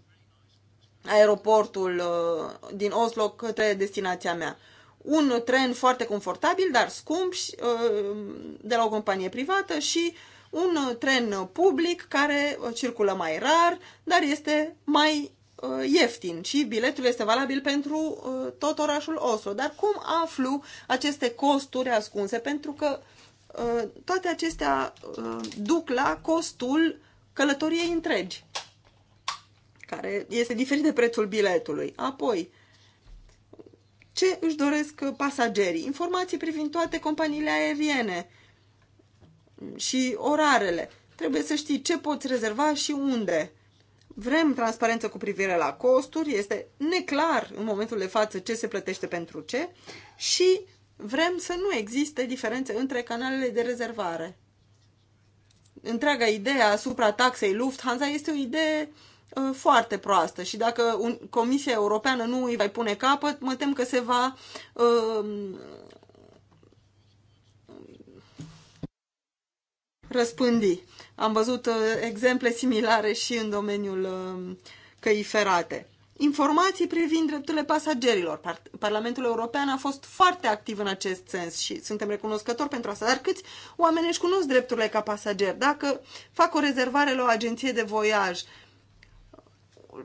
Speaker 3: aeroportul uh, din Oslo către destinația mea. Un tren foarte confortabil, dar scump, uh, de la o companie privată și un tren public care circulă mai rar, dar este mai Uh, ieftin și biletul este valabil pentru uh, tot orașul Oslo. Dar cum aflu aceste costuri ascunse? Pentru că uh, toate acestea duc la costul călătoriei întregi, care este diferit de prețul biletului. Apoi, ce își doresc pasagerii? Informații privind toate companiile aeriene și orarele. Trebuie să știi ce poți rezerva și unde Vrem transparență cu privire la costuri, este neclar în momentul de față ce se plătește pentru ce și vrem să nu existe diferențe între canalele de rezervare. Întreaga idee asupra taxei Lufthansa este o idee uh, foarte proastă și dacă un, Comisia Europeană nu îi va pune capăt, mă tem că se va uh, răspândi. Am văzut uh, exemple similare și în domeniul um, căi ferate. Informații privind drepturile pasagerilor. Parlamentul European a fost foarte activ în acest sens și suntem recunoscători pentru asta. Dar câți oameni își cunosc drepturile ca pasager? Dacă fac o rezervare la o agenție de voiaj,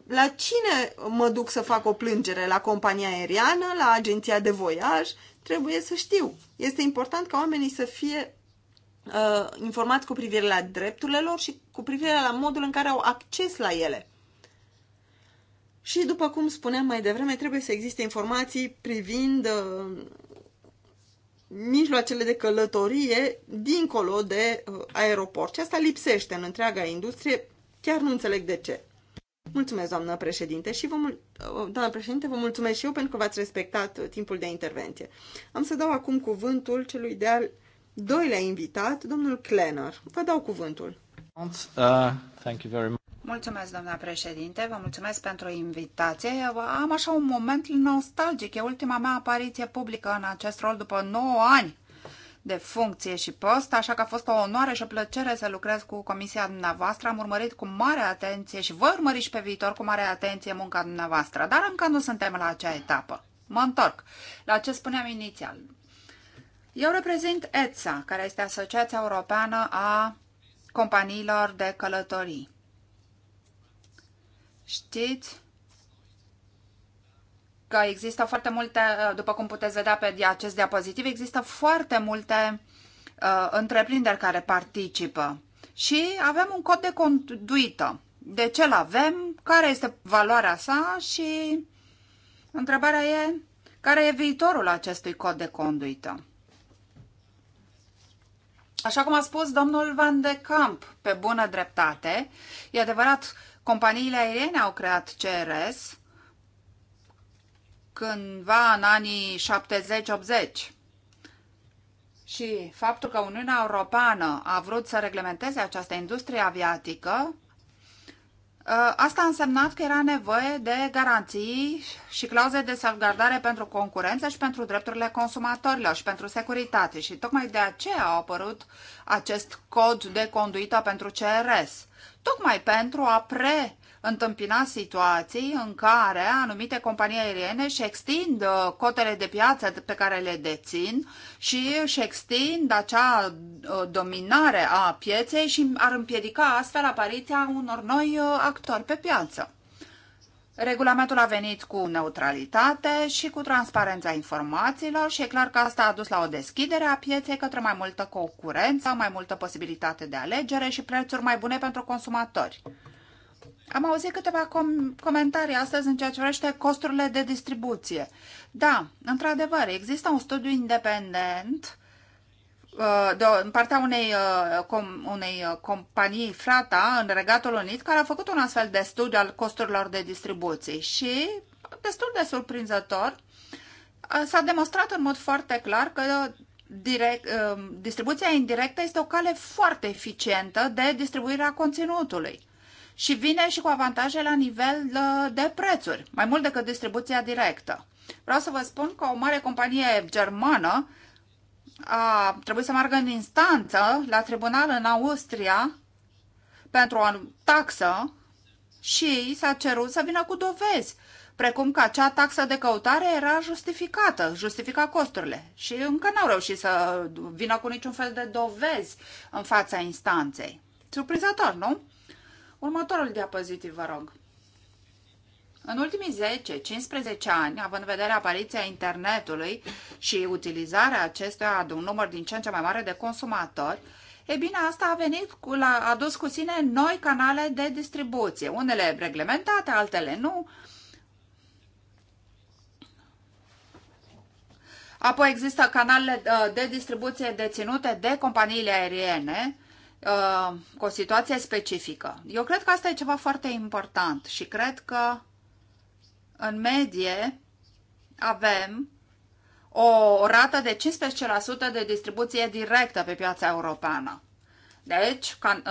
Speaker 3: la cine mă duc să fac o plângere? La compania aeriană? La agenția de voiaj? Trebuie să știu. Este important ca oamenii să fie Uh, informați cu privire la drepturile lor și cu privire la modul în care au acces la ele. Și, după cum spuneam mai devreme, trebuie să existe informații privind uh, mijloacele de călătorie dincolo de uh, aeroport. Și asta lipsește în întreaga industrie, chiar nu înțeleg de ce. Mulțumesc, doamnă președinte, și vă, mul- uh, doamnă președinte, vă mulțumesc și eu pentru că v-ați respectat uh, timpul de intervenție. Am să dau acum cuvântul celui de-al doilea invitat, domnul Klenner. Vă dau cuvântul. Uh,
Speaker 5: thank you very much.
Speaker 2: Mulțumesc, doamna președinte, vă mulțumesc pentru invitație. Eu am așa un moment nostalgic, e ultima mea apariție publică în acest rol după 9 ani de funcție și post, așa că a fost o onoare și o plăcere să lucrez cu comisia dumneavoastră. Am urmărit cu mare atenție și voi urmări și pe viitor cu mare atenție munca dumneavoastră, dar încă nu suntem la acea etapă. Mă întorc la ce spuneam inițial. Eu reprezint ETSA, care este Asociația Europeană a Companiilor de Călătorii. Știți că există foarte multe, după cum puteți vedea pe acest diapozitiv, există foarte multe uh, întreprinderi care participă și avem un cod de conduită. De ce îl avem, care este valoarea sa și întrebarea e care e viitorul acestui cod de conduită. Așa cum a spus domnul Van de Camp, pe bună dreptate, e adevărat, companiile aeriene au creat CRS cândva în anii 70-80. Și faptul că Uniunea Europeană a vrut să reglementeze această industrie aviatică Uh, asta a însemnat că era nevoie de garanții și clauze de salvgardare pentru concurență și pentru drepturile consumatorilor și pentru securitate. Și tocmai de aceea a apărut acest cod de conduită pentru CRS. Tocmai pentru a pre întâmpina situații în care anumite companii aeriene își extind uh, cotele de piață pe care le dețin și își extind acea uh, dominare a pieței și ar împiedica astfel apariția unor noi uh, actori pe piață. Regulamentul a venit cu neutralitate și cu transparența informațiilor și e clar că asta a dus la o deschidere a pieței către mai multă concurență, mai multă posibilitate de alegere și prețuri mai bune pentru consumatori. Am auzit câteva com- comentarii astăzi în ceea ce vrește costurile de distribuție. Da, într-adevăr, există un studiu independent uh, de, în partea unei, uh, com, unei uh, companii Frata în Regatul Unit care a făcut un astfel de studiu al costurilor de distribuție și destul de surprinzător s-a demonstrat în mod foarte clar că direct, distribuția indirectă este o cale foarte eficientă de distribuirea conținutului și vine și cu avantaje la nivel uh, de prețuri, mai mult decât distribuția directă. Vreau să vă spun că o mare companie germană a trebuit să meargă în instanță la tribunal în Austria pentru o taxă și s-a cerut să vină cu dovezi, precum că acea taxă de căutare era justificată, justifica costurile. Și încă n-au reușit să vină cu niciun fel de dovezi în fața instanței. Surprizător, nu? Următorul diapozitiv, vă rog. În ultimii 10-15 ani, având în vedere apariția internetului și utilizarea acestuia de un număr din ce în ce mai mare de consumatori, e bine, asta a venit cu la, a dus cu sine noi canale de distribuție, unele reglementate, altele nu. Apoi există canalele uh, de distribuție deținute de companiile aeriene, Uh, cu o situație specifică. Eu cred că asta e ceva foarte important și cred că în medie avem o rată de 15% de distribuție directă pe piața europeană. Deci, can,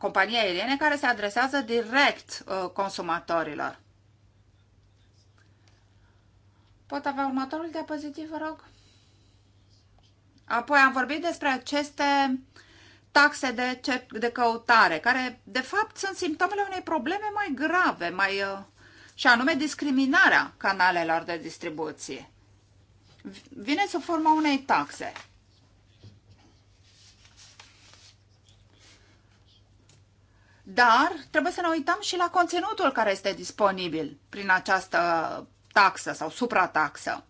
Speaker 2: uh, aeriene care se adresează direct uh, consumatorilor. Pot avea următorul diapozitiv, vă rog? Apoi am vorbit despre aceste uh, taxe de, cer- de căutare, care de fapt sunt simptomele unei probleme mai grave, mai, uh, și anume discriminarea canalelor de distribuție. Vine sub forma unei taxe. Dar trebuie să ne uităm și la conținutul care este disponibil prin această taxă sau suprataxă.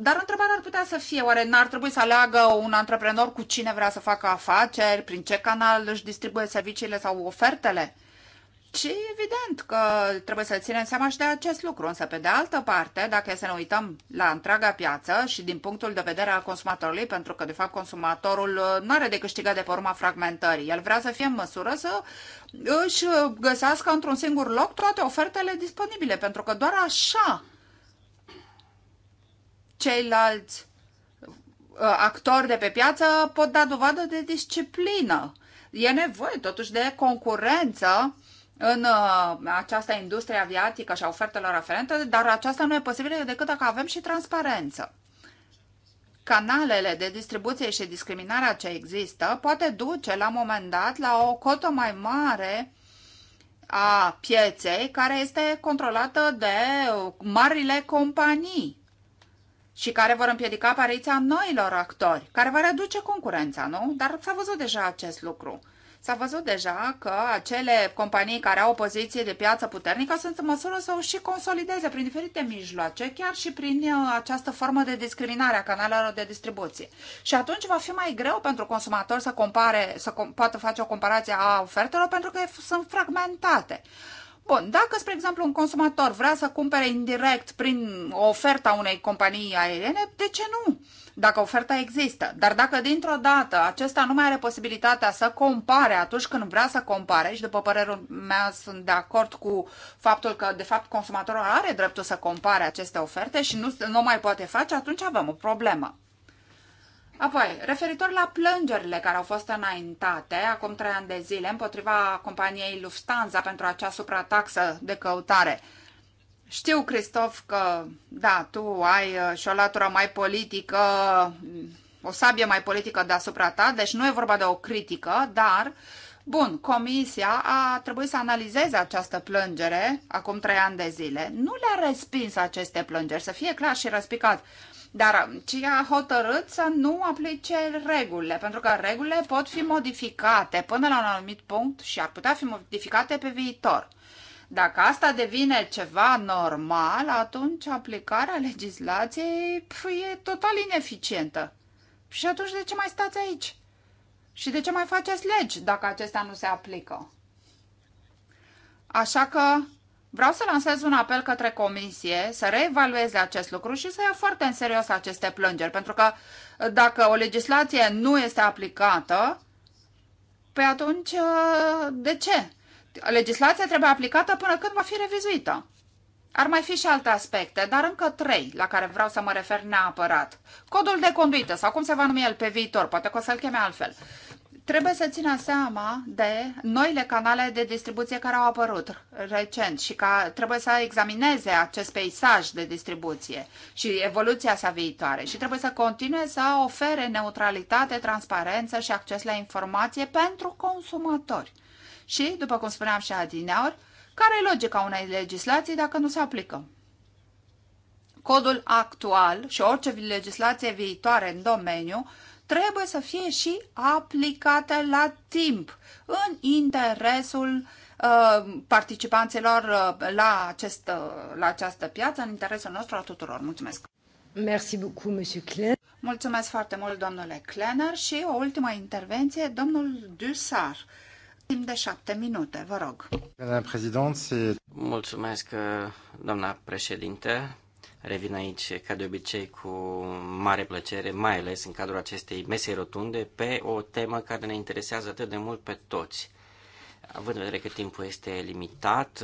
Speaker 2: Dar întrebarea ar putea să fie, oare n-ar trebui să aleagă un antreprenor cu cine vrea să facă afaceri, prin ce canal își distribuie serviciile sau ofertele? Și evident că trebuie să ținem seama și de acest lucru, însă pe de altă parte, dacă e să ne uităm la întreaga piață și din punctul de vedere al consumatorului, pentru că de fapt consumatorul uh, nu are de câștigat de pe urma fragmentării, el vrea să fie în măsură să își găsească într-un singur loc toate ofertele disponibile, pentru că doar așa ceilalți uh, actori de pe piață pot da dovadă de disciplină. E nevoie totuși de concurență în uh, această industrie aviatică și a ofertelor aferente, dar aceasta nu e posibilă decât dacă avem și transparență. Canalele de distribuție și discriminarea ce există poate duce la un moment dat la o cotă mai mare a pieței care este controlată de marile companii și care vor împiedica apariția noilor actori, care va reduce concurența, nu? Dar s-a văzut deja acest lucru. S-a văzut deja că acele companii care au o poziție de piață puternică sunt în măsură să o și consolideze prin diferite mijloace, chiar și prin uh, această formă de discriminare a canalelor de distribuție. Și atunci va fi mai greu pentru consumator să compare, să com- poată face o comparație a ofertelor pentru că sunt fragmentate. Bun, dacă, spre exemplu, un consumator vrea să cumpere indirect prin oferta unei companii aeriene, de ce nu? Dacă oferta există. Dar dacă dintr-o dată acesta nu mai are posibilitatea să compare atunci când vrea să compare, și după părerul mea sunt de acord cu faptul că, de fapt, consumatorul are dreptul să compare aceste oferte și nu, nu mai poate face, atunci avem o problemă. Apoi, referitor la plângerile care au fost înaintate acum trei ani de zile împotriva companiei Lufthansa pentru acea suprataxă de căutare. Știu, Cristof, că, da, tu ai uh, și o latură mai politică, o sabie mai politică deasupra ta, deci nu e vorba de o critică, dar, bun, comisia a trebuit să analizeze această plângere acum trei ani de zile. Nu le-a respins aceste plângeri, să fie clar și răspicat. Dar ci a hotărât să nu aplice regulile, pentru că regulile pot fi modificate până la un anumit punct și ar putea fi modificate pe viitor. Dacă asta devine ceva normal, atunci aplicarea legislației pf, păi, e total ineficientă. Și atunci de ce mai stați aici? Și de ce mai faceți legi dacă acestea nu se aplică? Așa că Vreau să lansez un apel către comisie să reevalueze acest lucru și să ia foarte în serios aceste plângeri, pentru că dacă o legislație nu este aplicată, pe atunci uh, de ce? Legislația trebuie aplicată până când va fi revizuită. Ar mai fi și alte aspecte, dar încă trei la care vreau să mă refer neapărat. Codul de conduită, sau cum se va numi el pe viitor, poate că o să-l cheme altfel trebuie să țină seama de noile canale de distribuție care au apărut recent și ca trebuie să examineze acest peisaj de distribuție și evoluția sa viitoare și trebuie să continue să ofere neutralitate, transparență și acces la informație pentru consumatori. Și, după cum spuneam și adineori, care e logica unei legislații dacă nu se aplică? Codul actual și orice legislație viitoare în domeniu trebuie să fie și aplicate la timp în interesul uh, participanților uh, la, acest, uh, la această piață, în interesul nostru a tuturor. Mulțumesc! Merci beaucoup, monsieur Klein. Mulțumesc foarte mult, domnule Kleiner. Și o ultima intervenție, domnul Dusar. Timp de șapte minute, vă rog.
Speaker 5: Mulțumesc, doamna președinte. Revin aici, ca de obicei, cu mare plăcere, mai ales în cadrul acestei mese rotunde, pe o temă care ne interesează atât de mult pe toți. Având în vedere că timpul este limitat,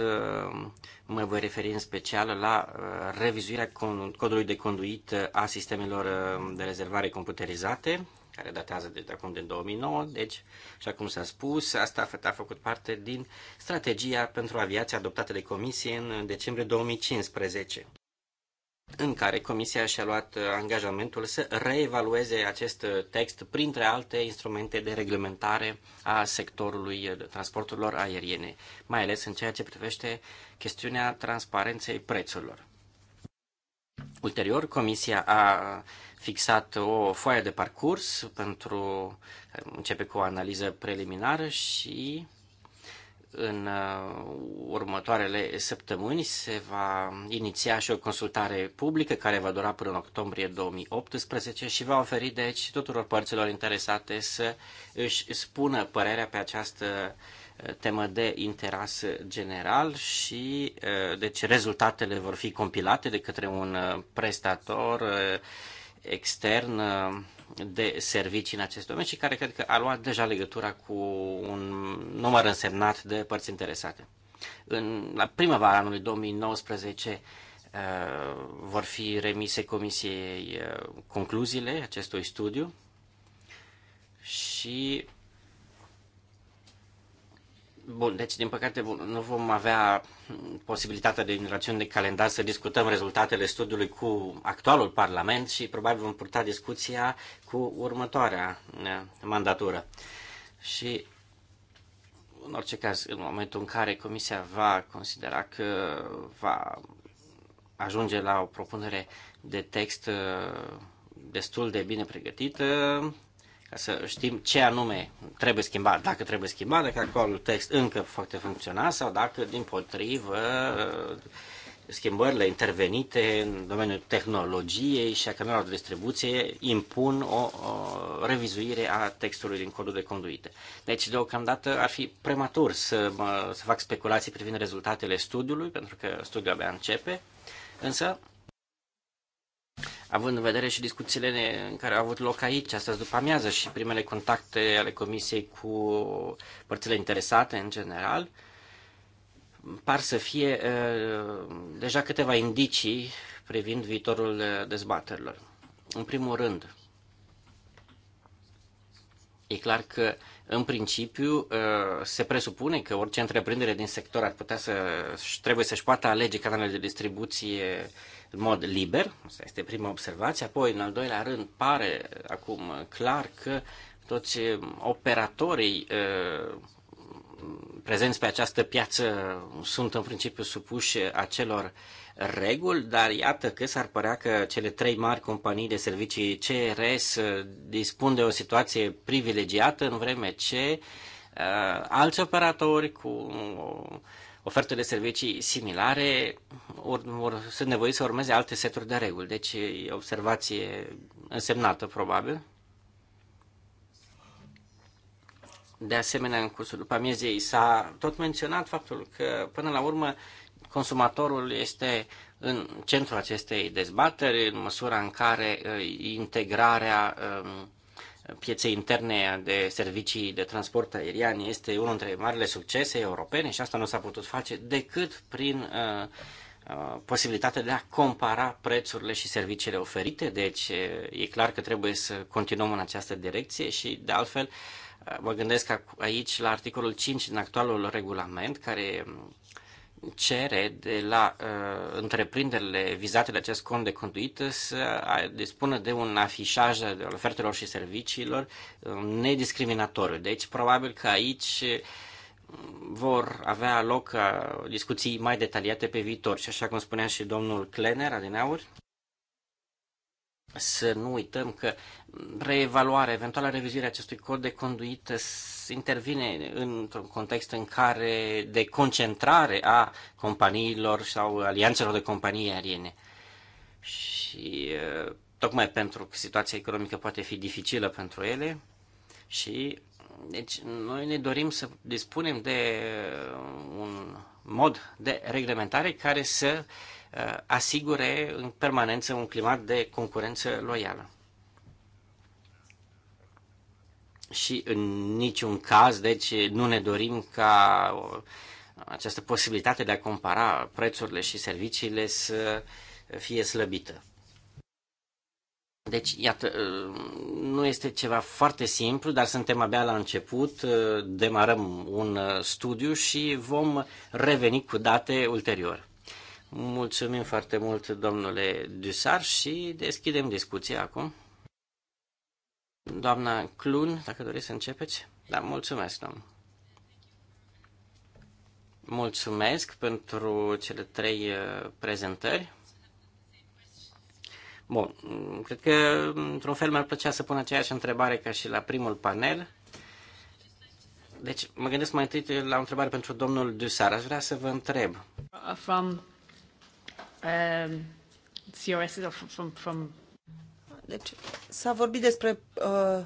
Speaker 5: mă voi referi în special la uh, revizuirea codului de conduit a sistemelor uh, de rezervare computerizate, care datează de acum din 2009, deci, așa cum s-a spus, asta a făcut parte din strategia pentru aviație adoptată de Comisie în decembrie 2015 în care Comisia și-a luat uh, angajamentul să reevalueze acest uh, text printre alte instrumente de reglementare a sectorului uh, transporturilor aeriene, mai ales în ceea ce privește chestiunea transparenței prețurilor. Ulterior, Comisia a fixat o foaie de parcurs pentru începe cu o analiză preliminară și în uh, următoarele săptămâni se va iniția și o consultare publică care va dura până în octombrie 2018 și va oferi deci tuturor părților interesate să își spună părerea pe această uh, temă de interes general și uh, deci rezultatele vor fi compilate de către un prestator extern de servicii în acest domeniu și care cred că a luat deja legătura cu un număr însemnat de părți interesate. În, la primăvara anului 2019 uh, vor fi remise comisiei uh, concluziile acestui studiu și Bun, deci din păcate nu vom avea posibilitatea de rațiune de calendar să discutăm rezultatele studiului cu actualul Parlament și probabil vom purta discuția cu următoarea eh, mandatură. Și în orice caz, în momentul în care Comisia va considera că va ajunge la o propunere de text eh, destul de bine pregătită, ca să știm ce anume trebuie schimbat, dacă trebuie schimbat, dacă actualul text încă poate funcționa sau dacă, din potrivă, schimbările intervenite în domeniul tehnologiei și a canalelor de distribuție impun o, o revizuire a textului din codul de conduită. Deci, deocamdată, ar fi prematur să, mă, să fac speculații privind rezultatele studiului, pentru că studiul abia începe, însă Având în vedere și discuțiile în care au avut loc aici, astăzi după amiază, și primele contacte ale Comisiei cu părțile interesate în general, par să fie uh, deja câteva indicii privind viitorul uh, dezbaterilor. În primul rând, e clar că în principiu uh, se presupune că orice întreprindere din sector ar putea să trebuie să-și poată alege canalele de distribuție în mod liber. Asta este prima observație. Apoi, în al doilea rând, pare acum clar că toți operatorii uh, prezenți pe această piață sunt în principiu supuși acelor reguli, dar iată că s-ar părea că cele trei mari companii de servicii CRS uh, dispun de o situație privilegiată în vreme ce uh, alți operatori cu o ofertă de servicii similare or, or, sunt nevoiți să urmeze alte seturi de reguli. Deci e observație însemnată, probabil. De asemenea, în cursul după amiezei s-a tot menționat faptul că, până la urmă, consumatorul este în centrul acestei dezbateri, în măsura în care uh, integrarea um, pieței interne de servicii de transport aerian este unul dintre marile succese europene și asta nu s-a putut face decât prin uh, uh, posibilitatea de a compara prețurile și serviciile oferite. Deci uh, e clar că trebuie să continuăm în această direcție și de altfel uh, mă gândesc aici la articolul 5 din actualul regulament care cere de la uh, întreprinderile vizate de acest cont de conduită să dispună de un afișaj de ofertelor și serviciilor uh, nediscriminatoriu. Deci, probabil că aici uh, vor avea loc uh, discuții mai detaliate pe viitor. Și așa cum spunea și domnul Klener, adineauri, să nu uităm că reevaluarea, eventuala revizuire acestui cod de conduită intervine într-un context în care de concentrare a companiilor sau alianțelor de companii aeriene. Și tocmai pentru că situația economică poate fi dificilă pentru ele și deci noi ne dorim să dispunem de un mod de reglementare care să uh, Uh, asigure în permanență un climat de concurență loială. Și în niciun caz, deci, nu ne dorim ca uh, această posibilitate de a compara prețurile și serviciile să fie slăbită. Deci, iată, uh, nu este ceva foarte simplu, dar suntem abia la început, demarăm un studiu și vom reveni cu date ulterior. Mulțumim foarte mult, domnule Dusar, și deschidem discuția acum. Doamna Clun, dacă doriți să începeți. Da, mulțumesc, domn. Mulțumesc pentru cele trei uh, prezentări. Bun, cred că într-un fel mi-ar plăcea să pun aceeași întrebare ca și la primul panel. Deci, mă gândesc mai întâi la o întrebare pentru domnul Dusar. Aș vrea să vă întreb.
Speaker 3: From Um, CRS from, from... Deci s-a vorbit despre uh,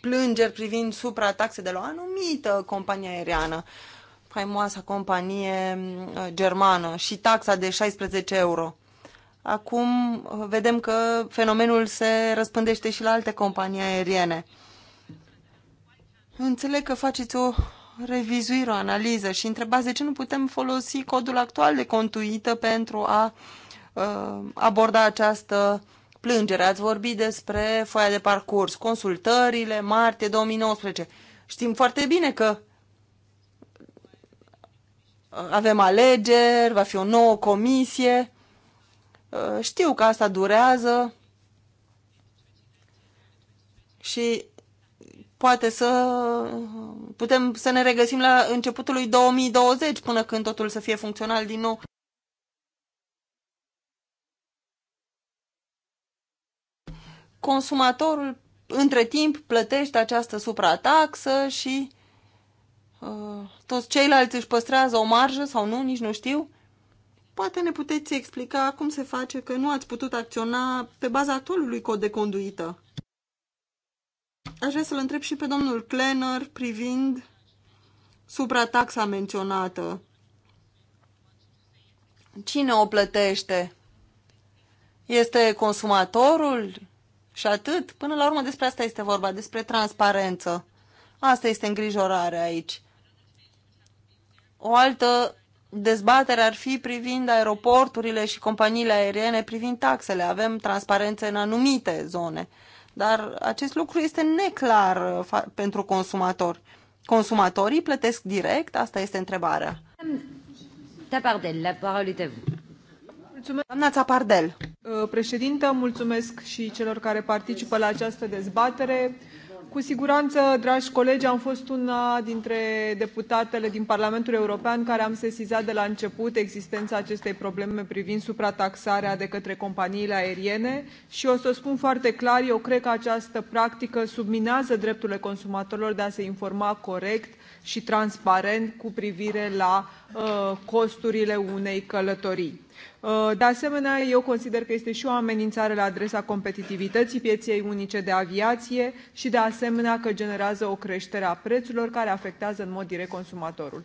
Speaker 3: plângeri privind suprataxe de la o anumită companie aeriană, faimoasa companie uh, germană și taxa de 16 euro. Acum uh, vedem că fenomenul se răspândește și la alte companii aeriene. Înțeleg că faceți o revizuire, o analiză și întrebați de ce nu putem folosi codul actual de contuită pentru a uh, aborda această plângere. Ați vorbit despre foaia de parcurs, consultările, martie 2019. Știm foarte bine că avem alegeri, va fi o nouă comisie. Uh, știu că asta durează și poate să putem să ne regăsim la începutul lui 2020 până când totul să fie funcțional din nou. Consumatorul între timp plătește această suprataxă și uh, toți ceilalți își păstrează o marjă sau nu, nici nu știu. Poate ne puteți explica cum se face că nu ați putut acționa pe baza actualului cod de conduită. Aș vrea să-l întreb și pe domnul Klenner privind suprataxa menționată. Cine o plătește? Este consumatorul? Și atât? Până la urmă despre asta este vorba, despre transparență. Asta este îngrijorarea aici. O altă dezbatere ar fi privind aeroporturile și companiile aeriene privind taxele. Avem transparență în anumite zone. Dar acest lucru este neclar uh, pentru consumatori. Consumatorii plătesc direct? Asta este întrebarea.
Speaker 1: Tapardel, la parole est vous. Doamna Țapardel. Uh, președintă, mulțumesc și celor care participă la această dezbatere cu siguranță, dragi colegi, am fost una dintre deputatele din Parlamentul European care am sesizat de la început existența acestei probleme privind suprataxarea de către companiile aeriene și o să spun foarte clar, eu cred că această practică subminează drepturile consumatorilor de a se informa corect și transparent cu privire la uh, costurile unei călătorii. Uh, de asemenea, eu consider că este și o amenințare la adresa competitivității pieței unice de aviație și, de asemenea, că generează o creștere a prețurilor care afectează în mod direct consumatorul.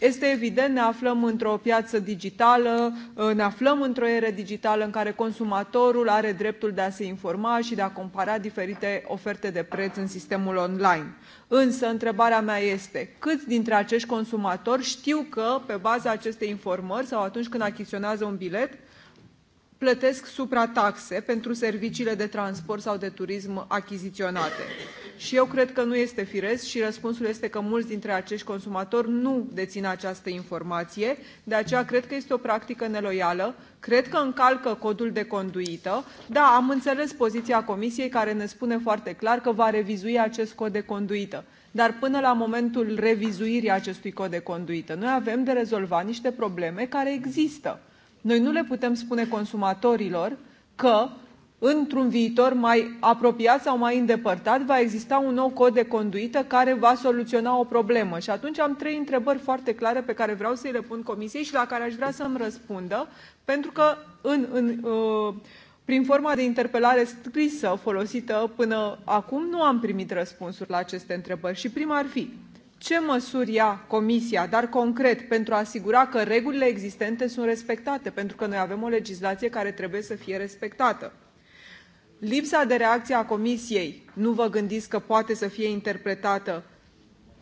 Speaker 1: Este evident, ne aflăm într-o piață digitală, ă, ne aflăm într-o eră digitală în care consumatorul are dreptul de a se informa și de a compara diferite oferte de preț în sistemul online. Însă, întrebarea mea este, câți dintre acești consumatori știu că, pe baza acestei informări sau atunci când achiziționează un bilet, plătesc suprataxe pentru serviciile de transport sau de turism achiziționate. Și eu cred că nu este firesc și răspunsul este că mulți dintre acești consumatori nu dețin această informație, de aceea cred că este o practică neloială, cred că încalcă codul de conduită. Da, am înțeles poziția Comisiei care ne spune foarte clar că va revizui acest cod de conduită dar până la momentul revizuirii acestui cod de conduită, noi avem de rezolvat niște probleme care există. Noi nu le putem spune consumatorilor că într-un viitor mai apropiat sau mai îndepărtat va exista un nou cod de conduită care va soluționa o problemă. Și atunci am trei întrebări foarte clare pe care vreau să-i le pun comisiei și la care aș vrea să-mi răspundă, pentru că în, în, uh, prin forma de interpelare scrisă folosită până acum nu am primit răspunsuri la aceste întrebări. Și prima ar fi, ce măsuri ia Comisia, dar concret, pentru a asigura că regulile existente sunt respectate, pentru că noi avem o legislație care trebuie să fie respectată. Lipsa de reacție a Comisiei, nu vă gândiți că poate să fie interpretată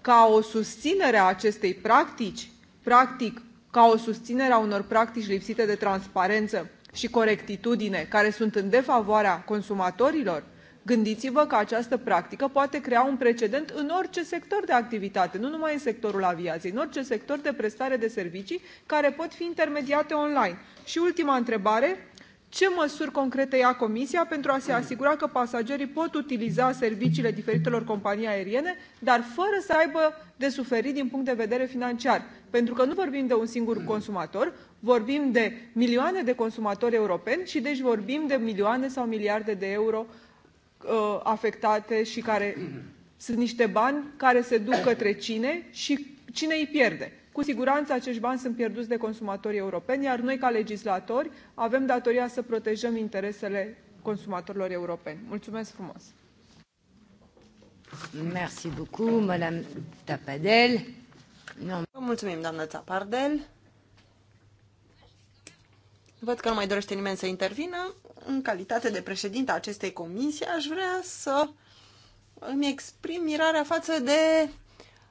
Speaker 1: ca o susținere a acestei practici, practic ca o susținere a unor practici lipsite de transparență și corectitudine, care sunt în defavoarea consumatorilor? Gândiți-vă că această practică poate crea un precedent în orice sector de activitate, nu numai în sectorul aviației, în orice sector de prestare de servicii care pot fi intermediate online. Și ultima întrebare, ce măsuri concrete ia Comisia pentru a se asigura că pasagerii pot utiliza serviciile diferitelor companii aeriene, dar fără să aibă de suferit din punct de vedere financiar? Pentru că nu vorbim de un singur consumator, vorbim de milioane de consumatori europeni și deci vorbim de milioane sau miliarde de euro uh, uh, afectate și care sunt niște bani care se duc către cine și cine îi pierde. Cu siguranță acești bani sunt pierduți de consumatorii europeni, iar noi ca legislatori avem datoria să protejăm interesele consumatorilor europeni. Mulțumesc frumos!
Speaker 4: Merci beaucoup, Madame Tapadel. Vă mulțumim, doamnă Tapardel.
Speaker 3: Văd că nu mai dorește nimeni să intervină, în calitate de președinte a acestei comisii, aș vrea să îmi exprim mirarea față de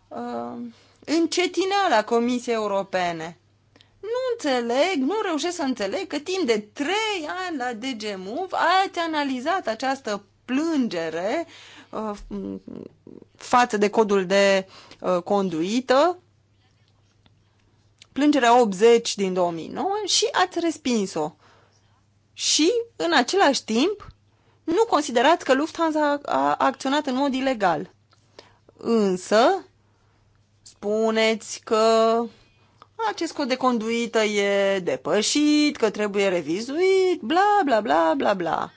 Speaker 3: uh, încetineala Comisiei Europene. Nu înțeleg, nu reușesc să înțeleg că timp de trei ani la DG Move ați analizat această plângere uh, față de codul de uh, conduită, plângerea 80 din 2009 și ați respins-o și, în același timp, nu considerați că Lufthansa a acționat în mod ilegal. Însă, spuneți că acest cod de conduită e depășit, că trebuie revizuit, bla, bla, bla, bla, bla.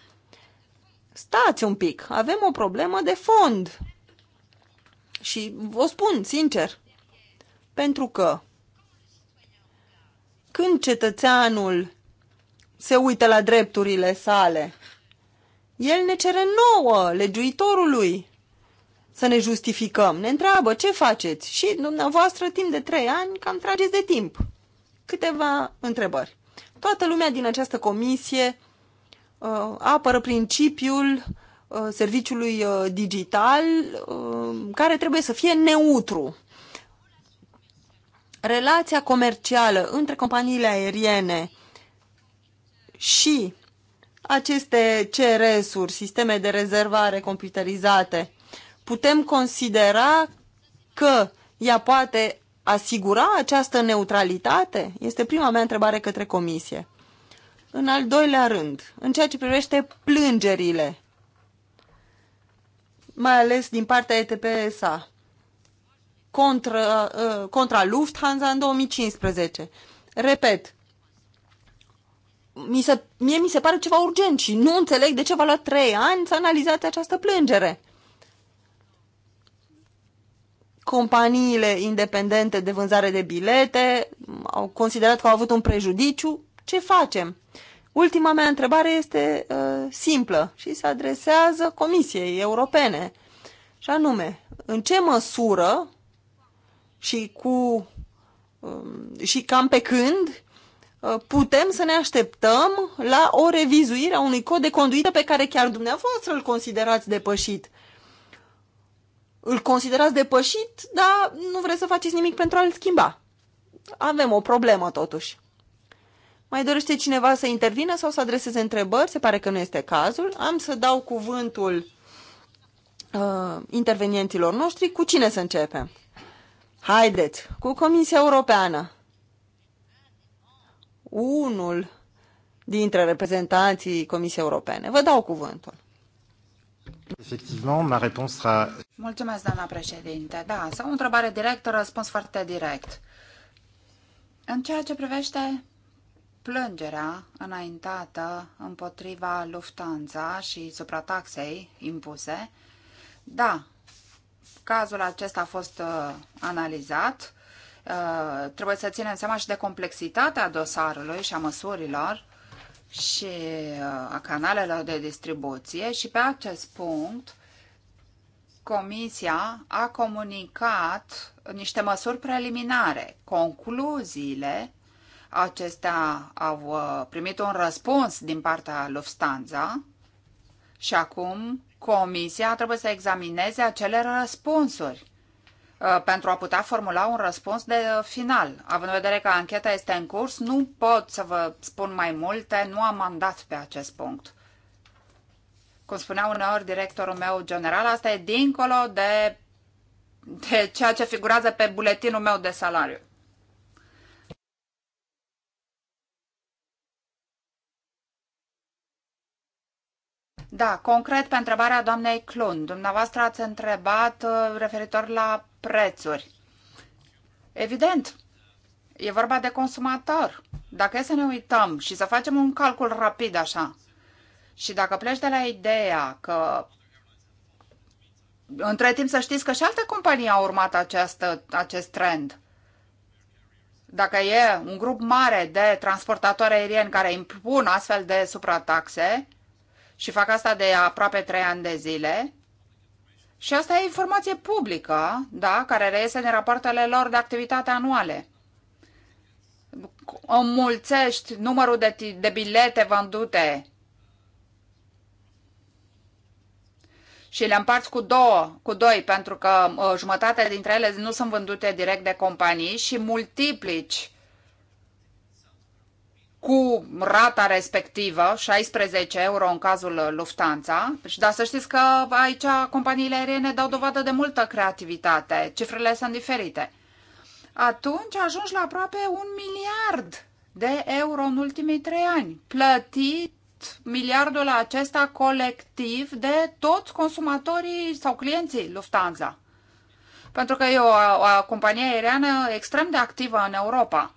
Speaker 3: Stați un pic, avem o problemă de fond. Și vă spun sincer, pentru că când cetățeanul se uită la drepturile sale. El ne cere nouă, legiuitorului, să ne justificăm. Ne întreabă ce faceți și dumneavoastră timp de trei ani cam trageți de timp. Câteva întrebări. Toată lumea din această comisie uh, apără principiul uh, serviciului uh, digital uh, care trebuie să fie neutru. Relația comercială între companiile aeriene și aceste CRS-uri, sisteme de rezervare computerizate, putem considera că ea poate asigura această neutralitate? Este prima mea întrebare către comisie. În al doilea rând, în ceea ce privește plângerile, mai ales din partea ETPSA, contra, uh, contra Lufthansa în 2015. Repet, mi se, mie mi se pare ceva urgent și nu înțeleg de ce v-a luat trei ani să analizați această plângere. Companiile independente de vânzare de bilete au considerat că au avut un prejudiciu. Ce facem? Ultima mea întrebare este uh, simplă și se adresează Comisiei Europene. Și anume, în ce măsură și cu um, și cam pe când Uh, putem să ne așteptăm la o revizuire a unui cod de conduită pe care chiar dumneavoastră îl considerați depășit. Îl considerați depășit, dar nu vreți să faceți nimic pentru a-l schimba. Avem o problemă totuși. Mai dorește cineva să intervină sau să adreseze întrebări? Se pare că nu este cazul. Am să dau cuvântul uh, intervenienților noștri. Cu cine să începem? Haideți, cu Comisia Europeană unul dintre reprezentanții Comisiei Europene. Vă dau cuvântul.
Speaker 5: Efectivement, ma réponse sera...
Speaker 2: Mulțumesc, doamna președinte. Da, sau o întrebare directă, răspuns foarte direct. În ceea ce privește plângerea înaintată împotriva Lufthansa și suprataxei impuse, da, cazul acesta a fost uh, analizat Uh, trebuie să ținem seama și de complexitatea dosarului și a măsurilor și uh, a canalelor de distribuție și pe acest punct Comisia a comunicat niște măsuri preliminare. Concluziile acestea au uh, primit un răspuns din partea Lufthansa și acum Comisia trebuie să examineze acele răspunsuri Uh, pentru a putea formula un răspuns de final. Având în vedere că ancheta este în curs, nu pot să vă spun mai multe, nu am mandat pe acest punct. Cum spunea uneori directorul meu general, asta e dincolo de, de ceea ce figurează pe buletinul meu de salariu. Da, concret pe întrebarea doamnei Clun, dumneavoastră ați întrebat uh, referitor la prețuri. Evident, e vorba de consumator. Dacă e să ne uităm și să facem un calcul rapid așa, și dacă pleci de la ideea că între timp să știți că și alte companii au urmat această, acest trend. Dacă e un grup mare de transportatori aerieni care impun astfel de suprataxe, și fac asta de aproape trei ani de zile. Și asta e informație publică, da, care reiese din rapoartele lor de activitate anuale. Înmulțești numărul de, de bilete vândute și le împarți cu două, cu doi, pentru că uh, jumătate dintre ele nu sunt vândute direct de companii și multiplici cu rata respectivă, 16 euro în cazul Lufthansa. Și da, să știți că aici companiile aeriene dau dovadă de multă creativitate. Cifrele sunt diferite. Atunci ajungi la aproape un miliard de euro în ultimii trei ani, plătit miliardul acesta colectiv de toți consumatorii sau clienții Lufthansa. Pentru că e o, o companie aeriană extrem de activă în Europa.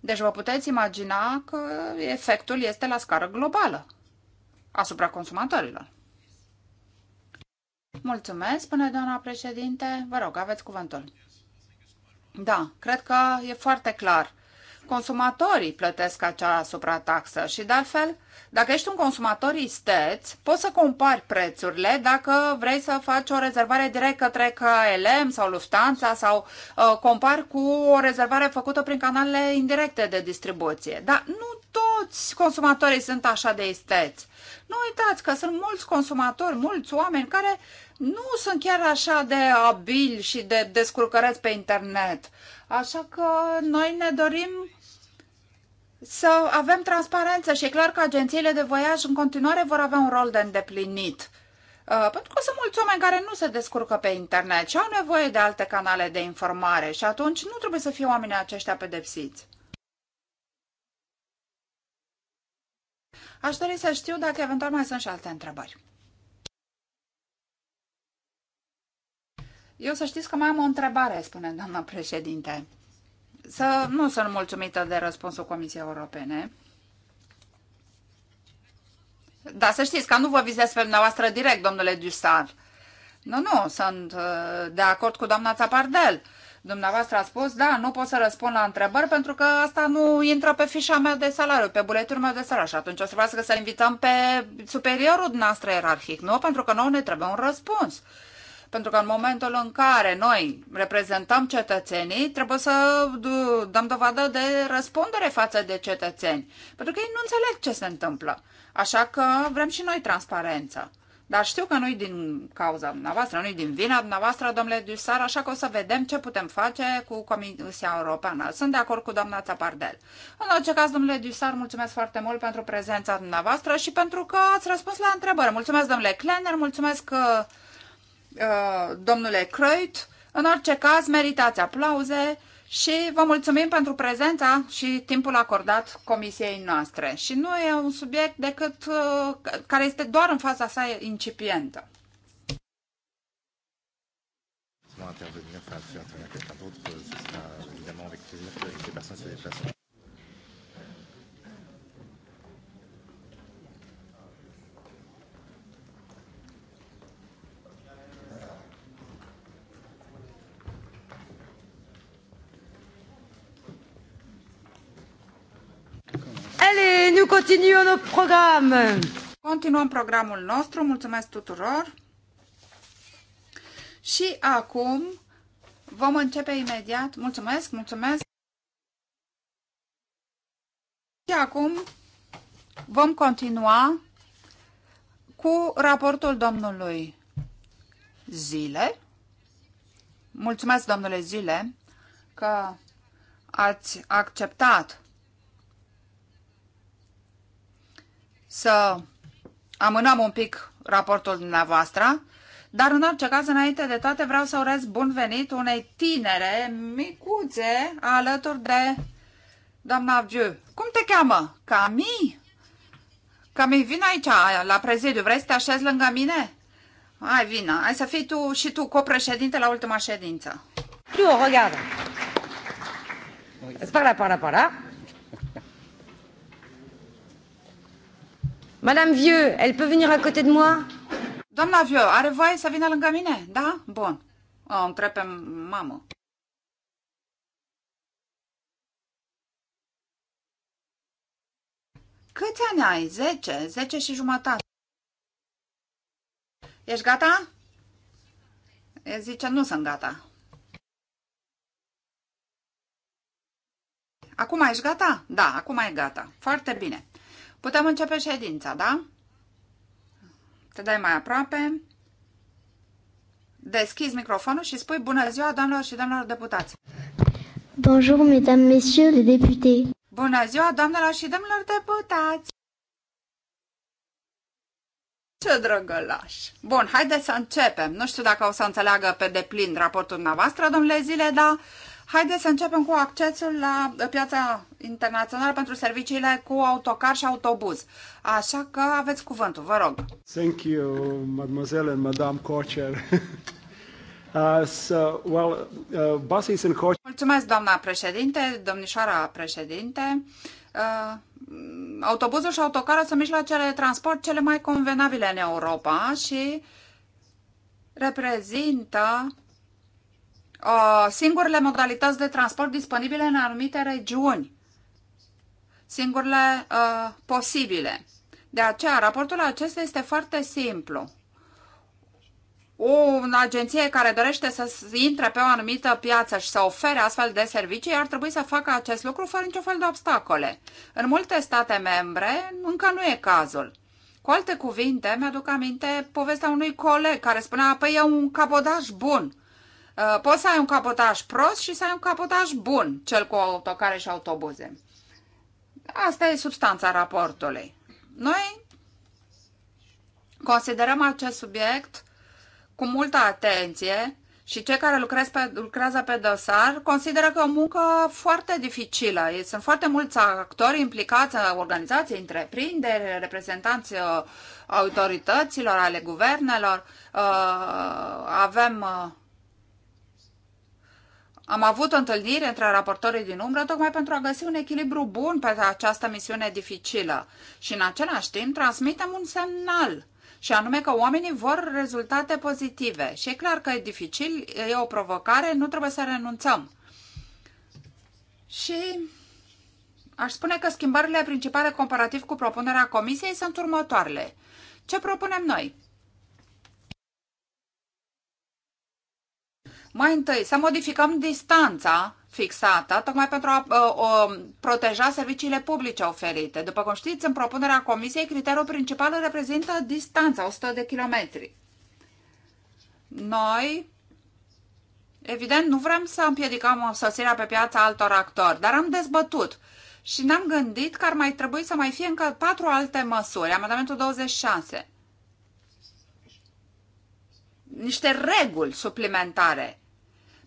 Speaker 2: Deci vă puteți imagina că efectul este la scară globală asupra consumatorilor. Mulțumesc, spune doamna președinte. Vă rog, aveți cuvântul. Da, cred că e foarte clar consumatorii plătesc acea suprataxă și de altfel, dacă ești un consumator isteț, poți să compari prețurile dacă vrei să faci o rezervare direct către KLM sau Lufthansa sau uh, compari cu o rezervare făcută prin canalele indirecte de distribuție. Dar nu toți consumatorii sunt așa de isteți. Nu uitați că sunt mulți consumatori, mulți oameni care nu sunt chiar așa de abili și de descurcăreți pe internet. Așa că noi ne dorim să avem transparență și e clar că agențiile de voiaj în continuare vor avea un rol de îndeplinit. Uh, pentru că sunt mulți oameni care nu se descurcă pe internet și au nevoie de alte canale de informare și atunci nu trebuie să fie oamenii aceștia pedepsiți. Aș dori să știu dacă eventual mai sunt și alte întrebări. Eu să știți că mai am o întrebare, spune doamna președinte să nu sunt mulțumită de răspunsul Comisiei Europene. Dar să știți că nu vă vizez pe dumneavoastră direct, domnule Dussar. Nu, nu, sunt uh, de acord cu doamna Țapardel. Dumneavoastră a spus, da, nu pot să răspund la întrebări pentru că asta nu intră pe fișa mea de salariu, pe buletul meu de salariu. Și atunci o să vreau să invităm pe superiorul noastră ierarhic, nu? Pentru că nouă ne trebuie un răspuns. Pentru că în momentul în care noi reprezentăm cetățenii, trebuie să dăm dovadă de răspundere față de cetățeni. Pentru că ei nu înțeleg ce se întâmplă. Așa că vrem și noi transparență. Dar știu că nu-i din cauza dumneavoastră, nu-i din vina dumneavoastră, domnule Dusar, așa că o să vedem ce putem face cu Comisia Europeană. Sunt de acord cu doamna Țapardel. În orice caz, domnule Dusar, mulțumesc foarte mult pentru prezența dumneavoastră și pentru că ați răspuns la întrebări. Mulțumesc, domnule Klenner. mulțumesc că uh, Uh, domnule Croit. În orice caz, meritați aplauze și vă mulțumim pentru prezența și timpul acordat comisiei noastre. Și nu e un subiect decât uh, care este doar în faza sa incipientă. Allez, nous continuons notre programme. Continuăm programul nostru. Mulțumesc tuturor. Și acum vom începe imediat. Mulțumesc, mulțumesc. Și acum vom continua cu raportul domnului Zile. Mulțumesc, domnule Zile, că ați acceptat să amânăm un pic raportul dumneavoastră, dar în orice caz, înainte de toate, vreau să urez bun venit unei tinere micuțe alături de doamna Viu. Cum te cheamă? Cami? Cami, vin aici la prezidiu. Vrei să te așezi lângă mine? Hai, vină. Hai să fii tu și tu copreședinte la ultima ședință. Tu,
Speaker 4: Îți Spara, para, para. Madame Vieux, elle peut venir à côté de moi?
Speaker 2: Doamna Vieux, are voie să vină lângă mine? Da? Bun. O întreb pe mamă. Câți ani ai? zece Zece și jumătate. Ești gata? El zice, nu sunt gata. Acum ești gata? Da, acum e gata. Foarte bine. Putem începe ședința, da? Te dai mai aproape. Deschizi microfonul și spui bună ziua, doamnelor și domnilor deputați. Bonjour, mesdames, messieurs les députés. Bună ziua, doamnelor și domnilor deputați. Ce drăgălaș! Bun, haideți să începem. Nu știu dacă o să înțeleagă pe deplin raportul dumneavoastră, domnule Zile, dar Haideți să începem cu accesul la piața internațională pentru serviciile cu autocar și autobuz. Așa că aveți cuvântul, vă rog.
Speaker 4: Thank you, mademoiselle and madame Kocher. Uh, so, well, uh,
Speaker 1: buses and coach...
Speaker 2: Mulțumesc, doamna președinte, domnișoara președinte. Uh, autobuzul și autocarul sunt mijloacele de transport cele mai convenabile în Europa și reprezintă Uh, singurele modalități de transport disponibile în anumite regiuni, singurele uh, posibile. De aceea, raportul acesta este foarte simplu. O agenție care dorește să intre pe o anumită piață și să ofere astfel de servicii ar trebui să facă acest lucru fără niciun fel de obstacole. În multe state membre încă nu e cazul. Cu alte cuvinte, mi-aduc aminte povestea unui coleg care spunea, păi e un cabodaj bun. Uh, poți să ai un capotaj prost și să ai un capotaj bun, cel cu autocare și autobuze. Asta e substanța raportului. Noi considerăm acest subiect cu multă atenție și cei care lucrează pe, lucrează pe dosar consideră că e o muncă foarte dificilă. Sunt foarte mulți actori implicați, în organizații, întreprinderi, reprezentanți uh, autorităților, ale guvernelor. Uh, avem am avut o întâlnire între raportorii din umbră tocmai pentru a găsi un echilibru bun pe această misiune dificilă și în același timp transmitem un semnal și anume că oamenii vor rezultate pozitive. Și e clar că e dificil, e o provocare, nu trebuie să renunțăm. Și aș spune că schimbările principale comparativ cu propunerea comisiei sunt următoarele. Ce propunem noi? Mai întâi, să modificăm distanța fixată, tocmai pentru a uh, uh, proteja serviciile publice oferite. După cum știți, în propunerea Comisiei, criteriul principal reprezintă distanța, 100 de kilometri. Noi, evident, nu vrem să împiedicăm sosirea pe piața altor actori, dar am dezbătut și ne-am gândit că ar mai trebui să mai fie încă patru alte măsuri, amendamentul 26 niște reguli suplimentare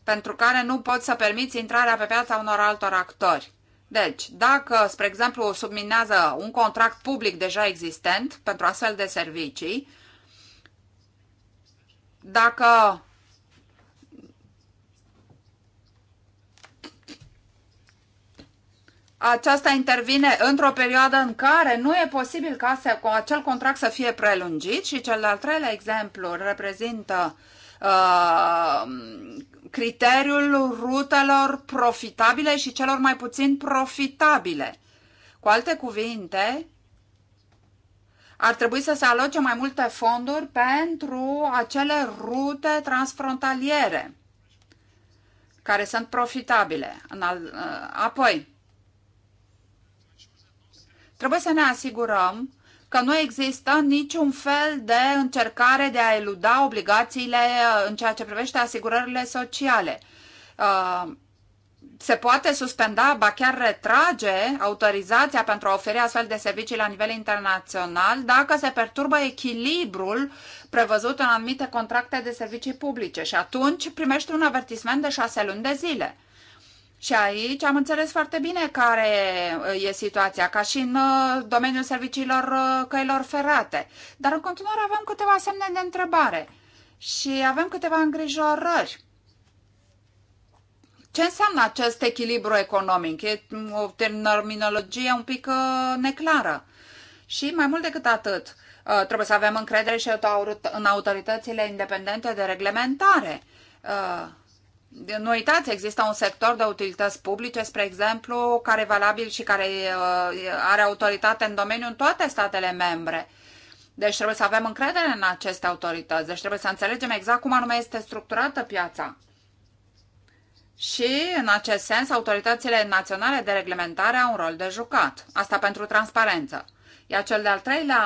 Speaker 2: pentru care nu poți să permiți intrarea pe piața unor altor actori. Deci, dacă, spre exemplu, subminează un contract public deja existent pentru astfel de servicii, dacă aceasta intervine într-o perioadă în care nu e posibil ca să, acel contract să fie prelungit și cel de-al treilea exemplu reprezintă uh, criteriul rutelor profitabile și celor mai puțin profitabile. Cu alte cuvinte, ar trebui să se aloce mai multe fonduri pentru acele rute transfrontaliere care sunt profitabile. Uh, apoi, trebuie să ne asigurăm că nu există niciun fel de încercare de a eluda obligațiile uh, în ceea ce privește asigurările sociale. Uh, se poate suspenda, ba chiar retrage autorizația pentru a oferi astfel de servicii la nivel internațional dacă se perturbă echilibrul prevăzut în anumite contracte de servicii publice și atunci primește un avertisment de șase luni de zile. Și aici am înțeles foarte bine care e situația, ca și în uh, domeniul serviciilor uh, căilor ferate. Dar în continuare avem câteva semne de întrebare și avem câteva îngrijorări. Ce înseamnă acest echilibru economic? E o terminologie un pic uh, neclară. Și mai mult decât atât, trebuie să avem încredere și în autoritățile independente de reglementare. Uh, nu uitați, există un sector de utilități publice, spre exemplu, care e valabil și care uh, are autoritate în domeniu în toate statele membre. Deci trebuie să avem încredere în aceste autorități, deci trebuie să înțelegem exact cum anume este structurată piața. Și, în acest sens, autoritățile naționale de reglementare au un rol de jucat. Asta pentru transparență. Iar cel de-al treilea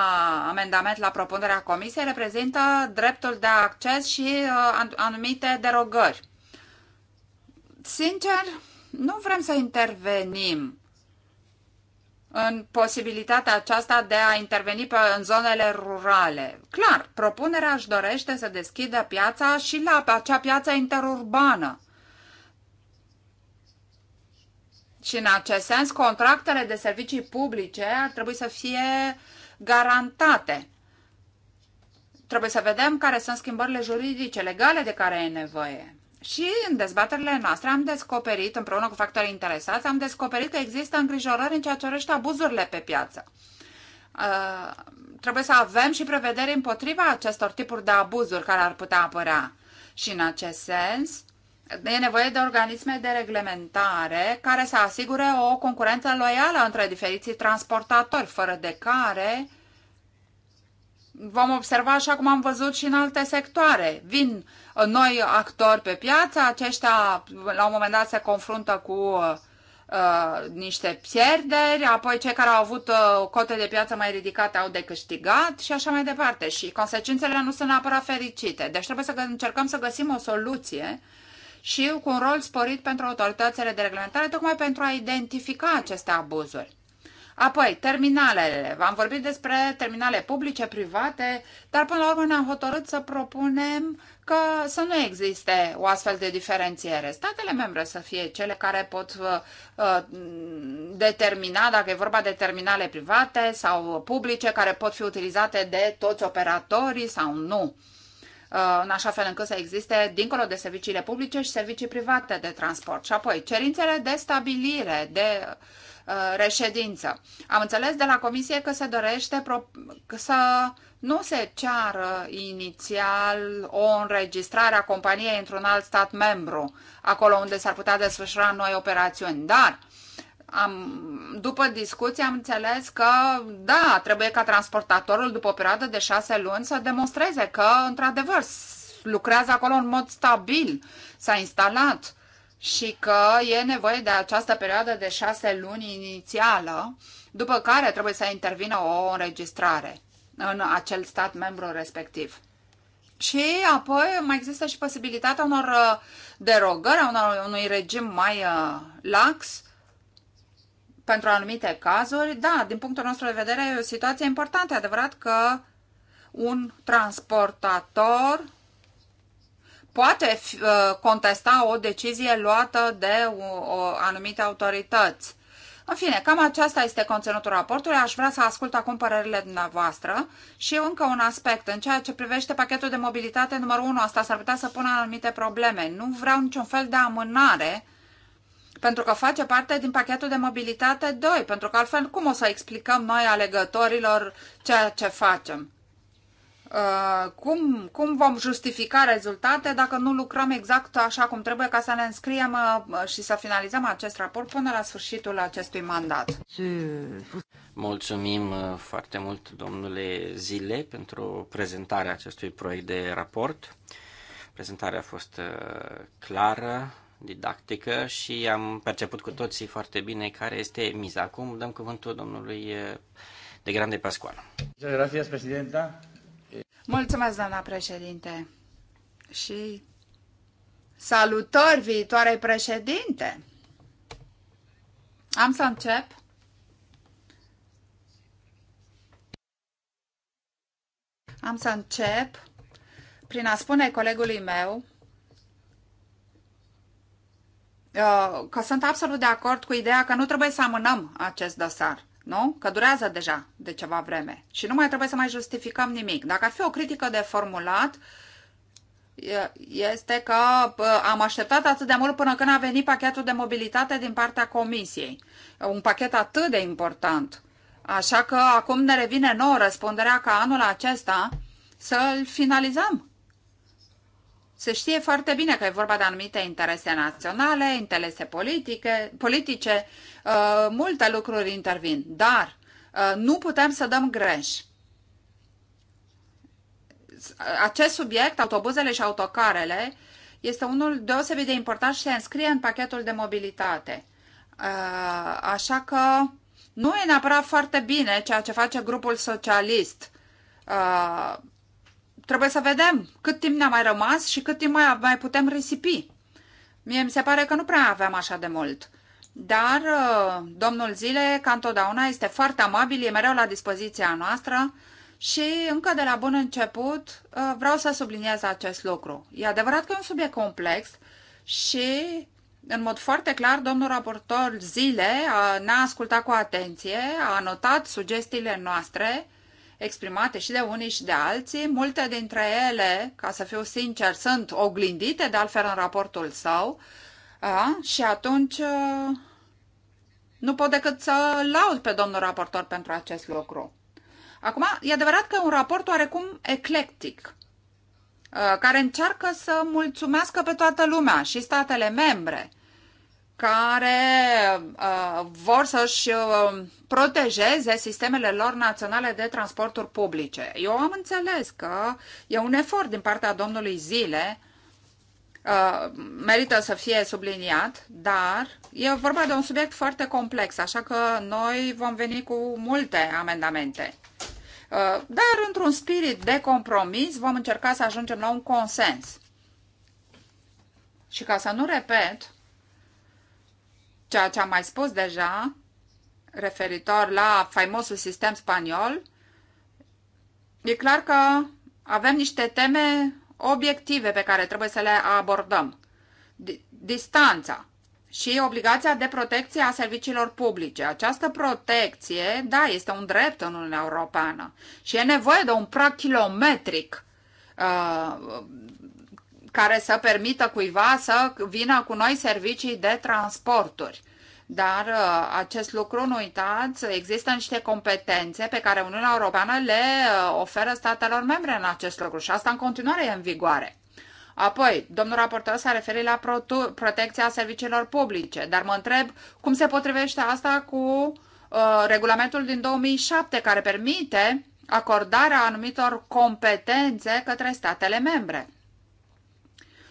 Speaker 2: amendament la propunerea Comisiei reprezintă dreptul de acces și uh, anumite derogări. Sincer, nu vrem să intervenim în posibilitatea aceasta de a interveni pe, în zonele rurale. Clar, propunerea își dorește să deschidă piața și la acea piață interurbană. Și în acest sens, contractele de servicii publice ar trebui să fie garantate. Trebuie să vedem care sunt schimbările juridice, legale de care e nevoie. Și în dezbaterile noastre am descoperit, împreună cu factorii interesați, am descoperit că există îngrijorări în ceea ce orește abuzurile pe piață. Uh, trebuie să avem și prevedere împotriva acestor tipuri de abuzuri care ar putea apărea. Și în acest sens, e nevoie de organisme de reglementare care să asigure o concurență loială între diferiții transportatori, fără de care vom observa, așa cum am văzut și în alte sectoare, vin noi actori pe piață, aceștia la un moment dat se confruntă cu uh, niște pierderi, apoi cei care au avut uh, cote de piață mai ridicate au de câștigat și așa mai departe. Și consecințele nu sunt neapărat fericite. Deci trebuie să încercăm să găsim o soluție și cu un rol sporit pentru autoritățile de reglementare, tocmai pentru a identifica aceste abuzuri. Apoi, terminalele. V-am vorbit despre terminale publice, private, dar până la urmă ne-am hotărât să propunem că să nu existe o astfel de diferențiere. Statele membre să fie cele care pot uh, uh, determina, dacă e vorba de terminale private sau publice, care pot fi utilizate de toți operatorii sau nu uh, în așa fel încât să existe, dincolo de serviciile publice și servicii private de transport. Și apoi, cerințele de stabilire, de uh, Uh, reședință. Am înțeles de la comisie că se dorește să nu se ceară inițial o înregistrare a companiei într-un alt stat membru, acolo unde s-ar putea desfășura noi operațiuni, dar am, după discuție am înțeles că, da, trebuie ca transportatorul, după o perioadă de șase luni, să demonstreze că, într-adevăr, lucrează acolo în mod stabil, s-a instalat și că e nevoie de această perioadă de șase luni inițială, după care trebuie să intervină o înregistrare în acel stat membru respectiv. Și apoi mai există și posibilitatea unor uh, derogări, a unor, unui regim mai uh, lax pentru anumite cazuri. Da, din punctul nostru de vedere e o situație importantă. E adevărat că un transportator poate uh, contesta o decizie luată de anumite autorități. În fine, cam aceasta este conținutul raportului. Aș vrea să ascult acum părerile dumneavoastră și încă un aspect. În ceea ce privește pachetul de mobilitate numărul 1, asta s-ar putea să pună anumite probleme. Nu vreau niciun fel de amânare pentru că face parte din pachetul de mobilitate 2, pentru că altfel cum o să explicăm noi alegătorilor ceea ce facem? Uh, cum, cum vom justifica rezultate dacă nu lucrăm exact așa cum trebuie ca să ne înscriem uh, și să finalizăm acest raport până la sfârșitul acestui mandat.
Speaker 5: Mulțumim uh, foarte mult, domnule Zile, pentru prezentarea acestui proiect de raport. Prezentarea a fost clară, didactică și am perceput cu toții foarte bine care este miza. Acum dăm cuvântul domnului de Grande Pascual.
Speaker 2: Muchas gracias, presidenta. Mulțumesc, doamna președinte. Și salutări viitoare președinte. Am să încep. Am să încep prin a spune colegului meu uh, că sunt absolut de acord cu ideea că nu trebuie să amânăm acest dosar nu? Că durează deja de ceva vreme și nu mai trebuie să mai justificăm nimic. Dacă ar fi o critică de formulat, este că am așteptat atât de mult până când a venit pachetul de mobilitate din partea Comisiei. Un pachet atât de important. Așa că acum ne revine nouă răspunderea ca anul acesta să-l finalizăm se știe foarte bine că e vorba de anumite interese naționale, interese politice, politice uh, multe lucruri intervin, dar uh, nu putem să dăm greș. Uh, acest subiect, autobuzele și autocarele, este unul deosebit de important și se înscrie în pachetul de mobilitate. Uh, așa că nu e neapărat foarte bine ceea ce face grupul socialist uh, trebuie să vedem cât timp ne-a mai rămas și cât timp mai, mai putem risipi. Mie mi se pare că nu prea aveam așa de mult. Dar uh, domnul Zile, ca întotdeauna, este foarte amabil, e mereu la dispoziția noastră și încă de la bun început uh, vreau să subliniez acest lucru. E adevărat că e un subiect complex și, în mod foarte clar, domnul raportor Zile uh, ne-a ascultat cu atenție, a anotat sugestiile noastre exprimate și de unii și de alții. Multe dintre ele, ca să fiu sincer, sunt oglindite de altfel în raportul său a, și atunci nu pot decât să laud pe domnul raportor pentru acest lucru. Acum, e adevărat că e un raport oarecum eclectic, care încearcă să mulțumească pe toată lumea și statele membre care uh, vor să-și uh, protejeze sistemele lor naționale de transporturi publice. Eu am înțeles că e un efort din partea domnului Zile, uh, merită să fie subliniat, dar e vorba de un subiect foarte complex, așa că noi vom veni cu multe amendamente. Uh, dar într-un spirit de compromis vom încerca să ajungem la un consens. Și ca să nu repet, ceea ce am mai spus deja referitor la faimosul sistem spaniol, e clar că avem niște teme obiective pe care trebuie să le abordăm. Distanța și obligația de protecție a serviciilor publice. Această protecție, da, este un drept în Uniunea Europeană și e nevoie de un prag kilometric uh, care să permită cuiva să vină cu noi servicii de transporturi. Dar uh, acest lucru, nu uitați, există niște competențe pe care Uniunea Europeană le uh, oferă statelor membre în acest lucru și asta în continuare e în vigoare. Apoi, domnul raportor s-a referit la protecția serviciilor publice, dar mă întreb cum se potrivește asta cu uh, regulamentul din 2007 care permite acordarea anumitor competențe către statele membre.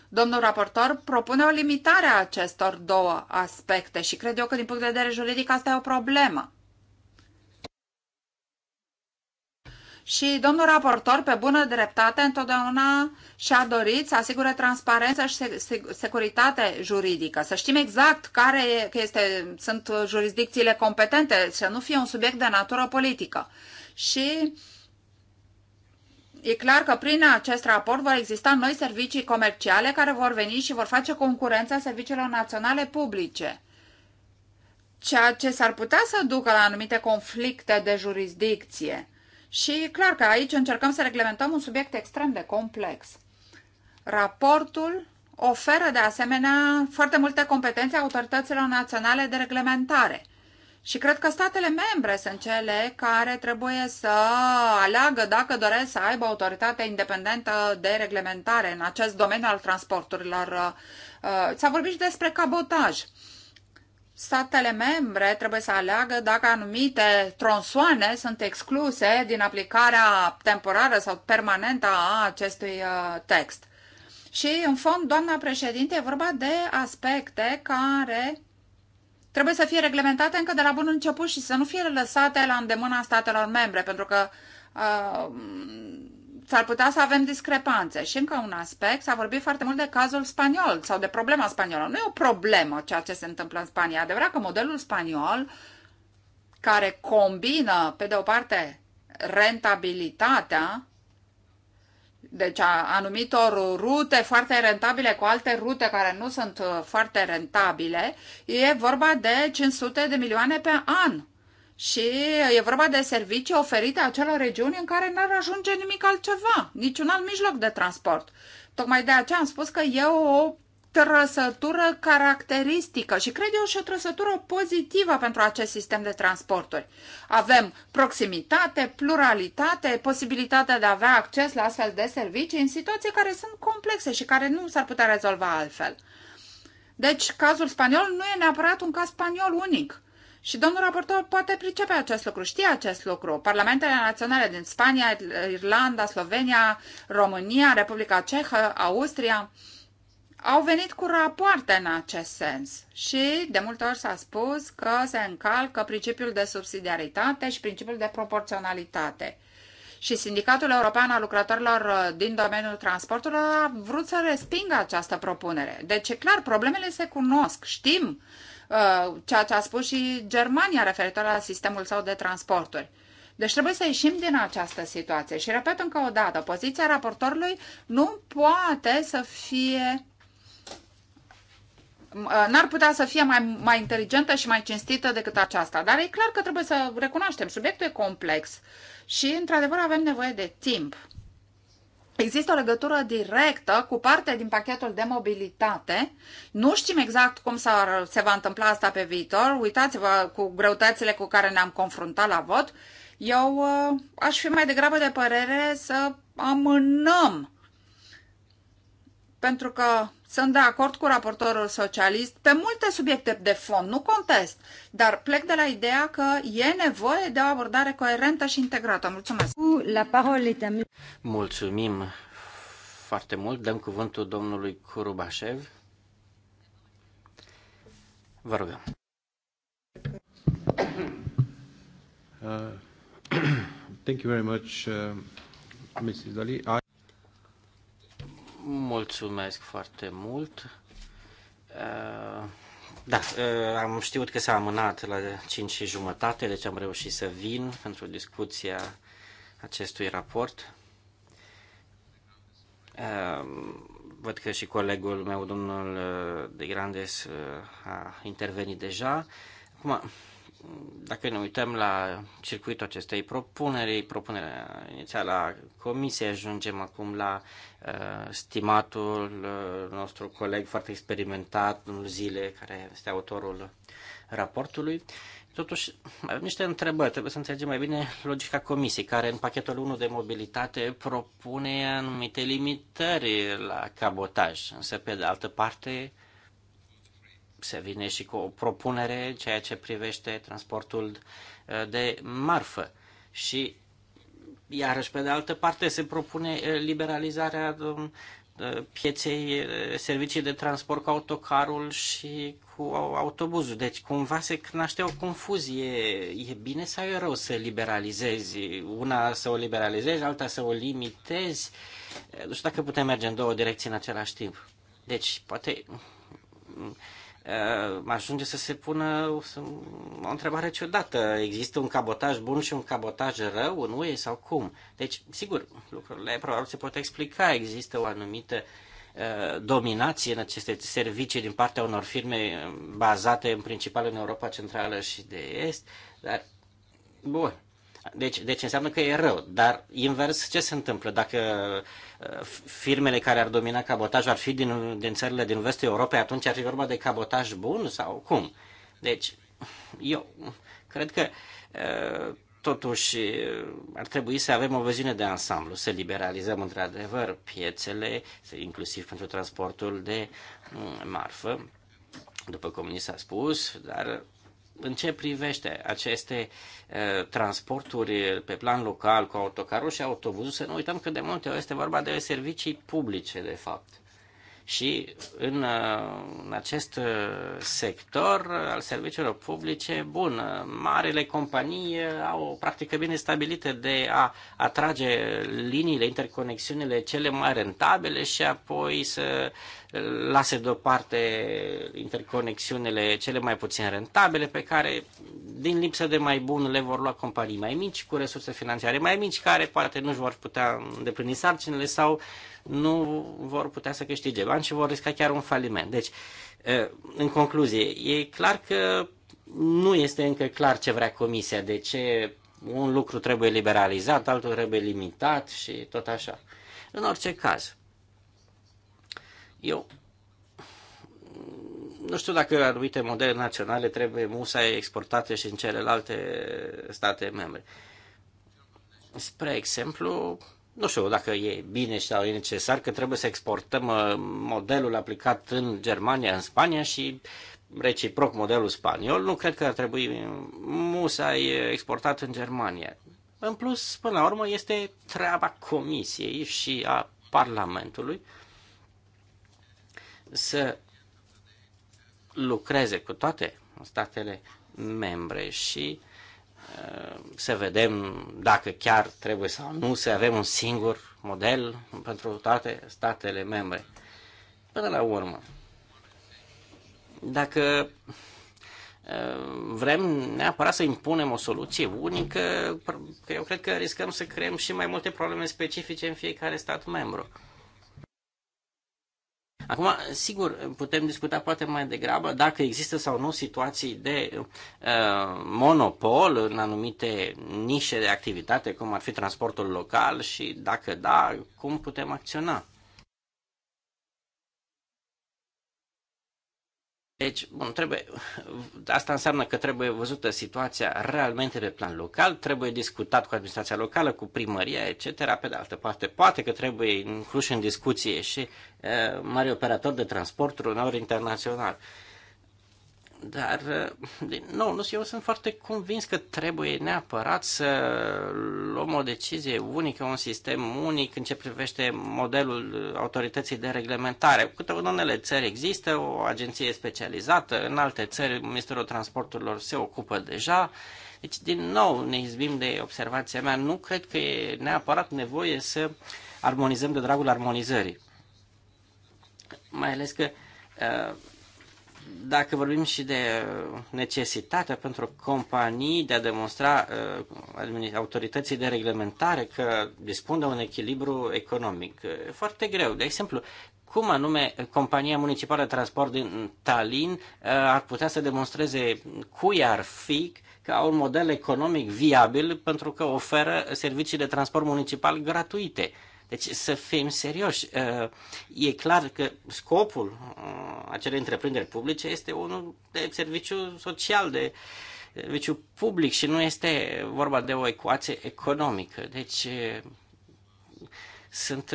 Speaker 2: Domnul raportor propune o limitare a acestor două aspecte și cred eu că din punct de vedere juridic asta e o problemă. Și domnul raportor, pe bună dreptate, întotdeauna și-a dorit să asigure transparență și securitate juridică, să știm exact care este, sunt jurisdicțiile competente, să nu fie un subiect de natură politică. Și uh, e clar că prin acest raport vor exista noi servicii comerciale care vor veni și vor face concurența serviciilor naționale publice. Ceea ce s-ar putea să ducă la anumite conflicte de jurisdicție. Și e clar că aici încercăm să reglementăm un subiect extrem de complex. Raportul oferă de asemenea foarte multe competențe autorităților naționale de reglementare – și cred că statele membre sunt cele care trebuie să aleagă dacă doresc să aibă autoritatea independentă de reglementare în acest domeniu al transporturilor. Uh, s-a vorbit și despre cabotaj. Statele membre trebuie să aleagă dacă anumite tronsoane sunt excluse din aplicarea temporară sau permanentă a acestui uh, text. Și, în fond, doamna președinte, e vorba de aspecte care trebuie să fie reglementate încă de la bun început și să nu fie lăsate la îndemâna statelor membre, pentru că uh, s-ar putea să avem discrepanțe. Și încă un aspect, s-a vorbit foarte mult de cazul spaniol sau de problema spaniolă. Nu e o problemă ceea ce se întâmplă în Spania. Adevărat că modelul spaniol, care combină, pe de o parte, rentabilitatea deci a anumitor rute foarte rentabile cu alte rute care nu sunt uh, foarte rentabile, e vorba de 500 de milioane pe an. Și e vorba de servicii oferite acelor regiuni în care n-ar ajunge nimic altceva, niciun alt mijloc de transport. Tocmai de aceea am spus că e o trăsătură caracteristică și cred eu și o trăsătură pozitivă pentru acest sistem de transporturi. Avem proximitate, pluralitate, posibilitatea de a avea acces la astfel de servicii în situații care sunt complexe și care nu s-ar putea rezolva altfel. Deci, cazul spaniol nu e neapărat un caz spaniol unic. Și domnul raportor poate pricepe acest lucru, știe acest lucru. Parlamentele naționale din Spania, Irlanda, Slovenia, România, Republica Cehă, Austria, au venit cu rapoarte în acest sens și de multe ori s-a spus că se încalcă principiul de subsidiaritate și principiul de proporționalitate. Și Sindicatul European al Lucrătorilor uh, din domeniul transportului a vrut să respingă această propunere. Deci, e clar, problemele se cunosc, știm uh, ceea ce a spus și Germania referitor la sistemul său de transporturi. Deci trebuie să ieșim din această situație. Și repet încă o dată, poziția raportorului nu poate să fie Ă, n-ar putea să fie mai, mai inteligentă și mai cinstită decât aceasta. Dar e clar că trebuie să recunoaștem, subiectul e complex și, într-adevăr, avem nevoie de timp. Există o legătură directă cu parte din pachetul de mobilitate. Nu știm exact cum se va întâmpla asta pe viitor. Uitați-vă cu greutățile cu care ne-am confruntat la vot. Eu ă, aș fi mai degrabă de părere să amânăm. Pentru că sunt de acord cu raportorul socialist pe multe subiecte de fond, nu contest, dar plec de la ideea că e nevoie de o abordare coerentă și integrată. Mulțumesc! La parole
Speaker 5: Mulțumim foarte mult. Dăm cuvântul domnului Curubașev. Vă rugăm. Uh, thank you very much, uh, Mrs. Dali. I... Mulțumesc foarte mult. Uh, da, uh, am știut că s-a amânat la 5 și jumătate, deci am reușit să vin pentru discuția acestui raport. Uh, văd că și colegul meu, domnul De Grandes, a intervenit deja. Acum, dacă ne uităm la circuitul acestei propuneri, propunerea inițială a comisiei, ajungem acum la uh, stimatul uh, nostru coleg foarte experimentat, domnul Zile, care este autorul raportului. Totuși, avem niște întrebări. Trebuie să înțelegem mai bine logica comisiei, care în pachetul 1 de mobilitate propune anumite limitări la cabotaj, însă pe de altă parte se vine și cu o propunere ceea ce privește transportul uh, de marfă. Și iarăși, pe de altă parte, se propune uh, liberalizarea um, uh, pieței servicii de transport cu autocarul și cu autobuzul. Deci cumva se naște o confuzie. E bine sau e rău să liberalizezi? Una să o liberalizezi, alta să o limitezi? Nu știu dacă putem merge în două direcții în același timp. Deci poate Ă, ajunge să se pună o întrebare ciudată. Există un cabotaj bun și un cabotaj rău în UE sau cum? Deci, sigur, lucrurile probabil se pot explica. Există o anumită ă, dominație în aceste servicii din partea unor firme bazate în principal în Europa Centrală și de Est, dar, bun, deci, deci înseamnă că e rău, dar invers ce se întâmplă? Dacă uh, firmele care ar domina cabotajul ar fi din, din țările din vestul Europei, atunci ar fi vorba de cabotaj bun sau cum? Deci, eu cred că uh, totuși uh, ar trebui să avem o viziune de ansamblu, să liberalizăm într-adevăr piețele, inclusiv pentru transportul de mm, marfă, după cum ni s-a spus, dar în ce privește aceste uh, transporturi pe plan local cu autocarul și autobuzul, să nu uităm că de multe ori este vorba de servicii publice, de fapt. Și în, în acest sector al serviciilor publice, bun, marile companii au o practică bine stabilită de a atrage liniile, interconexiunile cele mai rentabile și apoi să lase deoparte interconexiunile cele mai puțin rentabile pe care, din lipsă de mai bun, le vor lua companii mai mici cu resurse financiare mai mici care poate nu își vor putea îndeplini sarcinile sau nu vor putea să câștige bani și vor risca chiar un faliment. Deci, în concluzie, e clar că nu este încă clar ce vrea Comisia, de ce un lucru trebuie liberalizat, altul trebuie limitat și tot așa. În orice caz, eu mm, nu știu dacă anumite modele naționale trebuie musa exportate și în celelalte state membre. Spre exemplu, nu știu dacă e bine sau e necesar că trebuie să exportăm uh, modelul aplicat în Germania, în Spania și reciproc modelul spaniol, nu cred că ar trebui musa exportat în Germania. În plus, până la urmă, este treaba Comisiei și a Parlamentului să lucreze cu toate statele membre și uh, să vedem dacă chiar trebuie sau nu să avem un singur model pentru toate statele membre. Până la urmă, dacă uh, vrem neapărat să impunem o soluție unică, că eu cred că riscăm să creăm și mai multe probleme specifice în fiecare stat membru. Acum, sigur, putem discuta poate mai degrabă dacă există sau nu situații de uh, monopol în anumite nișe de activitate, cum ar fi transportul local și dacă da, cum putem acționa. Deci, bun, trebuie, asta înseamnă că trebuie văzută situația realmente pe plan local, trebuie discutat cu administrația locală, cu primăria, etc. Pe de altă parte, poate că trebuie inclus în discuție și uh, mari operatori de transport, uneori internațional. Uh, dar, eh, din nou, nu, eu sunt foarte convins că trebuie neapărat să luăm o decizie unică, un sistem unic în ce privește modelul eh, autorității de reglementare. Câte în unele țări există o agenție specializată, în alte țări Ministerul Transporturilor se ocupă deja. Deci, din nou, ne izbim de observația mea. Nu cred că e neapărat nevoie să armonizăm de dragul armonizării. Mai ales că eh, dacă vorbim și de uh, necesitatea pentru companii de a demonstra uh, autorității de reglementare că dispun de un echilibru economic, uh, e foarte greu. De exemplu, cum anume compania municipală de transport din Tallinn ar putea să demonstreze cui ar fi au un model economic viabil pentru că oferă servicii de transport municipal gratuite. Deci să fim serioși. Ă, e clar că scopul ă, acelei întreprinderi publice este unul de serviciu social, de serviciu public și nu este vorba de o ecuație economică. Deci ă, sunt,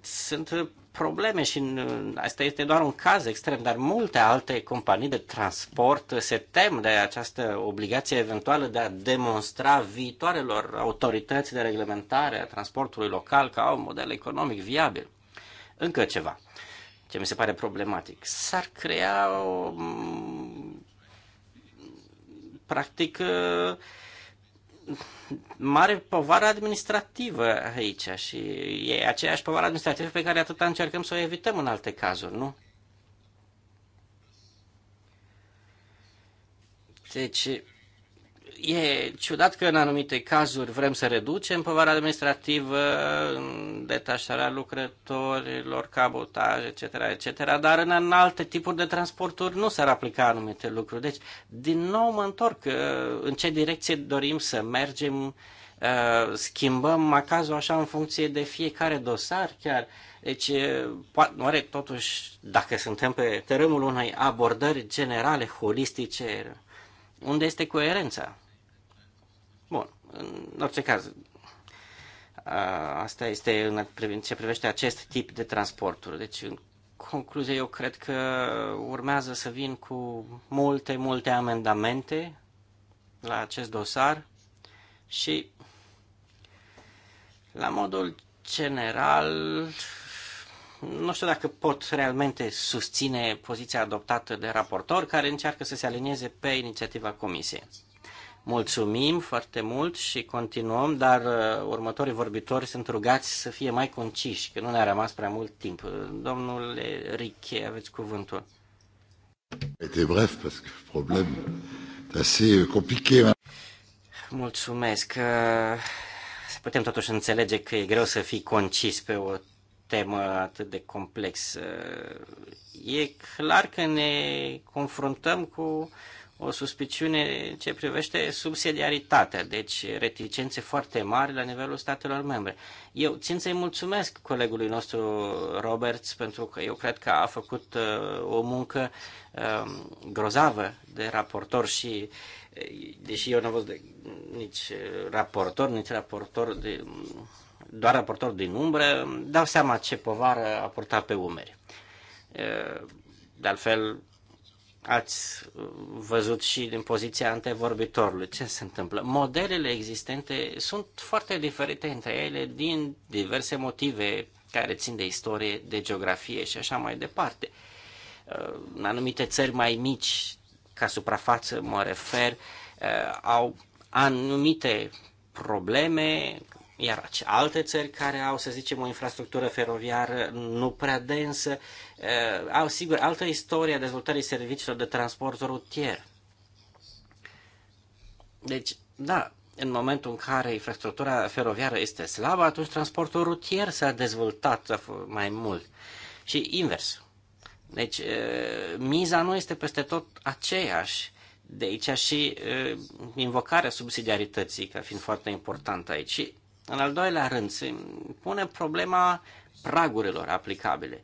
Speaker 5: sunt probleme și în, asta este doar un caz extrem, dar multe alte companii de transport se tem de această obligație eventuală de a demonstra viitoarelor autorități de reglementare a transportului local că au un model economic viabil. Încă ceva ce mi se pare problematic. S-ar crea o, practic mare povară administrativă aici și e aceeași povară administrativă pe care atâta încercăm să o evităm în alte cazuri, nu? Deci, E ciudat că în anumite cazuri vrem să reducem povara administrativă, detașarea lucrătorilor, cabotaj, etc., etc., dar în alte tipuri de transporturi nu s-ar aplica anumite lucruri. Deci, din nou mă întorc uh, în ce direcție dorim să mergem, uh, schimbăm acazul așa în funcție de fiecare dosar chiar. Deci, uh, oare totuși, dacă suntem pe terenul unei abordări generale, holistice, unde este coerența? Bun, în orice caz, asta este în ce privește acest tip de transporturi. Deci, în concluzie, eu cred că urmează să vin cu multe, multe amendamente la acest dosar și, la modul general, nu știu dacă pot realmente susține poziția adoptată de raportor, care încearcă să se alinieze pe inițiativa Comisiei. Mulțumim foarte mult și continuăm, dar uh, următorii vorbitori sunt rugați să fie mai conciși, că nu ne-a rămas prea mult timp. Domnule Riche, aveți cuvântul.
Speaker 4: Este bref, pentru că problemul este assez euh, complicat.
Speaker 5: Mulțumesc. Uh, putem totuși înțelege că e greu să fii concis pe o temă atât de complexă. E clar că ne confruntăm cu uh, o suspiciune ce privește subsidiaritatea, deci reticențe foarte mari la nivelul statelor membre. Eu țin să-i mulțumesc colegului nostru Roberts pentru că eu cred că a făcut uh, o muncă um, grozavă de raportor și uh, deși eu nu am fost de, nici raportor, nici raportor de, doar raportor din umbră, dau seama ce povară a purtat pe umeri. Uh, de altfel, ați văzut și din poziția antevorbitorului ce se întâmplă. Modelele existente sunt foarte diferite între ele din diverse motive care țin de istorie, de geografie și așa mai departe. Uh, în anumite țări mai mici, ca suprafață mă refer, uh, au anumite probleme iar alte țări care au, să zicem, o infrastructură feroviară nu prea densă, au, sigur, altă istorie a dezvoltării serviciilor de transport rutier. Deci, da, în momentul în care infrastructura feroviară este slabă, atunci transportul rutier s-a dezvoltat mai mult. Și invers. Deci, miza nu este peste tot aceeași. De aici și invocarea subsidiarității, ca fiind foarte importantă aici. Și în al doilea rând, se pune problema pragurilor aplicabile.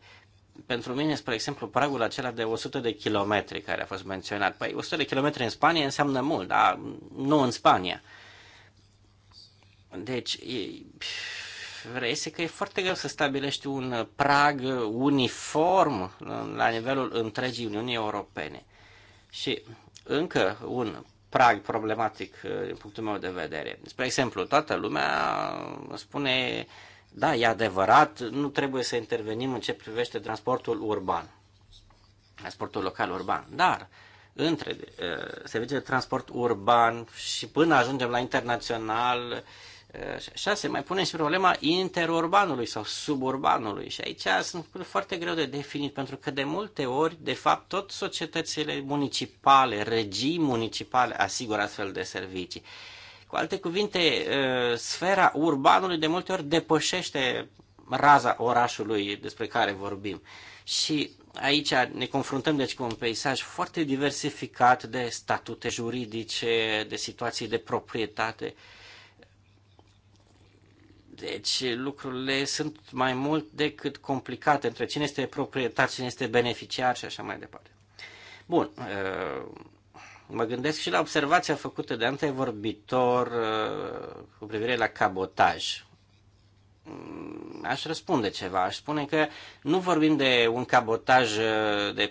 Speaker 5: Pentru mine, spre exemplu, pragul acela de 100 de kilometri care a fost menționat. Păi 100 de kilometri în Spania înseamnă mult, dar nu în Spania. Deci, vrei să că e foarte greu să stabilești un prag uniform la nivelul întregii Uniunii Europene. Și încă un prag problematic uh, din punctul meu de vedere. Spre exemplu, toată lumea spune, da, e adevărat, nu trebuie să intervenim în ce privește transportul urban, transportul local urban, dar între uh, serviciile de transport urban și până ajungem la internațional, 6. Mai punem și problema interurbanului sau suburbanului și aici sunt foarte greu de definit pentru că de multe ori, de fapt, tot societățile municipale, regii municipale asigură astfel de servicii. Cu alte cuvinte, sfera urbanului de multe ori depășește raza orașului despre care vorbim. Și aici ne confruntăm deci cu un peisaj foarte diversificat de statute juridice, de situații de proprietate, deci lucrurile sunt mai mult decât complicate între cine este proprietar, cine este beneficiar și așa mai departe. Bun, uh, mă gândesc și la observația făcută de antevorbitor uh, cu privire la cabotaj aș răspunde ceva. Aș spune că nu vorbim de un cabotaj uh, de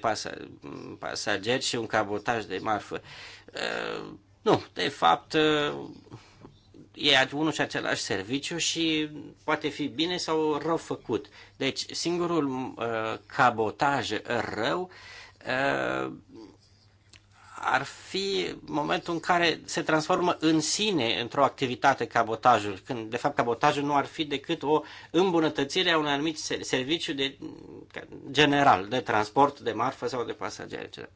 Speaker 5: pasageri și un cabotaj de marfă. Nu, de fapt, e unul și același serviciu și poate fi bine sau rău făcut. Deci singurul uh, cabotaj rău uh, ar fi momentul în care se transformă în sine într-o activitate cabotajul, când de fapt cabotajul nu ar fi decât o îmbunătățire a unui anumit serviciu de, general de transport de marfă sau de pasageri.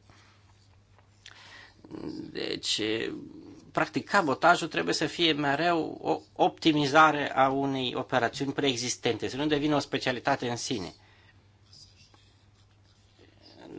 Speaker 5: Deci practic, cabotajul trebuie să fie mereu o optimizare a unei operațiuni preexistente, să nu devină o specialitate în sine.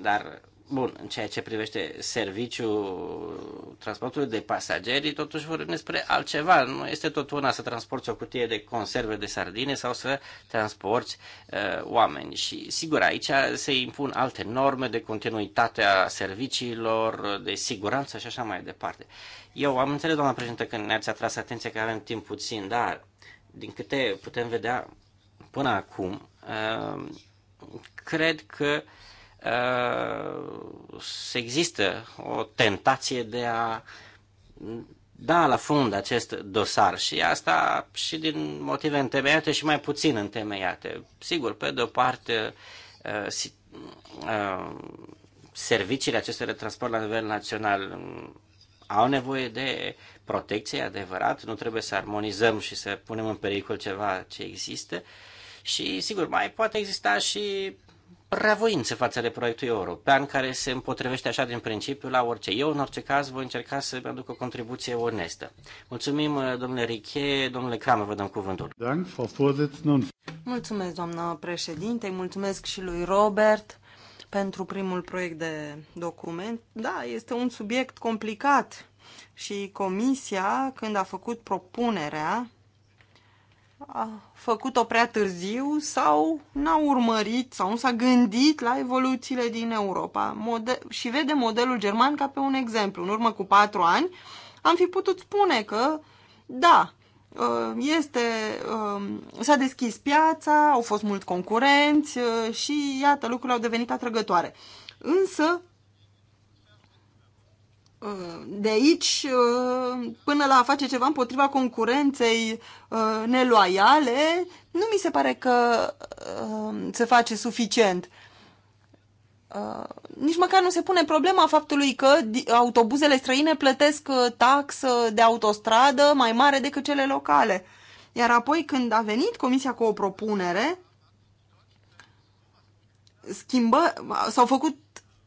Speaker 5: Dar, bun, în ceea ce privește serviciul transportului de pasageri, totuși vorbim despre altceva. Nu este tot una să transporti o cutie de conserve de sardine sau să transporti uh, oameni. Și, sigur, aici se impun alte norme de continuitate a serviciilor, de siguranță și așa mai departe. Uh, eu am înțeles, doamna președinte, că ne-ați atras atenția că avem timp puțin, dar din câte putem vedea până acum, uh, cred că uh, există o tentație de a da la fund acest dosar și asta și din motive întemeiate și mai puțin întemeiate. Sigur, pe de o parte, uh, serviciile acestea de transport la nivel național au nevoie de protecție, adevărat, nu trebuie să armonizăm și să punem în pericol ceva ce există și, sigur, mai poate exista și reavoință față de proiectul european care se împotrivește așa din principiu la orice. Eu, în orice caz, voi încerca să mi aduc o contribuție onestă. Mulțumim, domnule Riche, domnule Kramer, vă dăm cuvântul.
Speaker 3: Mulțumesc, doamnă președinte, mulțumesc și lui Robert pentru primul proiect de document. Da, este un subiect complicat și comisia, când a făcut propunerea, a făcut-o prea târziu sau n-a urmărit sau nu s-a gândit la evoluțiile din Europa. Model, și vede modelul german ca pe un exemplu. În urmă cu patru ani am fi putut spune că, da, Uh, este, um, s-a deschis piața, au fost mulți concurenți uh, și iată, lucrurile au devenit atrăgătoare. Însă, uh, de aici până la a face ceva împotriva concurenței neloiale, nu mi se pare că se face suficient. Uh, nici măcar nu se pune problema faptului că autobuzele străine plătesc uh, taxă de autostradă mai mare decât cele locale. Iar apoi când a venit comisia cu o propunere, schimbă, s-au făcut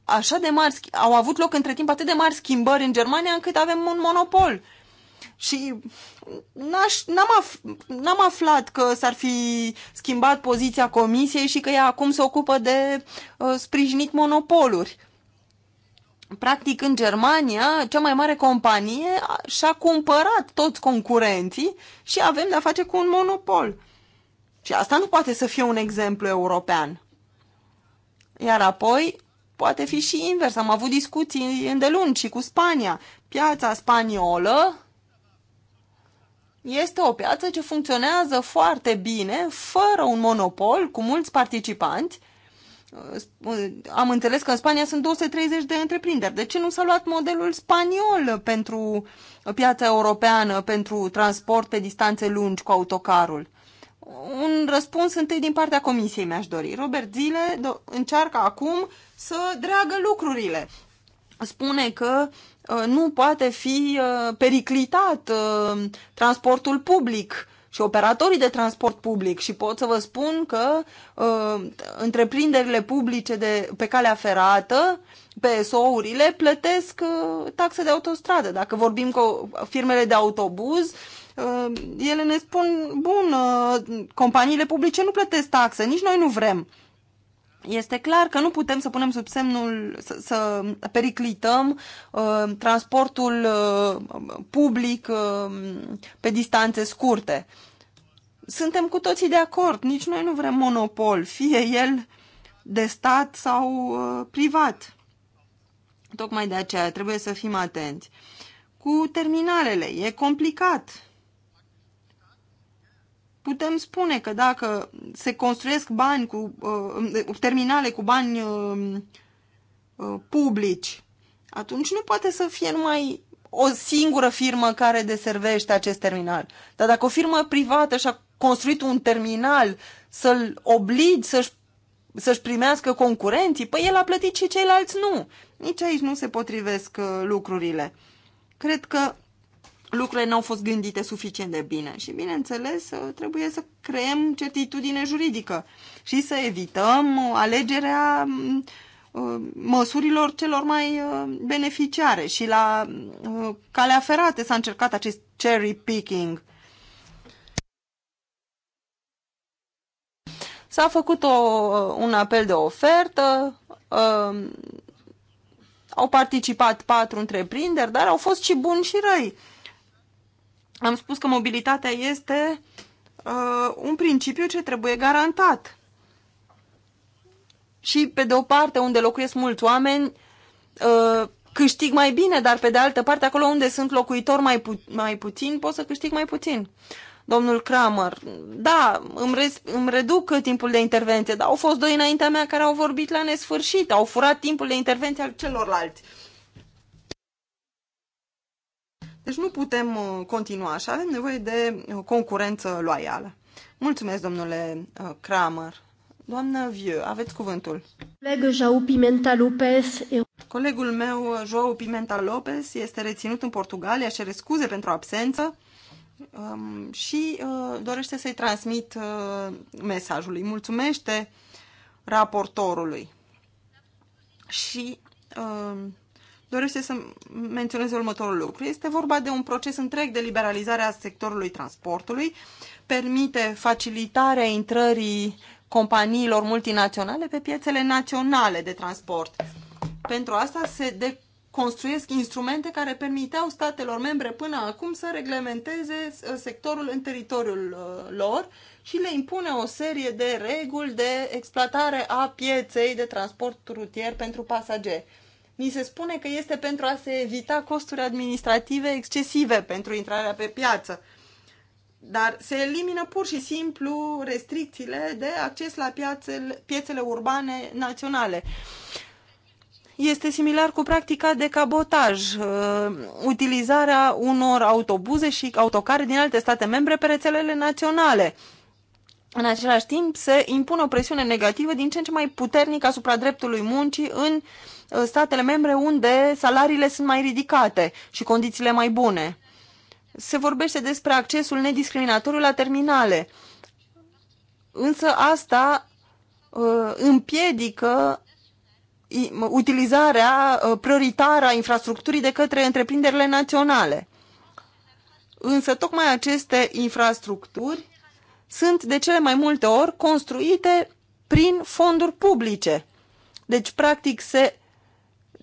Speaker 3: așa de mari, au avut loc între timp atât de mari schimbări în Germania încât avem un monopol și n-am, af- n-am aflat că s-ar fi schimbat poziția comisiei și că ea acum se ocupă de uh, sprijinit monopoluri. Practic, în Germania, cea mai mare companie și-a cumpărat toți concurenții și avem de-a face cu un monopol. Și asta nu poate să fie un exemplu european. Iar apoi, poate fi și invers. Am avut discuții îndelungi și cu Spania. Piața spaniolă este o piață ce funcționează foarte bine, fără un monopol, cu mulți participanți. Am înțeles că în Spania sunt 230 de întreprinderi. De ce nu s-a luat modelul spaniol pentru piața europeană, pentru transport pe distanțe lungi cu autocarul? Un răspuns întâi din partea comisiei mi-aș dori. Robert Zile încearcă acum să dreagă lucrurile spune că Uh, nu poate fi uh, periclitat uh, transportul public și operatorii de transport public și pot să vă spun că uh, întreprinderile publice de, pe calea ferată, so urile plătesc uh, taxe de autostradă. Dacă vorbim cu firmele de autobuz, uh, ele ne spun, bun, uh, companiile publice nu plătesc taxe, nici noi nu vrem este clar că nu putem să punem sub semnul, să, să periclităm uh, transportul uh, public uh, pe distanțe scurte. Suntem cu toții de acord, nici noi nu vrem monopol, fie el de stat sau uh, privat. Tocmai de aceea trebuie să fim atenți. Cu terminalele e complicat putem spune că dacă se construiesc bani cu uh, terminale cu bani uh, uh, publici, atunci nu poate să fie numai o singură firmă care deservește acest terminal. Dar dacă o firmă privată și-a construit un terminal să-l obligi să-și, să-și primească concurenții, păi el a plătit și ceilalți nu. Nici aici nu se potrivesc uh, lucrurile. Cred că lucrurile nu au fost gândite suficient de bine. Și, bineînțeles, trebuie să creăm certitudine juridică și să evităm alegerea uh, măsurilor celor mai uh, beneficiare. Și la uh, calea ferate s-a încercat acest cherry picking. S-a făcut o, un apel de ofertă, au participat patru întreprinderi, dar au fost și buni și răi am spus că mobilitatea este uh, un principiu ce trebuie garantat. Și, pe de o parte, unde locuiesc mulți oameni, uh, câștig mai bine, dar, pe de altă parte, acolo unde sunt locuitori mai, pu- mai puțin, pot să câștig mai puțin. Domnul Kramer, da, îmi, re- îmi reduc timpul de intervenție, dar au fost doi înaintea mea care au vorbit la nesfârșit, au furat timpul de intervenție al celorlalți. Deci nu putem uh, continua așa, avem nevoie de uh, concurență loială. Mulțumesc, domnule uh, Kramer. Doamnă Vieu, aveți cuvântul. Colegul meu, João Pimenta Lopes, este reținut în Portugalia, cere scuze pentru absență um, și dorește să-i transmit mesajul. Îi mulțumește raportorului. Și uh, dorește să menționeze următorul lucru. Este vorba de un proces întreg de liberalizare a sectorului transportului, permite facilitarea intrării companiilor multinaționale pe piețele naționale de transport. Pentru asta se de construiesc instrumente care permiteau statelor membre până acum să reglementeze uh, sectorul în teritoriul uh, lor și le impune o serie de reguli de exploatare a pieței de transport rutier pentru pasageri. Ni se spune că este pentru a se evita costuri administrative excesive pentru intrarea pe piață. Dar se elimină pur și simplu restricțiile de acces la piațele, piețele urbane naționale este similar cu practica de cabotaj, uh, utilizarea unor autobuze și autocare din alte state membre pe rețelele naționale. În același timp, se impune o presiune negativă din ce în ce mai puternică asupra dreptului muncii în Uh, statele membre unde salariile sunt mai ridicate și condițiile mai bune. Se vorbește despre accesul nediscriminatoriu la terminale, însă asta uh, împiedică utilizarea uh, prioritară a infrastructurii de către întreprinderile naționale. Însă tocmai aceste infrastructuri sunt de cele mai multe ori construite prin fonduri publice. Deci, practic, se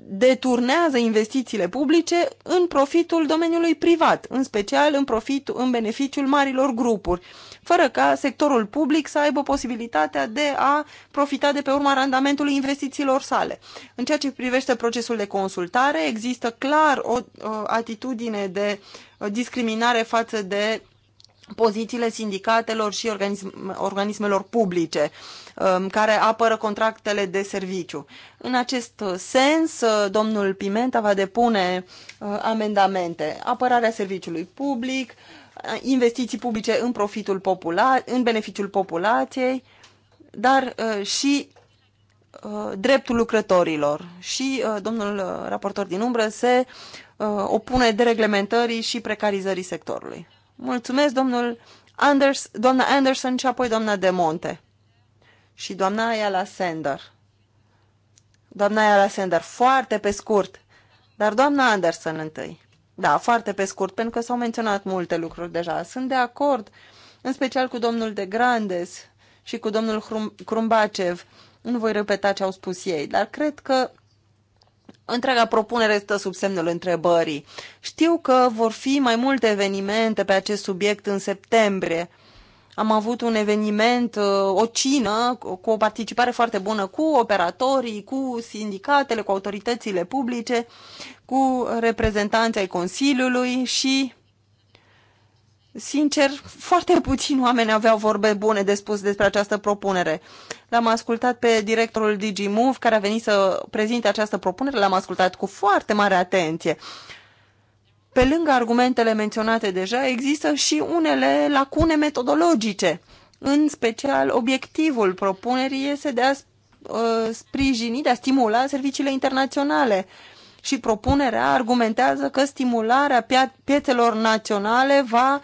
Speaker 3: deturnează investițiile publice în profitul domeniului privat, în special în, profit, în beneficiul marilor grupuri, fără ca sectorul public să aibă posibilitatea de a profita de pe urma randamentului investițiilor sale. În ceea ce privește procesul de consultare, există clar o, o atitudine de uh, discriminare față de pozițiile sindicatelor și organismelor publice um, care apără contractele de serviciu. În acest sens, uh, domnul Pimenta va depune uh, amendamente. Apărarea serviciului public, uh, investiții publice în profitul popular, în beneficiul populației, dar și dreptul lucrătorilor. Și domnul raportor din umbră se opune dereglementării și precarizării sectorului. Mulțumesc, domnul Anders, doamna Anderson și apoi doamna De Monte. Și doamna la Sender. Doamna la Sender, foarte pe scurt. Dar doamna Anderson întâi. Da, foarte pe scurt, pentru că s-au menționat multe lucruri deja. Sunt de acord, în special cu domnul de Grandes și cu domnul Crumbacev. Nu voi repeta ce au spus ei, dar cred că întreaga propunere stă sub semnul întrebării. Știu că vor fi mai multe evenimente pe acest subiect în septembrie. Am avut un eveniment, uh, o cină cu o participare foarte bună cu operatorii, cu sindicatele, cu autoritățile publice, cu reprezentanții ai Consiliului și Sincer, foarte puțini oameni aveau vorbe bune de spus despre această propunere. L-am ascultat pe directorul DigiMove, care a venit să prezinte această propunere, l-am ascultat cu foarte mare atenție. Pe lângă argumentele menționate deja, există și unele lacune metodologice. În special, obiectivul propunerii este de a uh, sprijini, de a stimula serviciile internaționale și propunerea argumentează că stimularea piețelor naționale va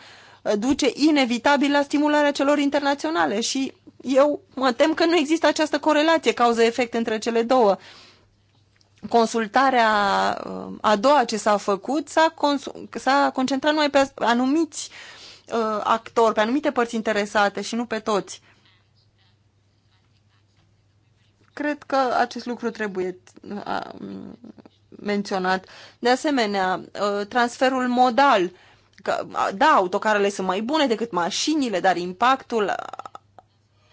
Speaker 3: duce inevitabil la stimularea celor internaționale și eu mă tem că nu există această corelație cauză-efect între cele două. Consultarea uh, a doua ce s-a făcut s-a, s-a concentrat numai pe anumiți uh, actori, pe anumite părți interesate și nu pe toți. Cred că acest lucru trebuie uh, menționat. De asemenea, uh, transferul modal că, da, autocarele sunt mai bune decât mașinile, dar impactul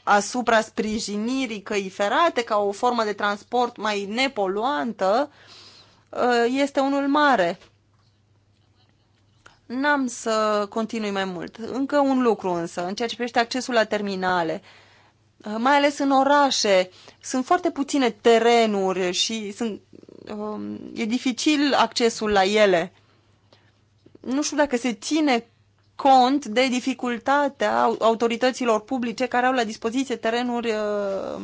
Speaker 3: asupra sprijinirii căi ferate ca o formă de transport mai nepoluantă uh, este unul mare. N-am să continui mai mult. Încă un lucru însă, în ceea ce privește accesul la terminale. Uh, mai ales în orașe, sunt foarte puține terenuri și sunt, um, e dificil accesul la ele nu știu dacă se ține cont de dificultatea autorităților publice care au la dispoziție terenuri uh,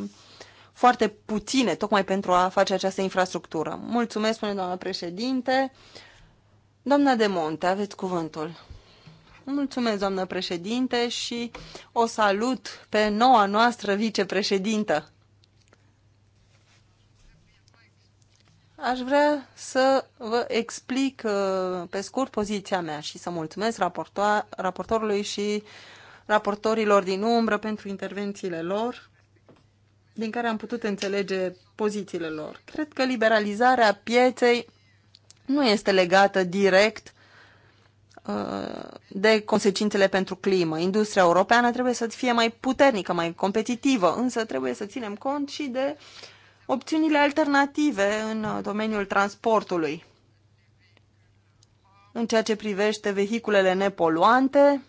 Speaker 3: foarte puține, tocmai pentru a face această infrastructură. Mulțumesc, spune doamna președinte. Doamna de Monte, aveți cuvântul. Mulțumesc, doamnă președinte, și o salut pe noua noastră vicepreședintă. Aș vrea să vă explic uh, pe scurt poziția mea și să mulțumesc raportorului și raportorilor din umbră pentru intervențiile lor, din care am putut înțelege pozițiile lor. Cred că liberalizarea pieței nu este legată direct uh, de consecințele pentru climă. Industria europeană trebuie să fie mai puternică, mai competitivă, însă trebuie să ținem cont și de uh, opțiunile alternative în uh, domeniul transportului. În ceea ce privește vehiculele nepoluante,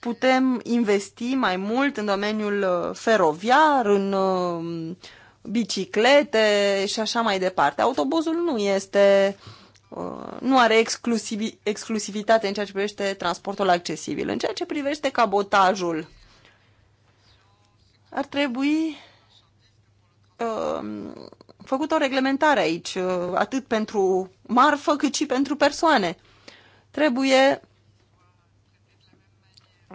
Speaker 3: putem investi mai mult în domeniul uh, feroviar, în uh, biciclete și așa mai departe. Autobuzul nu este nu are exclusiv, exclusivitate în ceea ce privește transportul accesibil. În ceea ce privește cabotajul, ar trebui Um, făcut o reglementare aici, uh, atât pentru marfă cât și pentru persoane. Trebuie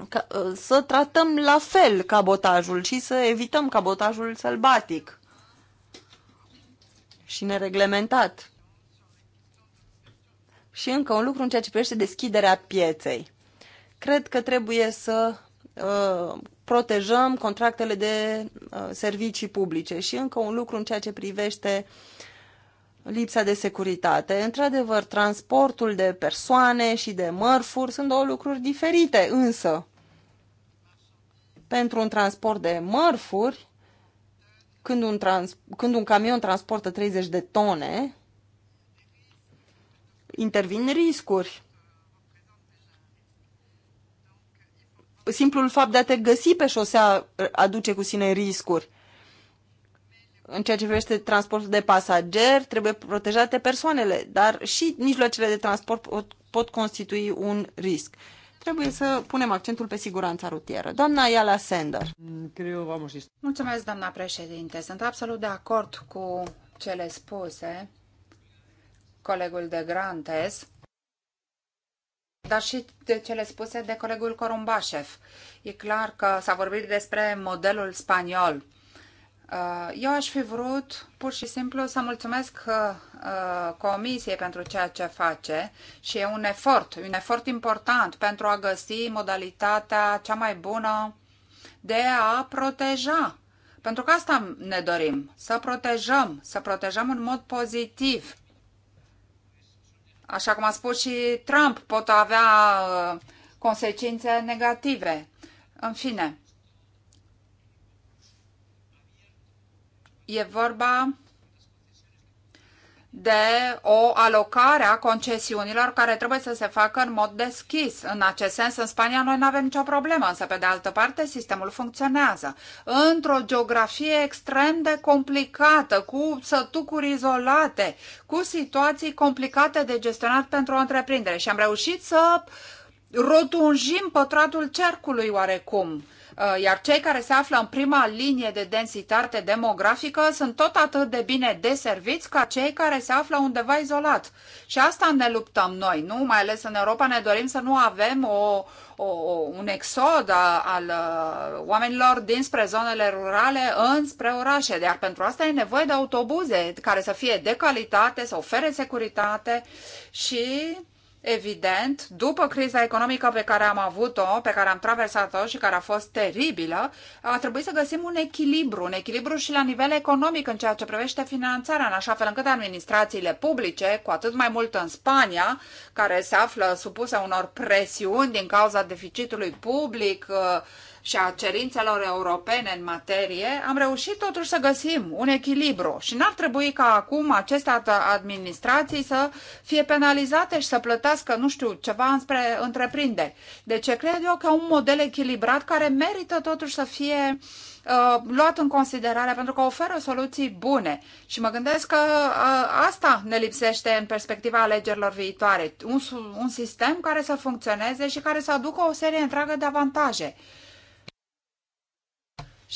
Speaker 3: ca, uh, să tratăm la fel cabotajul și să evităm cabotajul sălbatic și nereglementat. Și încă un lucru în ceea ce privește deschiderea pieței. Cred că trebuie să uh, protejăm contractele de uh, servicii publice. Și încă un lucru în ceea ce privește lipsa de securitate. Într-adevăr, transportul de persoane și de mărfuri sunt două lucruri diferite, însă pentru un transport de mărfuri, când un, trans- când un camion transportă 30 de tone, intervin riscuri simplul fapt de a te găsi pe șosea uh, aduce cu sine riscuri. În ceea ce privește transportul de pasageri, trebuie protejate persoanele, dar și mijloacele de transport pot, pot constitui un risc. Trebuie să punem accentul pe siguranța rutieră. Doamna Iala Sender. Mm,
Speaker 2: Mulțumesc, doamna președinte. Sunt absolut de acord cu cele spuse colegul de Grantes dar și de cele spuse de colegul Corumbașev. E clar că s-a vorbit despre modelul spaniol. Uh, eu aș fi vrut pur și simplu să mulțumesc uh, Comisiei pentru ceea ce face și e un efort, un efort important pentru a găsi modalitatea cea mai bună de a proteja. Pentru că asta ne dorim, să protejăm, să protejăm în mod pozitiv așa cum a spus și Trump, pot avea uh, consecințe negative. În fine, e vorba de o alocare a concesiunilor care trebuie să se facă în mod deschis. În acest sens, în Spania noi nu avem nicio problemă, însă pe de altă parte sistemul funcționează. Într-o geografie extrem de complicată, cu sătucuri izolate, cu situații complicate de gestionat pentru o întreprindere și am reușit să rotunjim pătratul cercului oarecum Uh, iar cei care se află în prima linie de densitate demografică sunt tot atât de bine deserviți ca cei care se află undeva izolat. Și asta ne luptăm noi, nu? Mai ales în Europa ne dorim să nu avem o, o, un exod al uh, oamenilor dinspre zonele rurale înspre orașe, iar pentru asta e nevoie de autobuze care să fie de calitate, să ofere securitate și evident, după criza economică pe care am avut-o, pe care am traversat-o și care a fost teribilă, a trebuit să găsim un echilibru, un echilibru și la nivel economic în ceea ce privește finanțarea, în așa fel încât administrațiile publice, cu atât mai mult în Spania, care se află supuse unor presiuni din cauza deficitului public, și a cerințelor europene în materie, am reușit totuși să găsim un echilibru și n-ar trebui ca acum aceste administrații să fie penalizate și să plătească, nu știu, ceva înspre întreprinderi. Deci cred eu că un model echilibrat care merită totuși să fie uh, luat în considerare pentru că oferă soluții bune. Și mă gândesc că uh, asta ne lipsește în perspectiva alegerilor viitoare. Un, un sistem care să funcționeze și care să aducă o serie întreagă de avantaje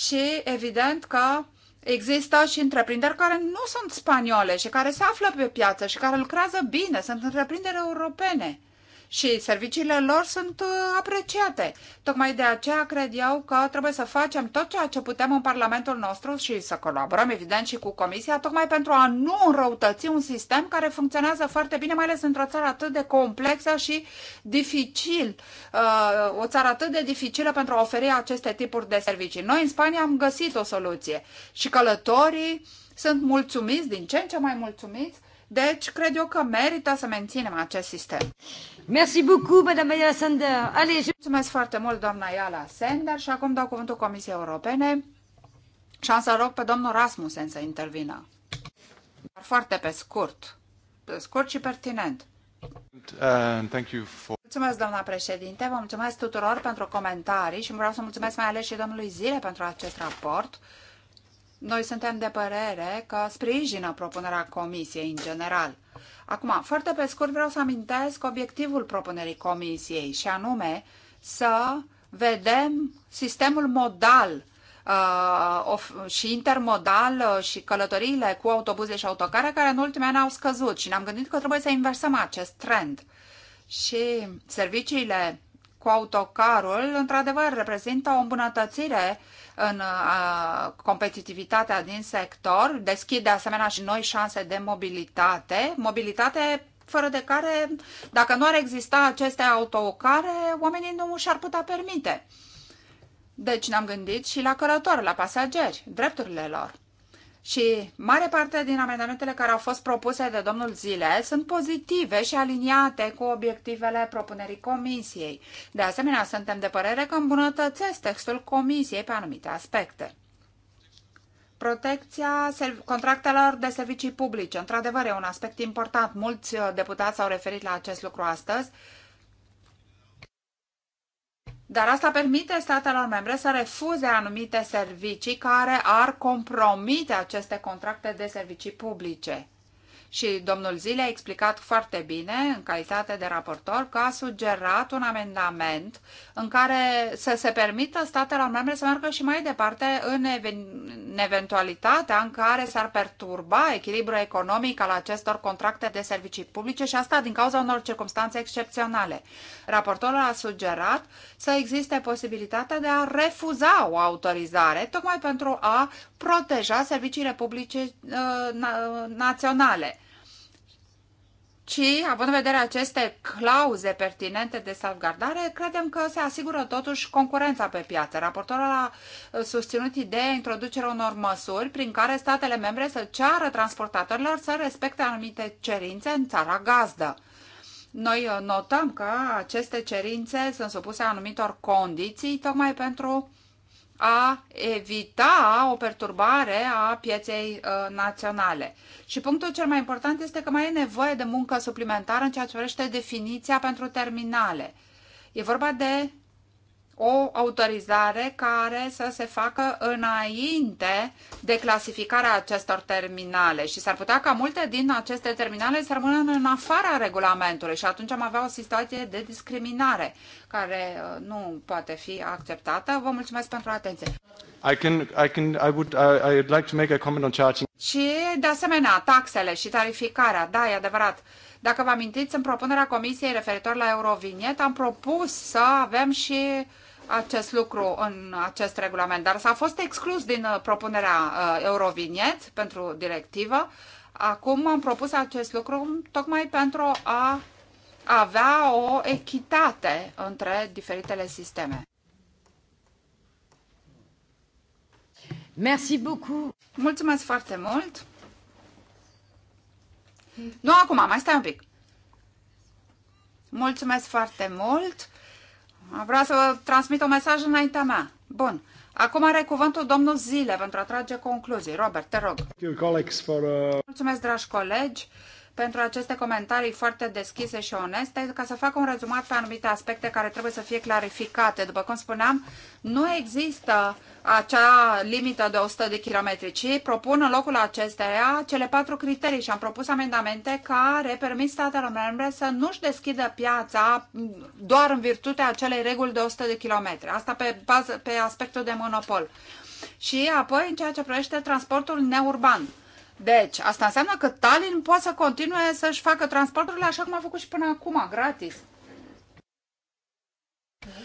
Speaker 2: și evident că Există și întreprinderi care nu sunt spaniole și care se află pe piață și care lucrează bine, sunt întreprinderi europene și serviciile lor sunt uh, apreciate. Tocmai de aceea cred eu că trebuie să facem tot ceea ce putem în Parlamentul nostru și să colaborăm, evident, și cu Comisia, tocmai pentru a nu înrăutăți un sistem care funcționează foarte bine, mai ales într-o țară atât de complexă și dificil, uh, o țară atât de dificilă pentru a oferi aceste tipuri de servicii. Noi, în Spania, am găsit o soluție și călătorii sunt mulțumiți, din ce în ce mai mulțumiți, deci cred eu că merită să menținem acest sistem. Merci beaucoup, Madame Ayala Sander. Allez, je... Mulțumesc foarte mult, doamna Ayala Sender, și acum dau cuvântul Comisiei Europene și am să rog pe domnul Rasmussen să intervină. Dar foarte pe scurt, pe scurt și pertinent.
Speaker 5: Uh, thank you for...
Speaker 2: Mulțumesc, doamna președinte, vă mulțumesc tuturor pentru comentarii și vreau să mulțumesc mai ales și domnului Zile pentru acest raport. Noi suntem de părere că sprijină propunerea comisiei în general. Acum, foarte pe scurt, vreau să amintesc obiectivul propunerii comisiei și anume să vedem sistemul modal uh, și intermodal uh, și călătoriile cu autobuze și autocare care în ultimii ani au scăzut și ne-am gândit că trebuie să inversăm acest trend. Și serviciile cu autocarul, într-adevăr, reprezintă o îmbunătățire în a, uh, competitivitatea din sector, deschide asemenea și noi șanse de mobilitate, mobilitate fără de care, dacă nu ar exista aceste autocare, oamenii nu și-ar putea permite. Deci ne-am gândit și la călători, la pasageri, drepturile lor. Și mare parte din amendamentele care au fost propuse de domnul Zile sunt pozitive și aliniate cu obiectivele propunerii comisiei. De asemenea, suntem de părere că îmbunătățesc textul comisiei pe anumite aspecte. Protecția contractelor de servicii publice, într-adevăr, e un aspect important. Mulți uh, deputați s-au referit la acest lucru astăzi dar asta permite statelor membre să refuze anumite servicii care ar compromite aceste contracte de servicii publice și domnul Zile a explicat foarte bine, în calitate de raportor, că a sugerat un amendament în care să se permită statelor membre să meargă și mai departe în, în eventualitatea în care s-ar perturba echilibrul economic al acestor contracte de servicii publice și asta din cauza unor circunstanțe excepționale. Raportorul a sugerat să existe posibilitatea de a refuza o autorizare, tocmai pentru a proteja serviciile publice uh, na- naționale ci, având în vedere aceste clauze pertinente de salvgardare, credem că se asigură totuși concurența pe piață. Raportorul a uh, susținut ideea introducerea unor măsuri prin care statele membre să ceară transportatorilor să respecte anumite cerințe în țara gazdă. Noi uh, notăm că aceste cerințe sunt supuse anumitor condiții tocmai pentru a evita o perturbare a pieței uh, naționale. Și punctul cel mai important este că mai e nevoie de muncă suplimentară în ceea ce privește definiția pentru terminale. E vorba de o autorizare care să se facă înainte de clasificarea acestor terminale și s-ar putea ca multe din aceste terminale să rămână în afara regulamentului și atunci am avea o situație de discriminare care uh, nu poate fi acceptată. Vă mulțumesc pentru atenție.
Speaker 5: I can, I can, I would,
Speaker 3: I, I'd like to make a comment on charging.
Speaker 2: Și de asemenea, taxele și tarificarea, da, e adevărat. Dacă vă amintiți, în propunerea comisiei referitor la Eurovignet, am propus să avem și uh, acest lucru în acest regulament, dar s-a fost exclus din uh, propunerea uh, Eurovignet pentru directivă. Acum am propus acest lucru tocmai pentru a avea o echitate între diferitele sisteme. Merci beaucoup. Mulțumesc foarte mult. Nu acum, mai stai un pic. Mulțumesc foarte mult. Vreau să transmit un mesaj înaintea mea. Bun. Acum are cuvântul domnul Zile pentru a trage concluzii. Robert, te rog. Uh, Mulțumesc, dragi colegi pentru aceste comentarii foarte deschise și oneste, ca să fac un rezumat pe anumite aspecte care trebuie să fie clarificate. După cum spuneam, nu există acea limită de 100 de kilometri, ci propun în locul acesteia cele patru criterii și am propus amendamente care permit statelor membre să nu-și deschidă piața doar în virtutea acelei reguli de 100 de kilometri. Asta pe, bază, pe aspectul de monopol. Și apoi, în ceea ce privește transportul neurban deci, asta înseamnă că Tallinn poate să continue să-și facă transporturile așa cum a făcut și până acum, gratis.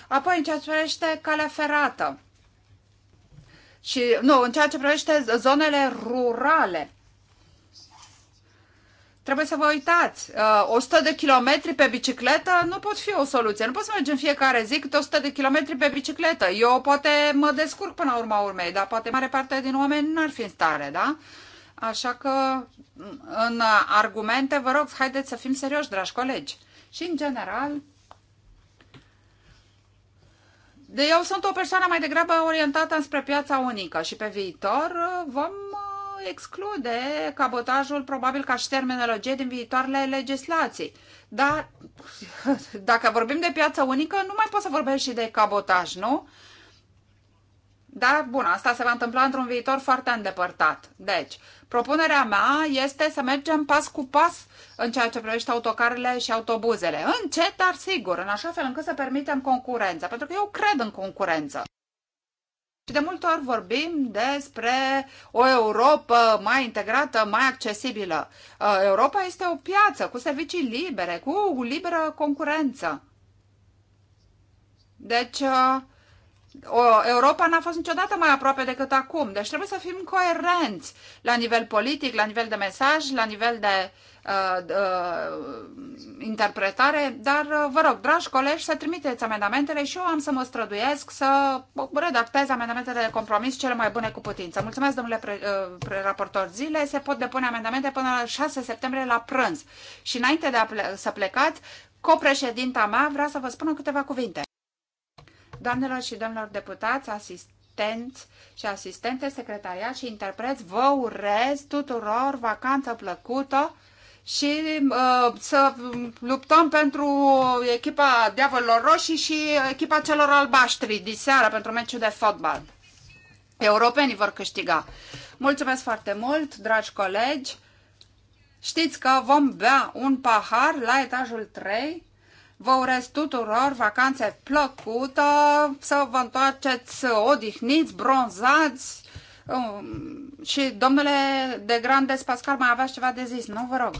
Speaker 2: Apoi, în ceea ce privește calea ferată și, nu, în ceea ce privește zonele rurale, trebuie să vă uitați, 100 uh, de kilometri pe bicicletă nu pot fi o soluție. Nu pot să mergi în fiecare zi câte 100 de kilometri pe bicicletă. Eu poate mă descurc până la urma urmei, dar poate mare parte din oameni n-ar fi în stare, da? Așa că, în argumente, vă rog, haideți să fim serioși, dragi colegi. Și, în general, de eu sunt o persoană mai degrabă orientată spre piața unică și pe viitor uh, vom uh, exclude cabotajul probabil ca și terminologie din viitoarele legislații. Dar dacă vorbim de piață unică, nu mai poți să vorbești și de cabotaj, nu? Dar, bun, asta se va întâmpla într-un viitor foarte îndepărtat. Deci, propunerea mea este să mergem pas cu pas în ceea ce privește autocarele și autobuzele. Încet, dar sigur, în așa fel încât să permitem concurența, pentru că eu cred în concurență. Și de multe ori vorbim despre o Europa mai integrată, mai accesibilă. Uh, Europa este o piață cu servicii libere, cu liberă concurență. Deci, uh, Europa n-a fost niciodată mai aproape decât acum. Deci trebuie să fim coerenți la nivel politic, la nivel de mesaj, la nivel de uh, uh, interpretare. Dar uh, vă rog, dragi colegi, să trimiteți amendamentele și eu am să mă străduiesc să redactez amendamentele de compromis cele mai bune cu putință. Mulțumesc, domnule pre, uh, pre raportor zile. Se pot depune amendamente până la 6 septembrie la prânz. Și înainte de a ple- să plecați, copreședinta mea vrea să vă spună câteva cuvinte. Doamnelor și domnilor deputați, asistenți și asistente, secretaria și interpreți, vă urez tuturor vacanță plăcută și uh, să luptăm pentru echipa diavolilor roșii și echipa celor albaștri seara pentru meciul de fotbal. Europenii vor câștiga. Mulțumesc foarte mult, dragi colegi. Știți că vom bea un pahar la etajul 3 Vă urez tuturor vacanțe plăcută, să vă întoarceți odihniți, bronzați. Um, și domnule de Grandes Pascal, mai aveați ceva de zis, nu? Vă rog.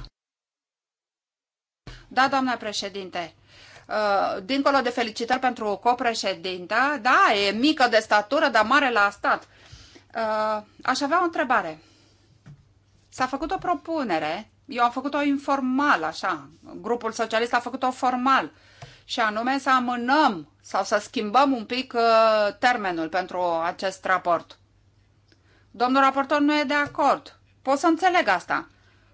Speaker 2: Da, doamna președinte uh, dincolo de felicitări pentru copreședinta, da, e mică de statură, dar mare la stat. Uh, aș avea o întrebare. S-a făcut o propunere eu am făcut-o informal, așa. Grupul socialist a făcut-o formal. Și anume să amânăm sau să schimbăm un pic uh, termenul pentru acest raport. Domnul raportor nu e de acord. Pot să înțeleg asta.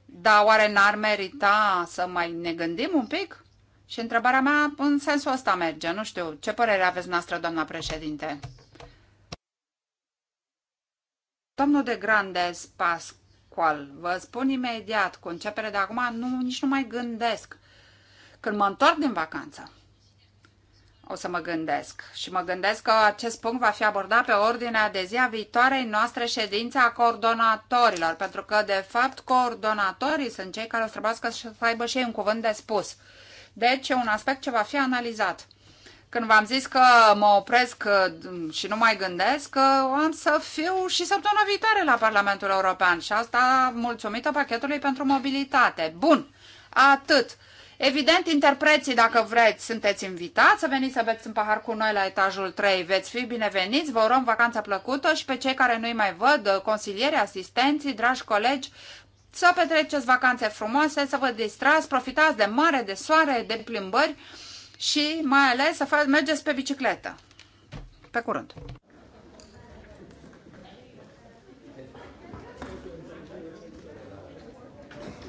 Speaker 2: Dar oare n-ar merita să mai ne gândim un pic? Și întrebarea mea în sensul ăsta merge. Nu știu, ce părere aveți noastră, doamna președinte? Domnul de Grandes Pas Equal. Vă spun imediat, cu începere de acum, nu, nici nu mai gândesc. Când mă întorc din vacanță, o să mă gândesc. Și mă gândesc că acest punct va fi abordat pe ordinea de zi a viitoarei noastre ședințe a coordonatorilor, pentru că, de fapt, coordonatorii sunt cei care o să trebuiască să aibă și ei un cuvânt de spus. Deci, e un aspect ce va fi analizat. Când v-am zis că mă opresc uh, și nu mai gândesc, uh, am să fiu și săptămâna viitoare la Parlamentul European și asta mulțumită pachetului pentru mobilitate. Bun, atât. Evident, interpreții, dacă vreți, sunteți invitați să veniți să beți în pahar cu noi la etajul 3. Veți fi bineveniți, vă urăm vacanța plăcută și pe cei care nu-i mai văd, uh, consilieri, asistenții, dragi colegi, să petreceți vacanțe frumoase, să vă distrați, profitați de mare, de soare, de plimbări și mai ales să mergeți pe bicicletă. Pe curând!